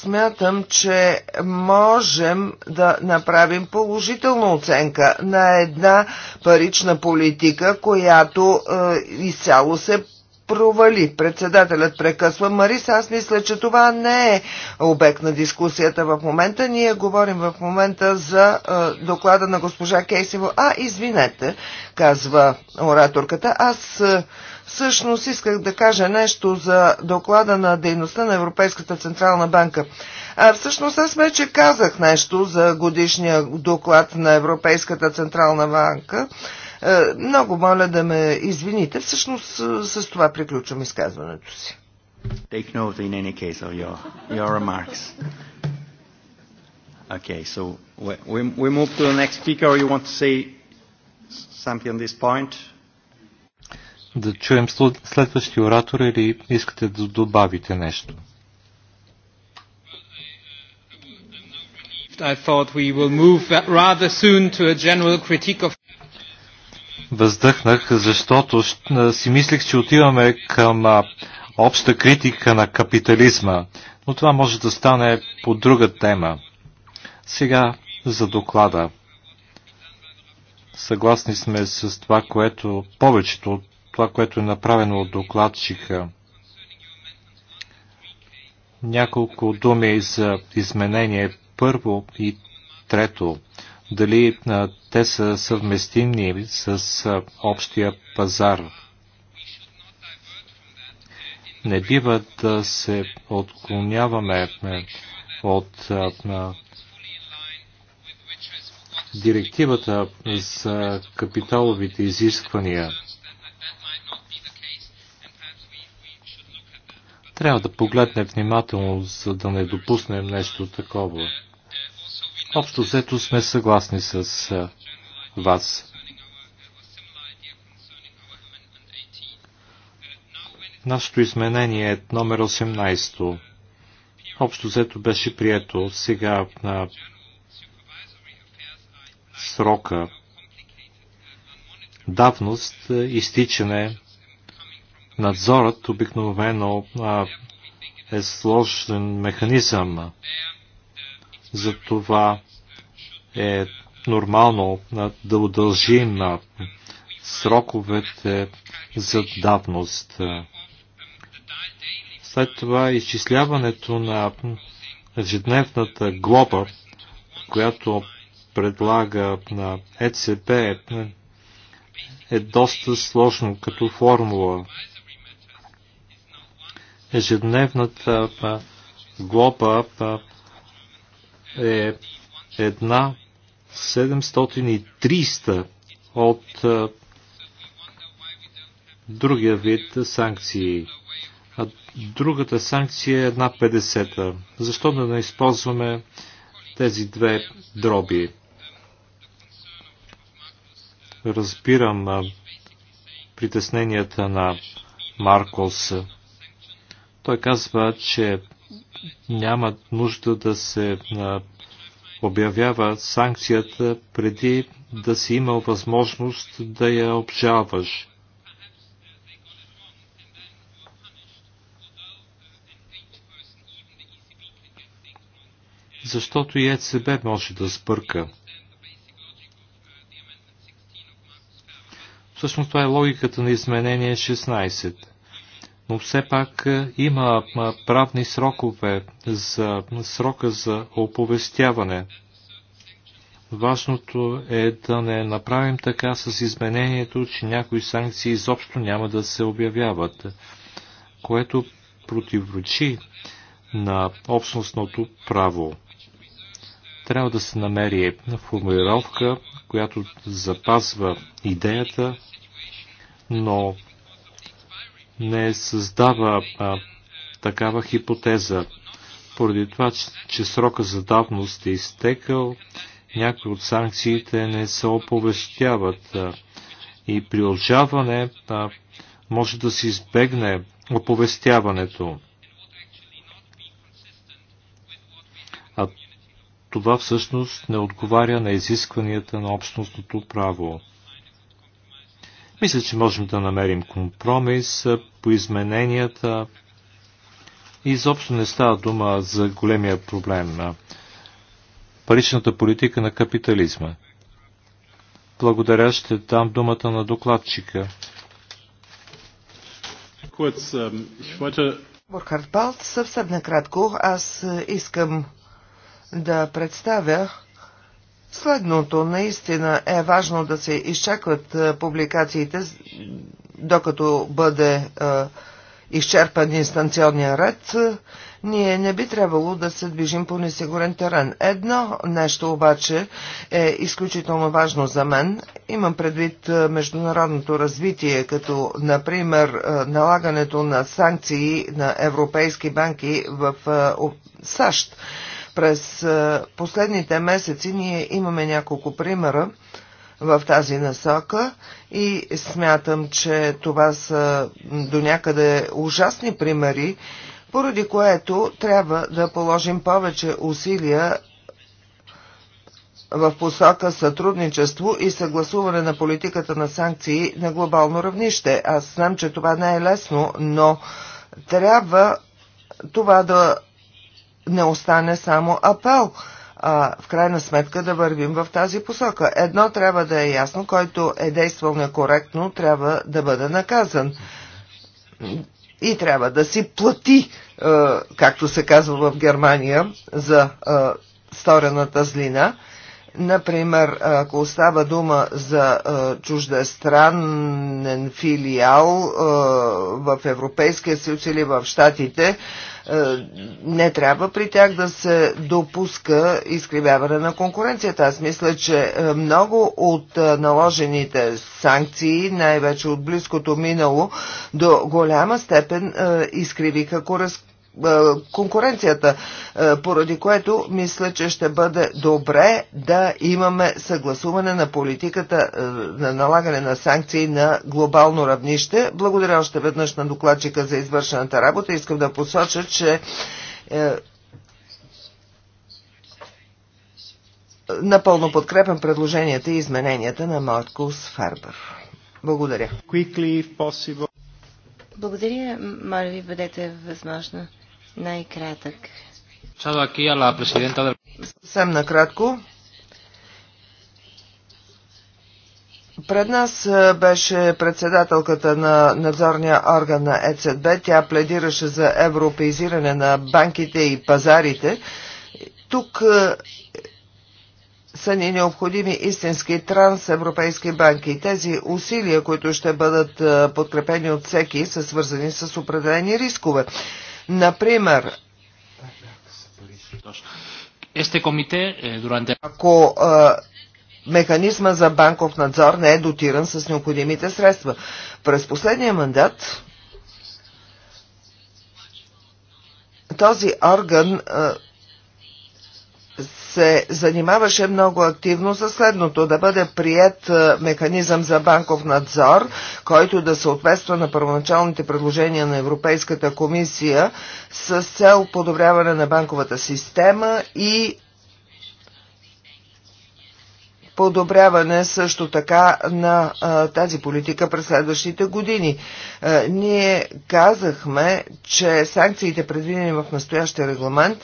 смятам, че можем да направим положителна оценка на една парична политика, която е, изцяло се провали. Председателят прекъсва Марис. Аз мисля, че това не е обект на дискусията в момента. Ние говорим в момента за е, доклада на госпожа Кейсиво. А, извинете, казва ораторката. Аз е, Всъщност исках да кажа нещо за доклада на дейността на Европейската Централна банка. А всъщност аз вече казах нещо за годишния доклад на Европейската Централна банка. Е, много моля да ме извините. Всъщност е, с това приключвам изказването си. Take note in any case of your, your remarks. Okay, so we, we move to the next speaker. You want to say something on this point? да чуем следващи оратор или искате да добавите нещо? Въздъхнах, защото си мислих, че отиваме към обща критика на капитализма, но това може да стане по друга тема. Сега за доклада. Съгласни сме с това, което повечето от това, което е направено от докладчика. Няколко думи за изменение първо и трето. Дали те са съвместими с общия пазар? Не бива да се отклоняваме от директивата за капиталовите изисквания. Трябва да погледнем внимателно, за да не допуснем нещо такова. Общо взето сме съгласни с вас. Нашето изменение е номер 18. Общо взето беше прието сега на срока давност, изтичане Надзорът обикновено а, е сложен механизъм. Затова е нормално а, да удължим а, сроковете за давност. След това изчисляването на ежедневната глоба, която предлага на ЕЦП е доста сложно като формула ежедневната глоба е една 730 от другия вид санкции. А другата санкция е една 50-та. Защо да не използваме тези две дроби? Разбирам притесненията на Маркос. Той казва, че няма нужда да се обявява санкцията преди да си имал възможност да я обжалваш. Защото и ЕЦБ може да сбърка. Всъщност това е логиката на изменение 16 но все пак е, има правни срокове за срока за оповестяване. Важното е да не направим така с изменението, че някои санкции изобщо няма да се обявяват, което противоречи на общностното право. Трябва да се намери формулировка, която запазва идеята, но не създава а, такава хипотеза. Поради това, че, че срока за давност е изтекал, някои от санкциите не се оповещяват а, и при отжаване а, може да се избегне оповестяването. А това всъщност не отговаря на изискванията на общностното право. Мисля, че можем да намерим компромис по измененията. Изобщо не става дума за големия проблем на паричната политика на капитализма. Благодаря, ще дам думата на докладчика. Бурхард Балт, съвсем накратко, аз искам да представя Следното наистина е важно да се изчакват е, публикациите, докато бъде е, изчерпан инстанционния ред. Ние не би трябвало да се движим по несигурен терен. Едно нещо обаче е изключително важно за мен. Имам предвид е, международното развитие, като например налагането на санкции на европейски банки в САЩ. През е, последните месеци ние имаме няколко примера в тази насока и смятам, че това са до някъде ужасни примери, поради което трябва да положим повече усилия в посока сътрудничество и съгласуване на политиката на санкции на глобално равнище. Аз знам, че това не е лесно, но трябва това да не остане само апел, а в крайна сметка да вървим в тази посока. Едно трябва да е ясно, който е действал некоректно, трябва да бъде наказан. И трябва да си плати, е, както се казва в Германия, за е, сторената злина. Например, ако става дума за чуждестранен филиал в Европейския съюз или в Штатите, не трябва при тях да се допуска изкривяване на конкуренцията. Аз мисля, че много от наложените санкции, най-вече от близкото минало, до голяма степен изкривиха е, конкуренцията, е, поради което мисля, че ще бъде добре да имаме съгласуване на политиката е, на налагане на санкции на глобално равнище. Благодаря още веднъж на докладчика за извършената работа. Искам да посоча, че напълно подкрепям предложенията и измененията на Маркус Фарбър. Благодаря. Благодаря. Моля ви, бъдете възможно най-кратък. Съвсем накратко. Пред нас беше председателката на надзорния орган на ЕЦБ. Тя пледираше за европеизиране на банките и пазарите. Тук са ни необходими истински трансевропейски банки. Тези усилия, които ще бъдат подкрепени от всеки, са свързани с определени рискове. Например, eh, ако механизма за банков надзор не е дотиран с необходимите средства. През последния мандат този орган се занимаваше много активно за следното да бъде прият е, механизъм за банков надзор, който да съответства на първоначалните предложения на Европейската комисия с цел подобряване на банковата система и подобряване също така на а, е, тази политика през следващите години. А, е, ние казахме, че санкциите предвидени в настоящия регламент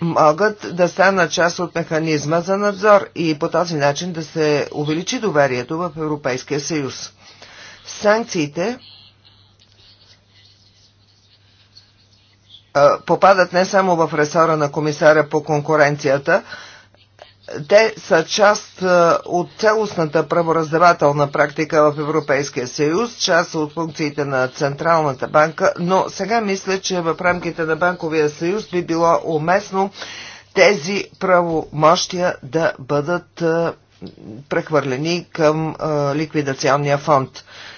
могат да станат част от механизма за надзор и по този начин да се увеличи доверието в Европейския съюз. Санкциите попадат не само в ресора на комисара по конкуренцията, те са част е, от целостната правораздавателна практика в Европейския съюз, част от функциите на Централната банка, но сега мисля, че в рамките на Банковия съюз би било уместно тези правомощия да бъдат е, прехвърлени към е, ликвидационния фонд.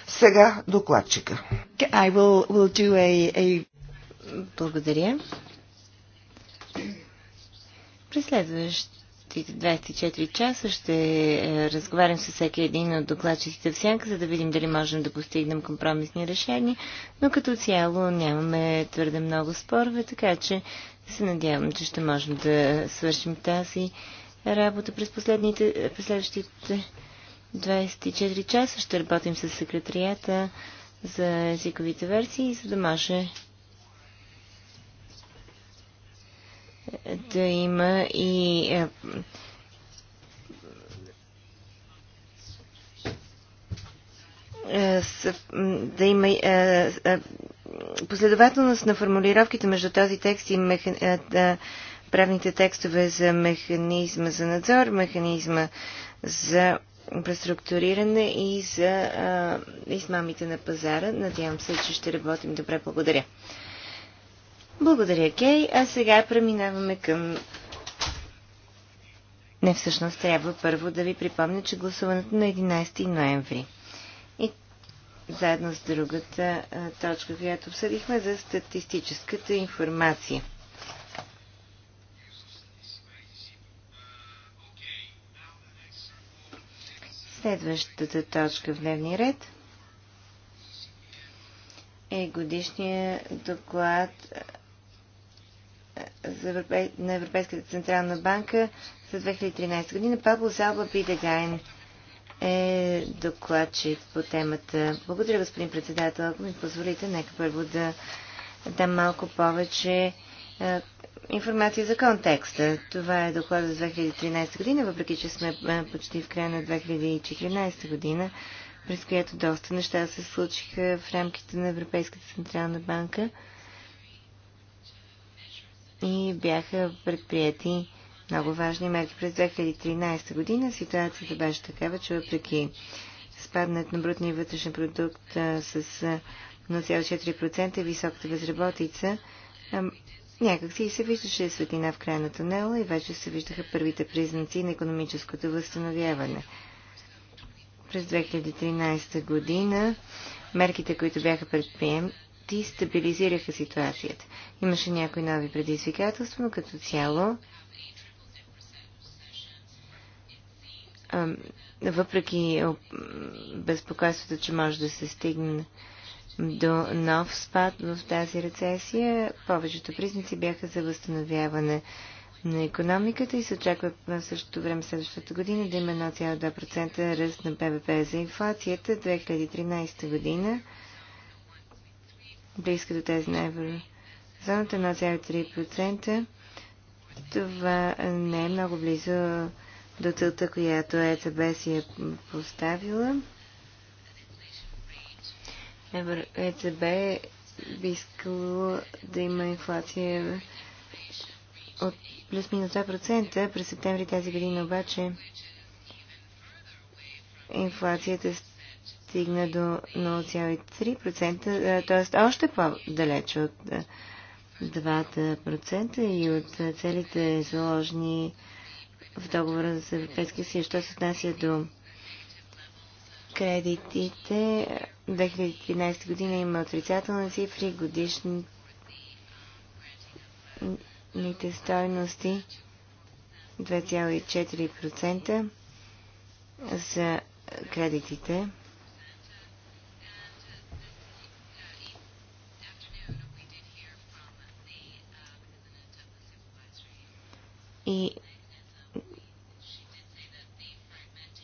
Сега докладчика. I will, will do a, a... Благодаря. Преследващ следващите 24 часа ще е, разговарям с всеки един от докладчиците в сянка, за да видим дали можем да постигнем компромисни решения, но като цяло нямаме твърде много спорове, така че се надявам, че ще можем да свършим тази работа през последните, през следващите 24 часа. Ще работим с секретарията за езиковите версии, за да може да има и е, е, да има е, последователност на формулировките между този текст и правните текстове за механизма за надзор, механизма за преструктуриране и за измамите на пазара. Надявам се, че ще работим добре. Благодаря. Благодаря, Кей. А сега преминаваме към... Не, всъщност трябва първо да ви припомня, че гласуването на 11 ноември. И заедно с другата точка, която обсъдихме за статистическата информация. Следващата точка в дневния ред е годишния доклад Европе... на Европейската Централна банка за 2013 година. Пабло Залба Бидегайн е докладчик по темата. Благодаря, господин председател. Ако ми позволите, нека първо да дам малко повече е, информация за контекста. Това е доклад за 2013 година, въпреки че сме е, почти в края на 2014 година, през която доста неща се случиха в рамките на Европейската Централна банка и бяха предприяти много важни мерки. През 2013 година ситуацията беше такава, че въпреки спаднат на брутния вътрешен продукт с 0,4% и високата безработица, някак някакси и се виждаше светлина в края на тунела и вече се виждаха първите признаци на економическото възстановяване. През 2013 година мерките, които бяха предприемани, почти стабилизираха ситуацията. Имаше някои нови предизвикателства, но като цяло въпреки безпокойството, че може да се стигне до нов спад в тази рецесия, повечето признаци бяха за възстановяване на економиката и се очаква в същото време следващата година да има 1,2% ръст на БВП за инфлацията 2013 година близка до тези на Зоната 1,3%. Е Това не е много близо до целта, която ЕЦБ си е поставила. ЕЦБ би искало да има инфлация от плюс минус 2%. През септември тази година обаче инфлацията е стигна до 0,3%, т.е. още по-далече от 2% и от целите заложени в договора за Европейския съюз. Що се отнася до кредитите, 2013 година има отрицателни цифри, годишните стойности 2,4% за кредитите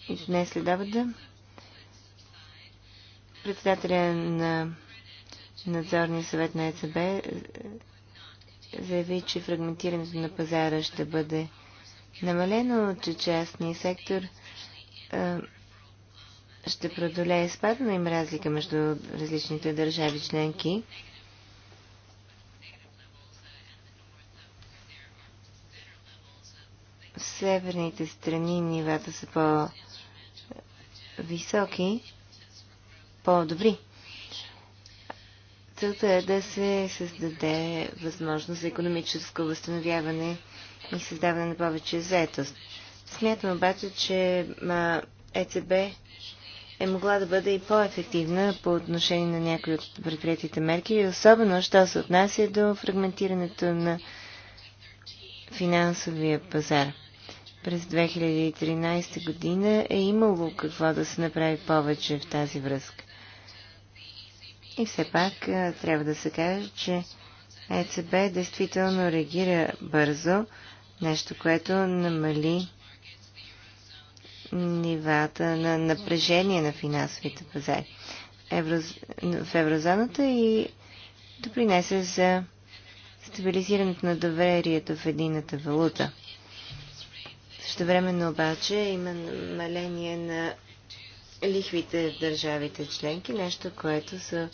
И днес след да председателя на надзорния съвет на ЕЦБ е, заяви, че фрагментирането на пазара ще бъде намалено, че частния сектор е, ще продолее спадна им разлика между различните държави членки северните страни нивата са по-високи, по-добри. Целта е да се създаде възможност за економическо възстановяване и създаване на повече заетост. Смятам обаче, че ЕЦБ е могла да бъде и по-ефективна по отношение на някои от предприятите мерки, особено, що се отнася до фрагментирането на финансовия пазар през 2013 година е имало какво да се направи повече в тази връзка. И все пак трябва да се каже, че ЕЦБ действително реагира бързо, нещо, което намали нивата на напрежение на финансовите пазари в еврозоната и допринесе за стабилизирането на доверието в едината валута. Също времено обаче има намаление на лихвите в държавите членки, нещо, което се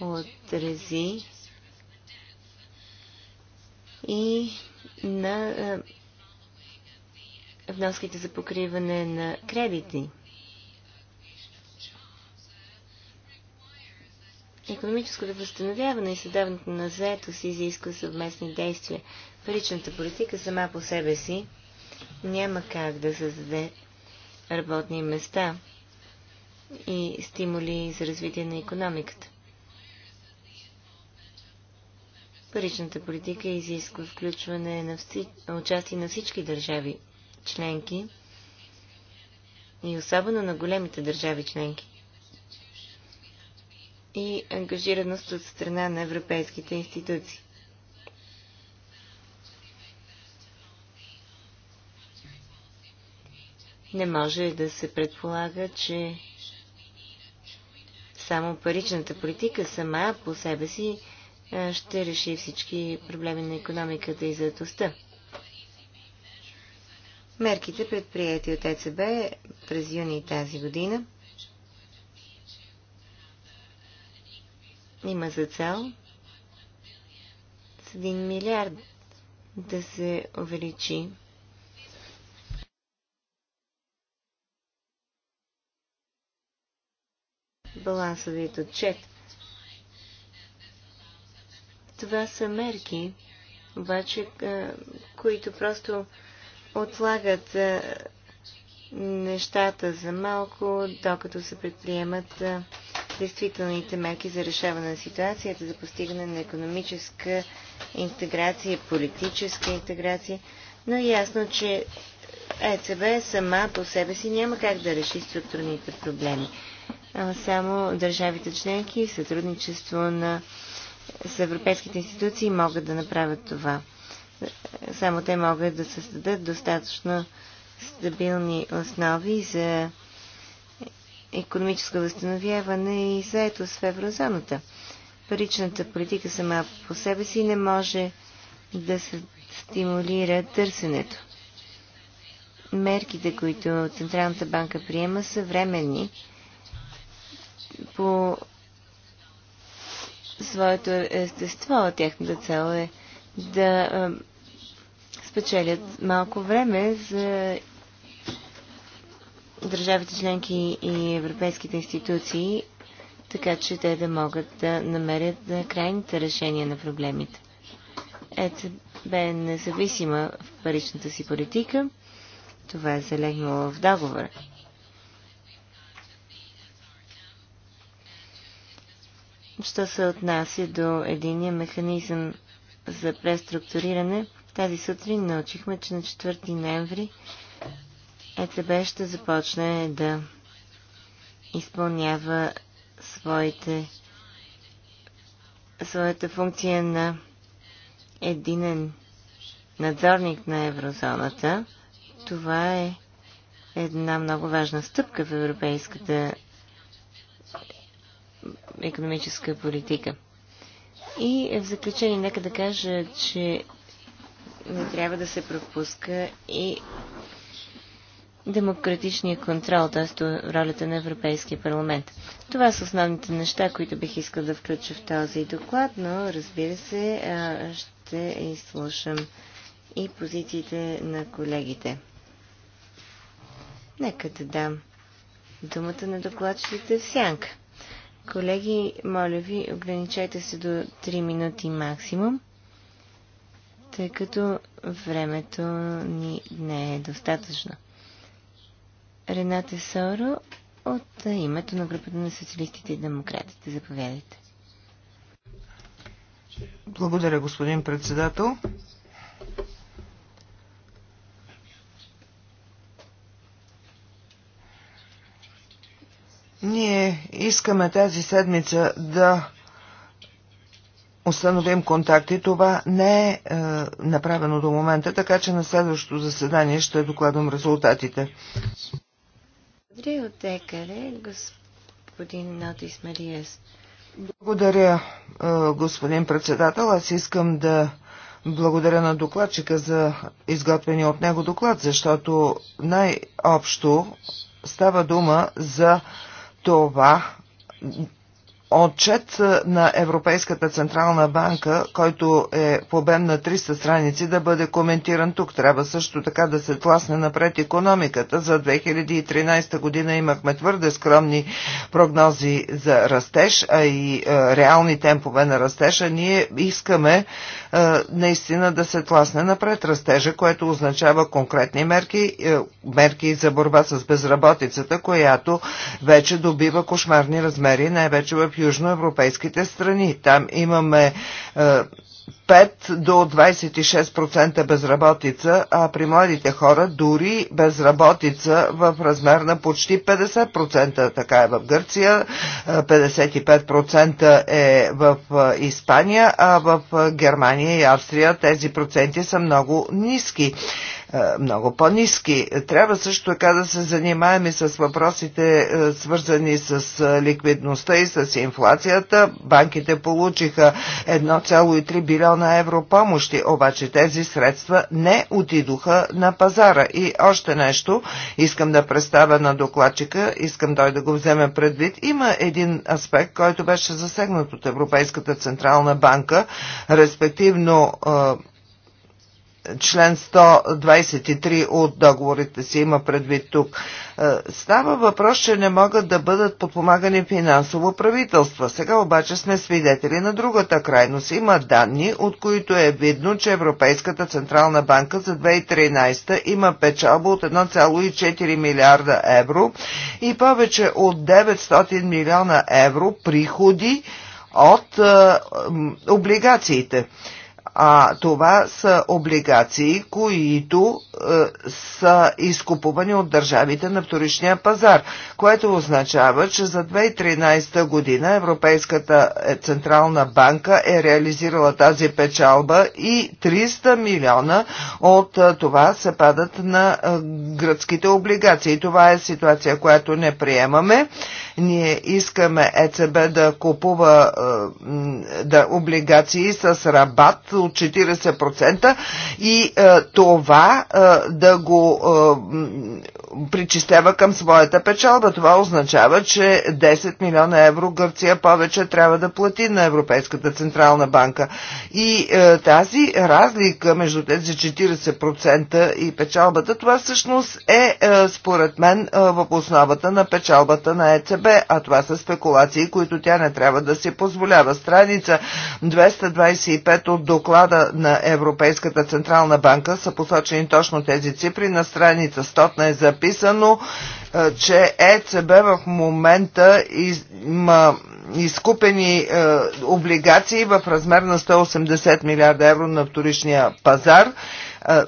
отрази и на вноските за покриване на кредити. Економическото възстановяване и създаването на заето си изисква съвместни действия. Паричната политика сама по себе си няма как да създаде работни места и стимули за развитие на економиката. Паричната политика изисква включване на всички, участие на всички държави членки и особено на големите държави членки и ангажираност от страна на европейските институции. Не може да се предполага, че само паричната политика сама по себе си ще реши всички проблеми на економиката и заедостта. Мерките, предприяти от ЕЦБ през юни тази година, има за цел с 1 милиард да се увеличи балансовият отчет. Това са мерки, обаче, които просто отлагат нещата за малко, докато се предприемат действителните мерки за решаване на ситуацията, за постигане на економическа интеграция, политическа интеграция. Но е ясно, че ЕЦБ сама по себе си няма как да реши структурните проблеми. Само държавите членки в сътрудничество на, с европейските институции могат да направят това. Само те могат да създадат достатъчно стабилни основи за економическо възстановяване и заетост в еврозоната. Паричната политика сама по себе си не може да се стимулира търсенето. Мерките, които Централната банка приема, са временни по своето естество. Тяхната цел е да спечелят малко време за държавите членки и европейските институции, така че те да могат да намерят крайните решения на проблемите. Ето бе независима в паричната си политика. Това е залегнало в договора. Що се отнася до единия механизъм за преструктуриране, тази сутрин научихме, че на 4 ноември ЕЦБ ще започне да изпълнява своите, своята функция на единен надзорник на еврозоната. Това е една много важна стъпка в европейската економическа политика. И в заключение, нека да кажа, че не трябва да се пропуска и демократичния контрол, т.е. ролята на Европейския парламент. Това са основните неща, които бих искал да включа в този доклад, но разбира се, ще изслушам и позициите на колегите. Нека да дам думата на докладчите в сянка. Колеги, моля ви, ограничете се до 3 минути максимум, тъй като времето ни не е достатъчно. Рената Соро от името на групата на социалистите и демократите. Заповядайте. Благодаря, господин председател. Ние искаме тази седмица да установим контакти. Това не е, е направено до момента, така че на следващото заседание ще докладвам резултатите. Благодаря господин е, господин председател. Аз искам да благодаря на докладчика за изготвения от него доклад, защото най-общо става дума за това отчет на Европейската централна банка, който е по обем на 300 страници, да бъде коментиран тук. Трябва също така да се тласне напред економиката. За 2013 година имахме твърде скромни прогнози за растеж, а и реални темпове на растежа. Ние искаме наистина да се тласне напред растежа, което означава конкретни мерки, мерки за борба с безработицата, която вече добива кошмарни размери, най-вече в южноевропейските страни. Там имаме 5 е, до 26% безработица, а при младите хора дори безработица в размер на почти 50%. Така е в Гърция, 55% е, е в е, Испания, а в Германия и Австрия тези проценти са много ниски. Е, много по-низки. Трябва също така да се занимаем и с въпросите, е, свързани с е, ликвидността и с инфлацията. Банките получиха 1,3 билиона евро помощи, обаче тези средства не отидоха на пазара. И още нещо искам да представя на докладчика, искам той да го вземе предвид. Има един аспект, който беше засегнат от Европейската централна банка, респективно член 123 от договорите си има предвид тук. Е, става въпрос, че не могат да бъдат подпомагани финансово правителства. Сега обаче сме свидетели на другата крайност. Има данни, от които е видно, че Европейската Централна банка за 2013 има печалба от 1,4 милиарда евро и повече от 900 милиона евро приходи от е, облигациите. А това са облигации, които е, са изкупувани от държавите на вторичния пазар, което означава, че за 2013 година Европейската е, Централна банка е реализирала тази печалба и 300 милиона от е, това се падат на е, гръцките облигации. Това е ситуация, която не приемаме. Ние искаме ЕЦБ да купува е, да, облигации с рабат от 40% и е, това е, да го е, причислява към своята печалба. Това означава, че 10 милиона евро Гърция повече трябва да плати на Европейската Централна банка. И е, тази разлика между тези 40% и печалбата, това всъщност е, е според мен е, в основата на печалбата на ЕЦБ, а това са спекулации, които тя не трябва да си позволява. Страница 225 от доклада доклада на Европейската Централна банка са посочени точно тези цифри. На страница 100 е записано, е, че ЕЦБ в момента има изкупени е, облигации в размер на 180 милиарда евро на вторичния пазар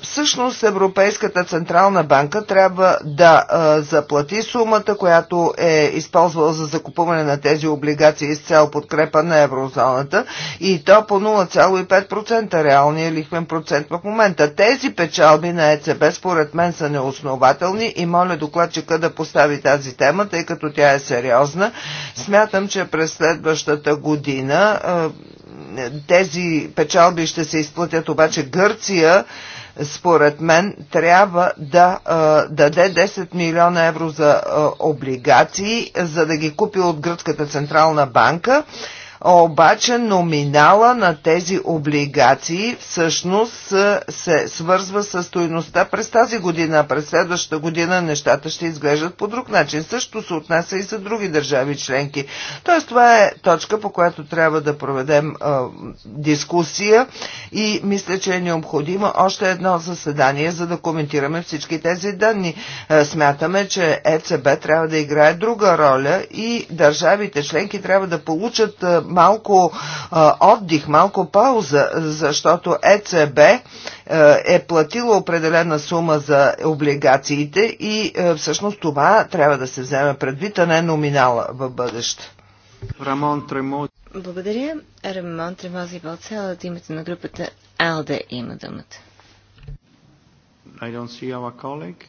Всъщност Европейската Централна банка трябва да заплати сумата, която е използвала за закупуване на тези облигации с цел подкрепа на еврозоната и то по 0,5% реалния лихвен процент в момента. Тези печалби на ЕЦБ според мен са неоснователни и моля докладчика да постави тази тема, тъй като тя е сериозна. Смятам, че през следващата година тези печалби ще се изплатят, обаче Гърция според мен, трябва да а, даде 10 милиона евро за а, облигации, за да ги купи от Гръцката централна банка обаче номинала на тези облигации всъщност се свързва с стоеността през тази година, а през следващата година нещата ще изглеждат по друг начин. Също се отнася и за други държави членки. Тоест това е точка, по която трябва да проведем а, дискусия и мисля, че е необходимо още едно заседание, за да коментираме всички тези данни. А, смятаме, че ЕЦБ трябва да играе друга роля и държавите членки трябва да получат а, малко а, отдих, малко пауза, защото ЕЦБ а, е платила определена сума за облигациите и а, всъщност това трябва да се вземе предвид, а не номинала в бъдеще. Рамон Тремози. Благодаря. Рамон Тремози Балцел от името на групата АЛДЕ има думата. I don't see our colleague.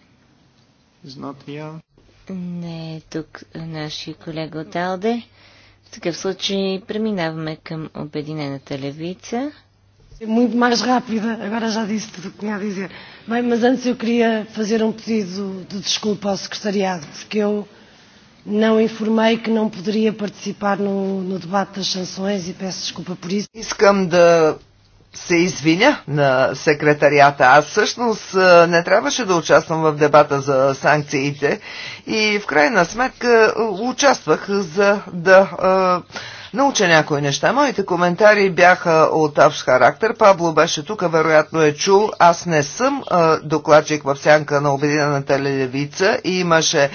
He's not here. Не е тук нашия колега от Алде. В такъв случай преминаваме към Обединената левица. É muito mais rápida, agora já disse tudo o que tinha a dizer. Bem, mas antes eu queria fazer um pedido de desculpa ao secretariado, porque eu não informei que não poderia participar no, no debate das sanções e peço desculpa por isso. Искам да се извиня на секретарията. Аз всъщност не трябваше да участвам в дебата за санкциите и в крайна сметка участвах за да науча някои неща. Моите коментари бяха от общ характер. Пабло беше тук, вероятно е чул. Аз не съм е, докладчик в сянка на Обединената левица. И имаше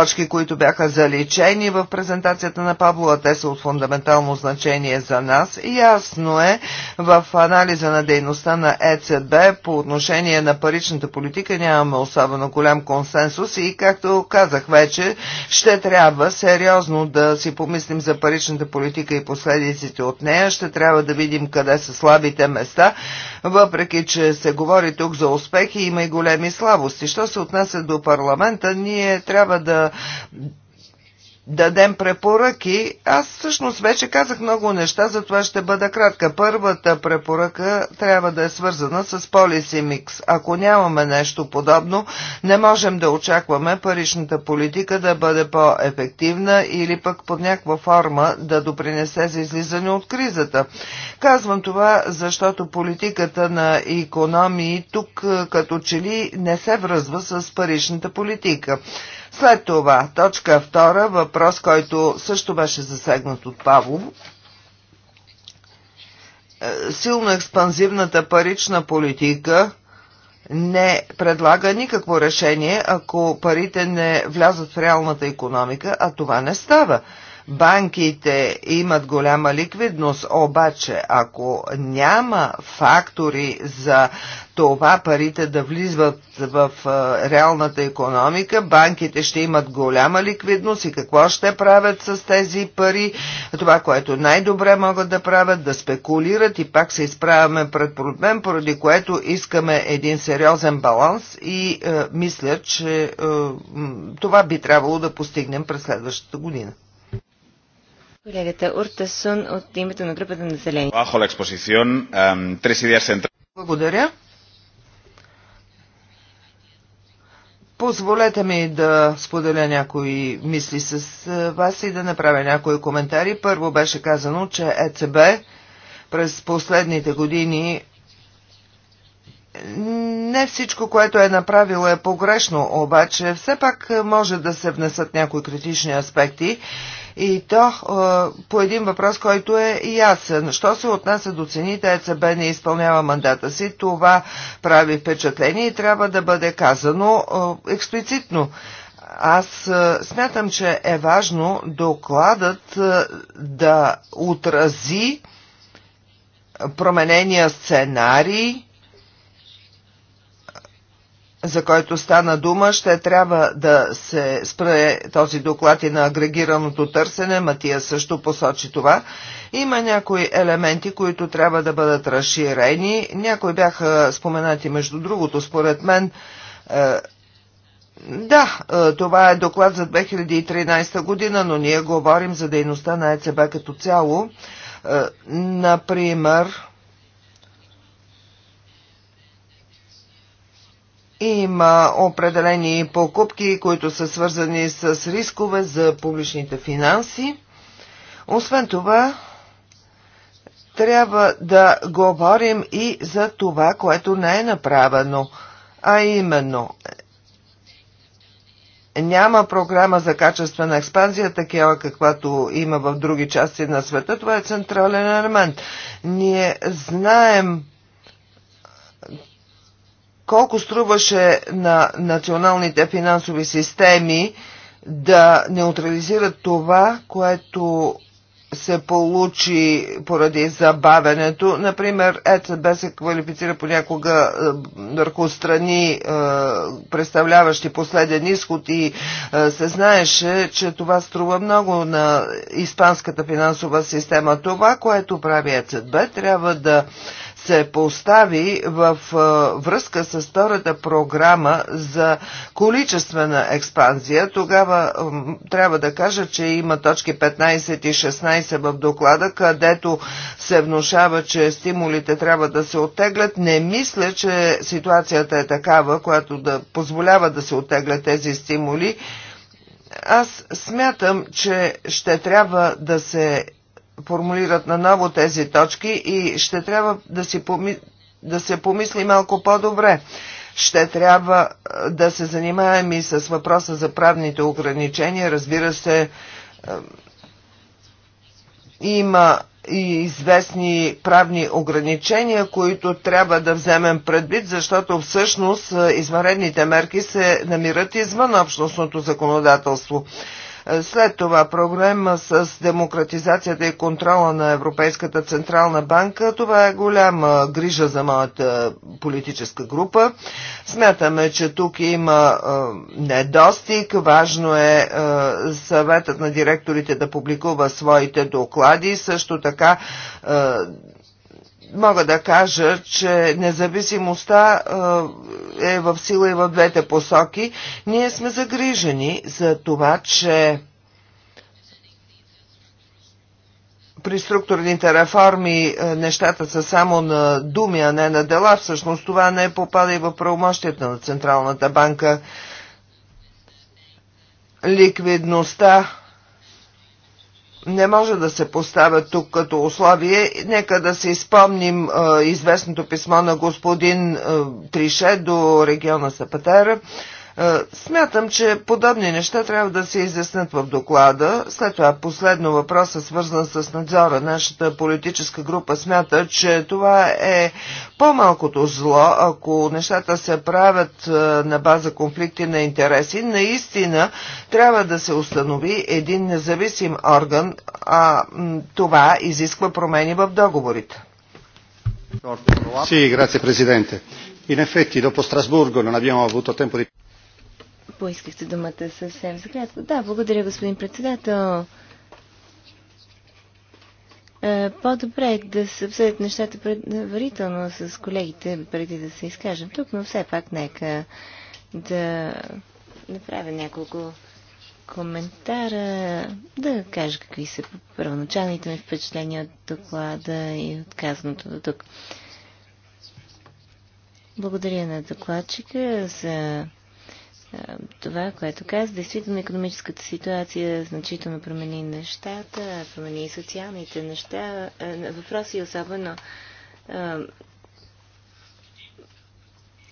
точки, които бяха заличени в презентацията на Пабло, а те са от фундаментално значение за нас. Ясно е в анализа на дейността на ЕЦБ по отношение на паричната политика нямаме особено голям консенсус и, както казах вече, ще трябва сериозно да си помислим за паричната политика и последиците от нея. Ще трябва да видим къде са слабите места, въпреки че се говори тук за успехи, има и големи слабости. Що се отнася до парламента, ние трябва да дадем препоръки. Аз всъщност вече казах много неща, затова ще бъда кратка. Първата препоръка трябва да е свързана с полиси микс. Ако нямаме нещо подобно, не можем да очакваме паричната политика да бъде по-ефективна или пък под някаква форма да допринесе за излизане от кризата. Казвам това, защото политиката на економии тук е, като че ли не се връзва с паричната политика. След това, точка втора въпрос, който също беше засегнат от Павло. Е, силно експанзивната парична политика не предлага никакво решение, ако парите не влязат в реалната економика, а това не става банките имат голяма ликвидност, обаче ако няма фактори за това парите да влизат в реалната економика, банките ще имат голяма ликвидност и какво ще правят с тези пари, това, което най-добре могат да правят, да спекулират и пак се изправяме пред проблем, поради което искаме един сериозен баланс и е, мисля, че е, това би трябвало да постигнем през следващата година. Колегата Уртасун от името на групата на Зелени. Ehm, Благодаря. Позволете ми да споделя някои мисли с е, вас и да направя някои коментари. Първо беше казано, че ЕЦБ през последните години не всичко, което е направило, е погрешно, обаче все пак може да се внесат някои критични аспекти и то е, по един въпрос, който е ясен. Що се отнася до цените, ЕЦБ не изпълнява мандата си. Това прави впечатление и трябва да бъде казано е, експлицитно аз е, смятам, че е важно докладът да отрази променения сценарий за който стана дума, ще трябва да се спре този доклад и на агрегираното търсене. Матия също посочи това. Има някои елементи, които трябва да бъдат разширени. Някои бяха споменати между другото. Според мен е, да, е, това е доклад за 2013 година, но ние говорим за дейността на ЕЦБ като цяло. Е, например, Има определени покупки, които са свързани с рискове за публичните финанси. Освен това, трябва да говорим и за това, което не е направено, а именно няма програма за качествена експанзия, такава каквато има в други части на света. Това е централен елемент. Ние знаем колко струваше на националните финансови системи да неутрализират това, което се получи поради забавянето. Например, ЕЦБ се квалифицира понякога е, върху страни, е, представляващи последен изход и е, се знаеше, че това струва много на испанската финансова система. Това, което прави ЕЦБ, трябва да се постави в връзка с втората програма за количествена експанзия. Тогава трябва да кажа, че има точки 15 и 16 в доклада, където се внушава, че стимулите трябва да се оттеглят. Не мисля, че ситуацията е такава, която да позволява да се оттеглят тези стимули. Аз смятам, че ще трябва да се формулират наново тези точки и ще трябва да, си поми... да се помисли малко по-добре. Ще трябва да се занимаем и с въпроса за правните ограничения. Разбира се, има и известни правни ограничения, които трябва да вземем предвид, защото всъщност измаредните мерки се намират извън общностното законодателство. След това проблема с демократизацията и контрола на Европейската Централна банка, това е голяма грижа за моята политическа група. Смятаме, че тук има недостиг. Важно е съветът на директорите да публикува своите доклади, също така мога да кажа, че независимостта е, е в сила и в двете посоки. Ние сме загрижени за това, че при структурните реформи е, нещата са само на думи, а не на дела. Всъщност това не е попада и в правомощията на Централната банка. Ликвидността не може да се поставя тук като условие. Нека да се изпомним е, известното писмо на господин е, Трише до региона Сапатера. Е, е, смятам, че подобни неща трябва да се изяснат в доклада. След това последно въпрос е свързан с надзора. Нашата политическа група смята, че това е по-малкото зло, ако нещата се правят е, на база конфликти на интереси. Наистина трябва да се установи един независим орган, а това изисква промени в договорите. Sì, grazie Presidente. In effetti dopo Strasburgo non abbiamo avuto tempo di... Поискахте думата съвсем за кратко. Да, благодаря, господин председател. Е, по-добре е да се обсъдят нещата предварително с колегите, преди да се изкажем тук, но все пак нека да направя няколко коментара, да кажа какви са първоначалните ми впечатления от доклада и от казаното до тук. Благодаря на докладчика за е, това, което каза, действително економическата ситуация значително промени нещата, промени и социалните неща, е, въпроси особено е,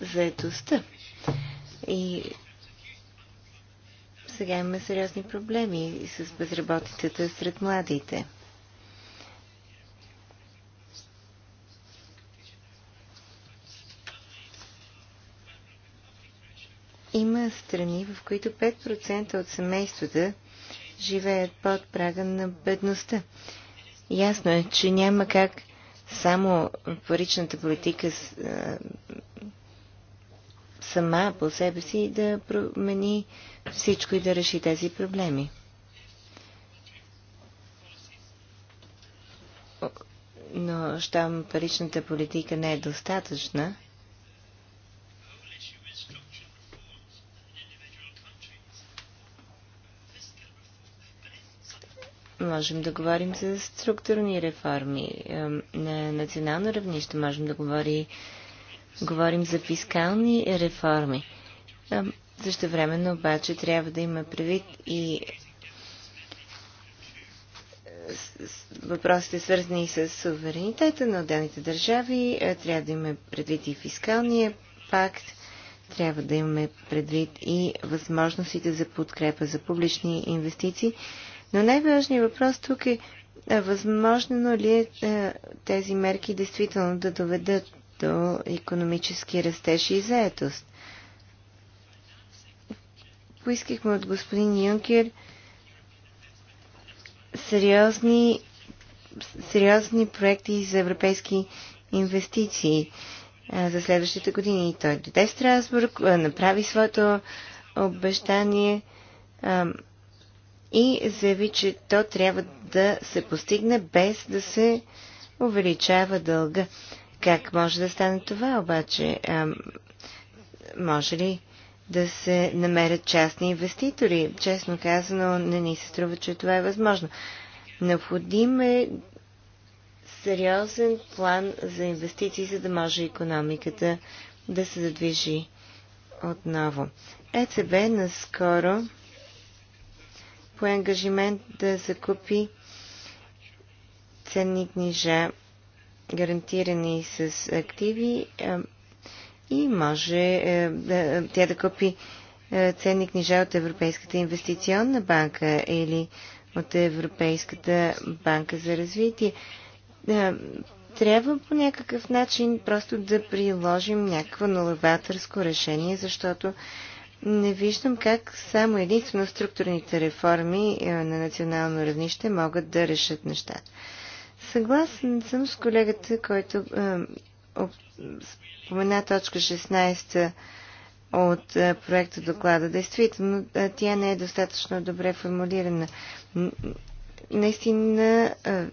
заетостта. И сега имаме сериозни проблеми с безработицата сред младите. Има страни, в които 5% от семействата живеят под прага на бедността. Ясно е, че няма как само паричната политика сама по себе си да промени всичко и да реши тези проблеми. Но щом паричната политика не е достатъчна, можем да говорим за структурни реформи. На национално равнище можем да говори, говорим за фискални реформи. Също времено обаче трябва да има предвид и е, въпросите свързани с суверенитета на отделните държави. Е, трябва да имаме предвид и фискалния пакт. Трябва да имаме предвид и възможностите за подкрепа за публични инвестиции. Но най-важният въпрос тук е, е възможно ли е тези мерки действително да доведат до економически растеж и заетост. Поискахме от господин Юнкер сериозни, сериозни проекти за европейски инвестиции е, за следващите години. Той дойде в Страсбург, е, направи своето обещание и заяви, че то трябва да се постигне без да се увеличава дълга. Как може да стане това обаче? А, може ли да се намерят частни инвеститори? Честно казано, не ни се струва, че това е възможно. Необходим е сериозен план за инвестиции, за да може економиката да се задвижи отново. ЕЦБ наскоро пое ангажимент да закупи ценни книжа, гарантирани с активи и може да, тя да купи ценни книжа от Европейската инвестиционна банка или от Европейската банка за развитие. Трябва по някакъв начин просто да приложим някакво новаторско решение, защото не виждам как само единствено структурните реформи е, на национално равнище могат да решат нещата. Съгласен съм с колегата, който е, спомена точка 16 от е, проекта доклада. Действително, е, тя не е достатъчно добре формулирана. Наистина е,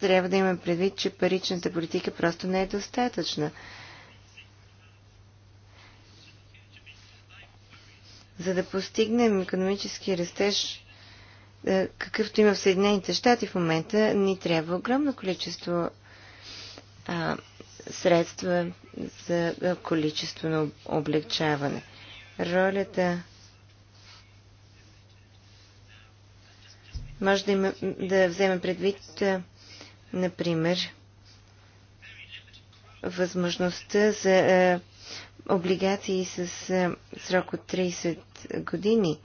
трябва да имам предвид, че паричната политика просто не е достатъчна. Е, За да постигнем економически растеж, е, какъвто има в Съединените щати в момента, ни трябва огромно количество а, средства за количество на облегчаване. Ролята може да, има, да вземе предвид, например, възможността за облигации с е, срок от 30 години.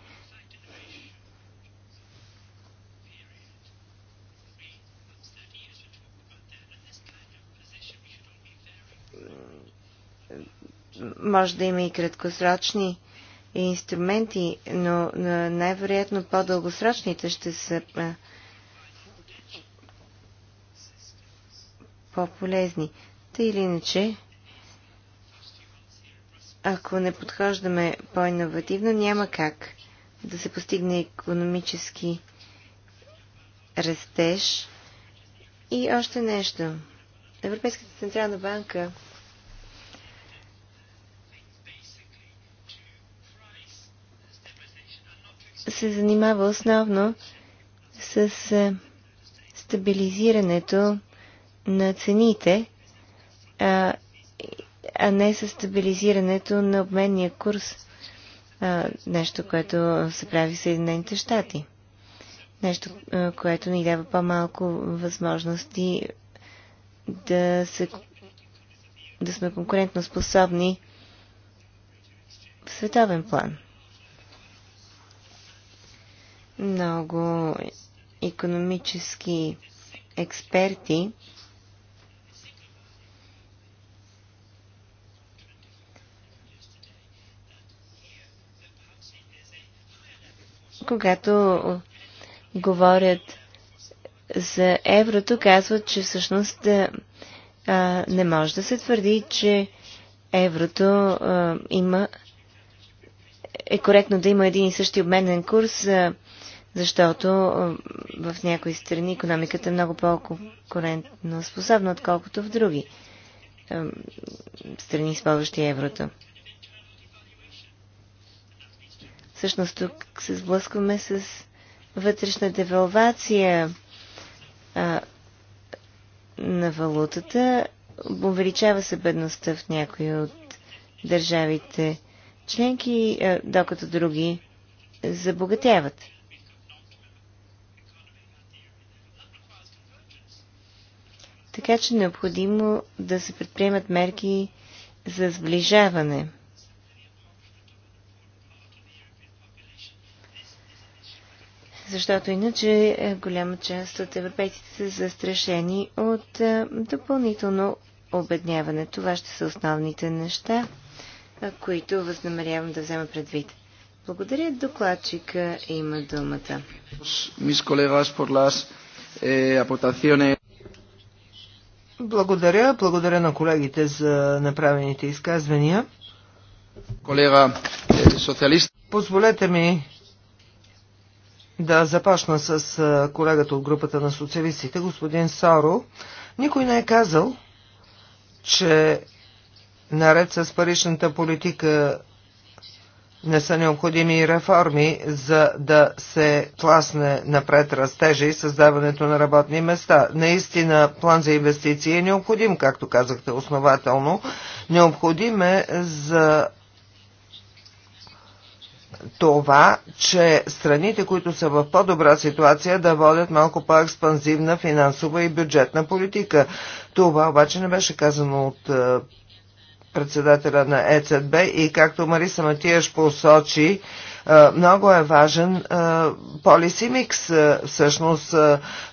Може да има и краткосрочни инструменти, но най-вероятно по-дългосрочните ще са е, по-полезни. Та или иначе, ако не подхождаме по-инновативно, няма как да се постигне економически растеж. И още нещо. Европейската централна банка се занимава основно с е, стабилизирането на цените, а не с стабилизирането на обменния курс. А, нещо, което се прави в Съединените щати. Нещо, което ни дава по-малко възможности да, се, да сме конкурентно способни в световен план. Много економически експерти когато говорят за еврото, казват, че всъщност а, не може да се твърди, че еврото а, има е коректно да има един и същи обменен курс, а, защото а, в някои страни економиката е много по-конкурентно способна, отколкото в други а, страни, използващи еврото. Всъщност тук се сблъскваме с вътрешна девалвация а, на валутата. Увеличава се бедността в някои от държавите членки, а, докато други забогатяват. Така че е необходимо да се предприемат мерки за сближаване – защото иначе е голяма част от европейците са застрашени от е, допълнително обедняване. Това ще са основните неща, е, които възнамерявам да взема предвид. Благодаря. Докладчика има думата. Благодаря. Благодаря на колегите за направените изказвания. Колега социалист. Позволете ми да започна с колегата от групата на социалистите, господин Соро. Никой не е казал, че наред с паричната политика не са необходими реформи, за да се тласне напред растежа и създаването на работни места. Наистина план за инвестиции е необходим, както казахте основателно. Необходим е за това, че страните, които са в по-добра ситуация, да водят малко по-експанзивна финансова и бюджетна политика. Това обаче не беше казано от е, председателя на ЕЦБ и както Мариса Матиеш посочи, е, много е важен полиси е, микс. Всъщност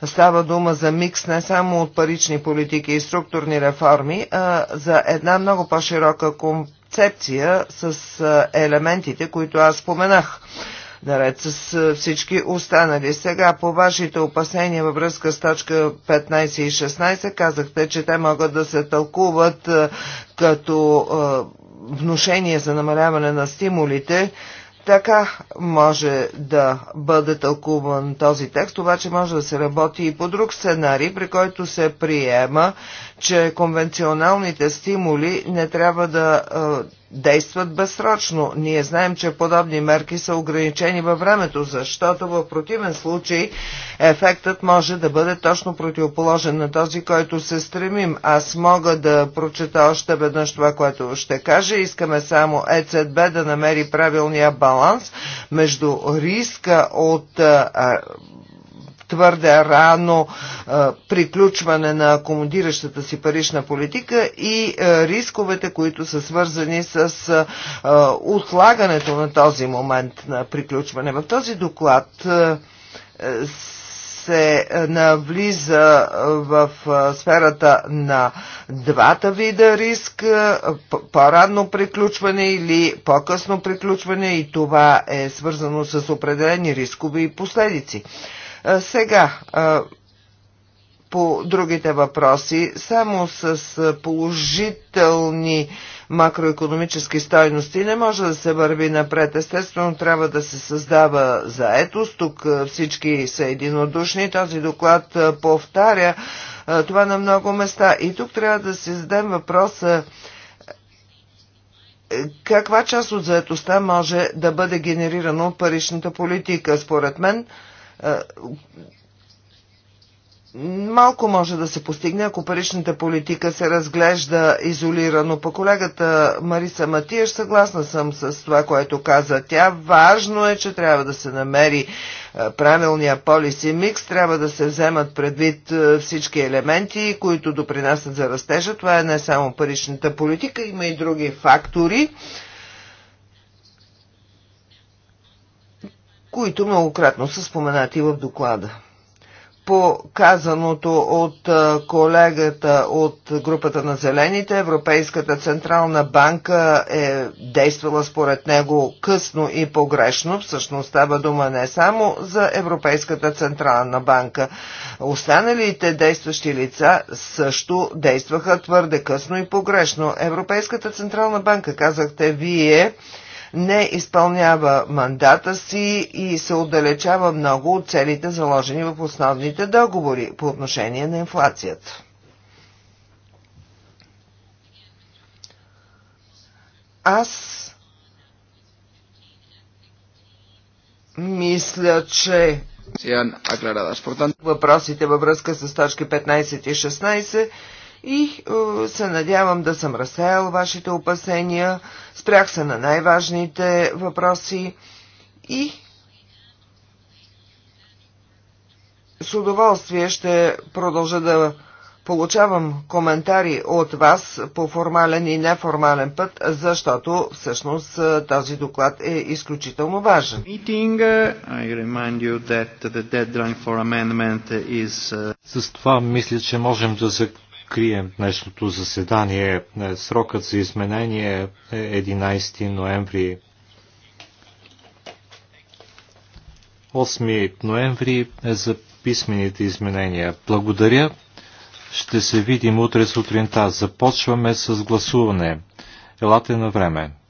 става дума за микс не само от парични политики и структурни реформи, а за една много по-широка компания концепция с елементите, които аз споменах наред с всички останали. Сега по вашите опасения във връзка с точка 15 и 16 казахте, че те могат да се тълкуват като внушение за намаляване на стимулите така може да бъде тълкуван този текст, обаче може да се работи и по друг сценарий, при който се приема, че конвенционалните стимули не трябва да действат безсрочно. Ние знаем, че подобни мерки са ограничени във времето, защото в противен случай ефектът може да бъде точно противоположен на този, който се стремим. Аз мога да прочета още веднъж това, което ще кажа. Искаме само ЕЦБ да намери правилния баланс между риска от твърде рано приключване на акомодиращата си парична политика и рисковете, които са свързани с отлагането на този момент на приключване. В този доклад се навлиза в сферата на двата вида риск, по-ранно приключване или по-късно приключване и това е свързано с определени рискове и последици. Сега, по другите въпроси, само с положителни макроекономически стойности не може да се върви напред. Естествено, трябва да се създава заетост. Тук всички са единодушни. Този доклад повтаря това на много места. И тук трябва да си зададем въпроса е, каква част от заетостта може да бъде генерирана от паричната политика. Според мен, е, малко може да се постигне, ако паричната политика се разглежда изолирано. По колегата Мариса Матиеш съгласна съм с това, което каза тя. Важно е, че трябва да се намери е, правилния полиси микс, трябва да се вземат предвид е, всички елементи, които допринасят за растежа. Това е не само паричната политика, има и други фактори. които многократно са споменати в доклада. По казаното от колегата от групата на Зелените, Европейската Централна банка е действала според него късно и погрешно. Всъщност става дума не само за Европейската Централна банка. Останалите действащи лица също действаха твърде късно и погрешно. Европейската Централна банка, казахте вие, не изпълнява мандата си и се отдалечава много от целите заложени в основните договори по отношение на инфлацията. Аз мисля, че въпросите във връзка с точки 15 и 16 и е, се надявам да съм разсеял вашите опасения. Спрях се на най-важните въпроси и с удоволствие ще продължа да получавам коментари от вас по формален и неформален път, защото всъщност е, този доклад е изключително важен. Е, е, с това мисля, че можем да заключим открием днешното заседание. Срокът за изменение е 11 ноември. 8 ноември е за писмените изменения. Благодаря. Ще се видим утре сутринта. Започваме с гласуване. Елате на време.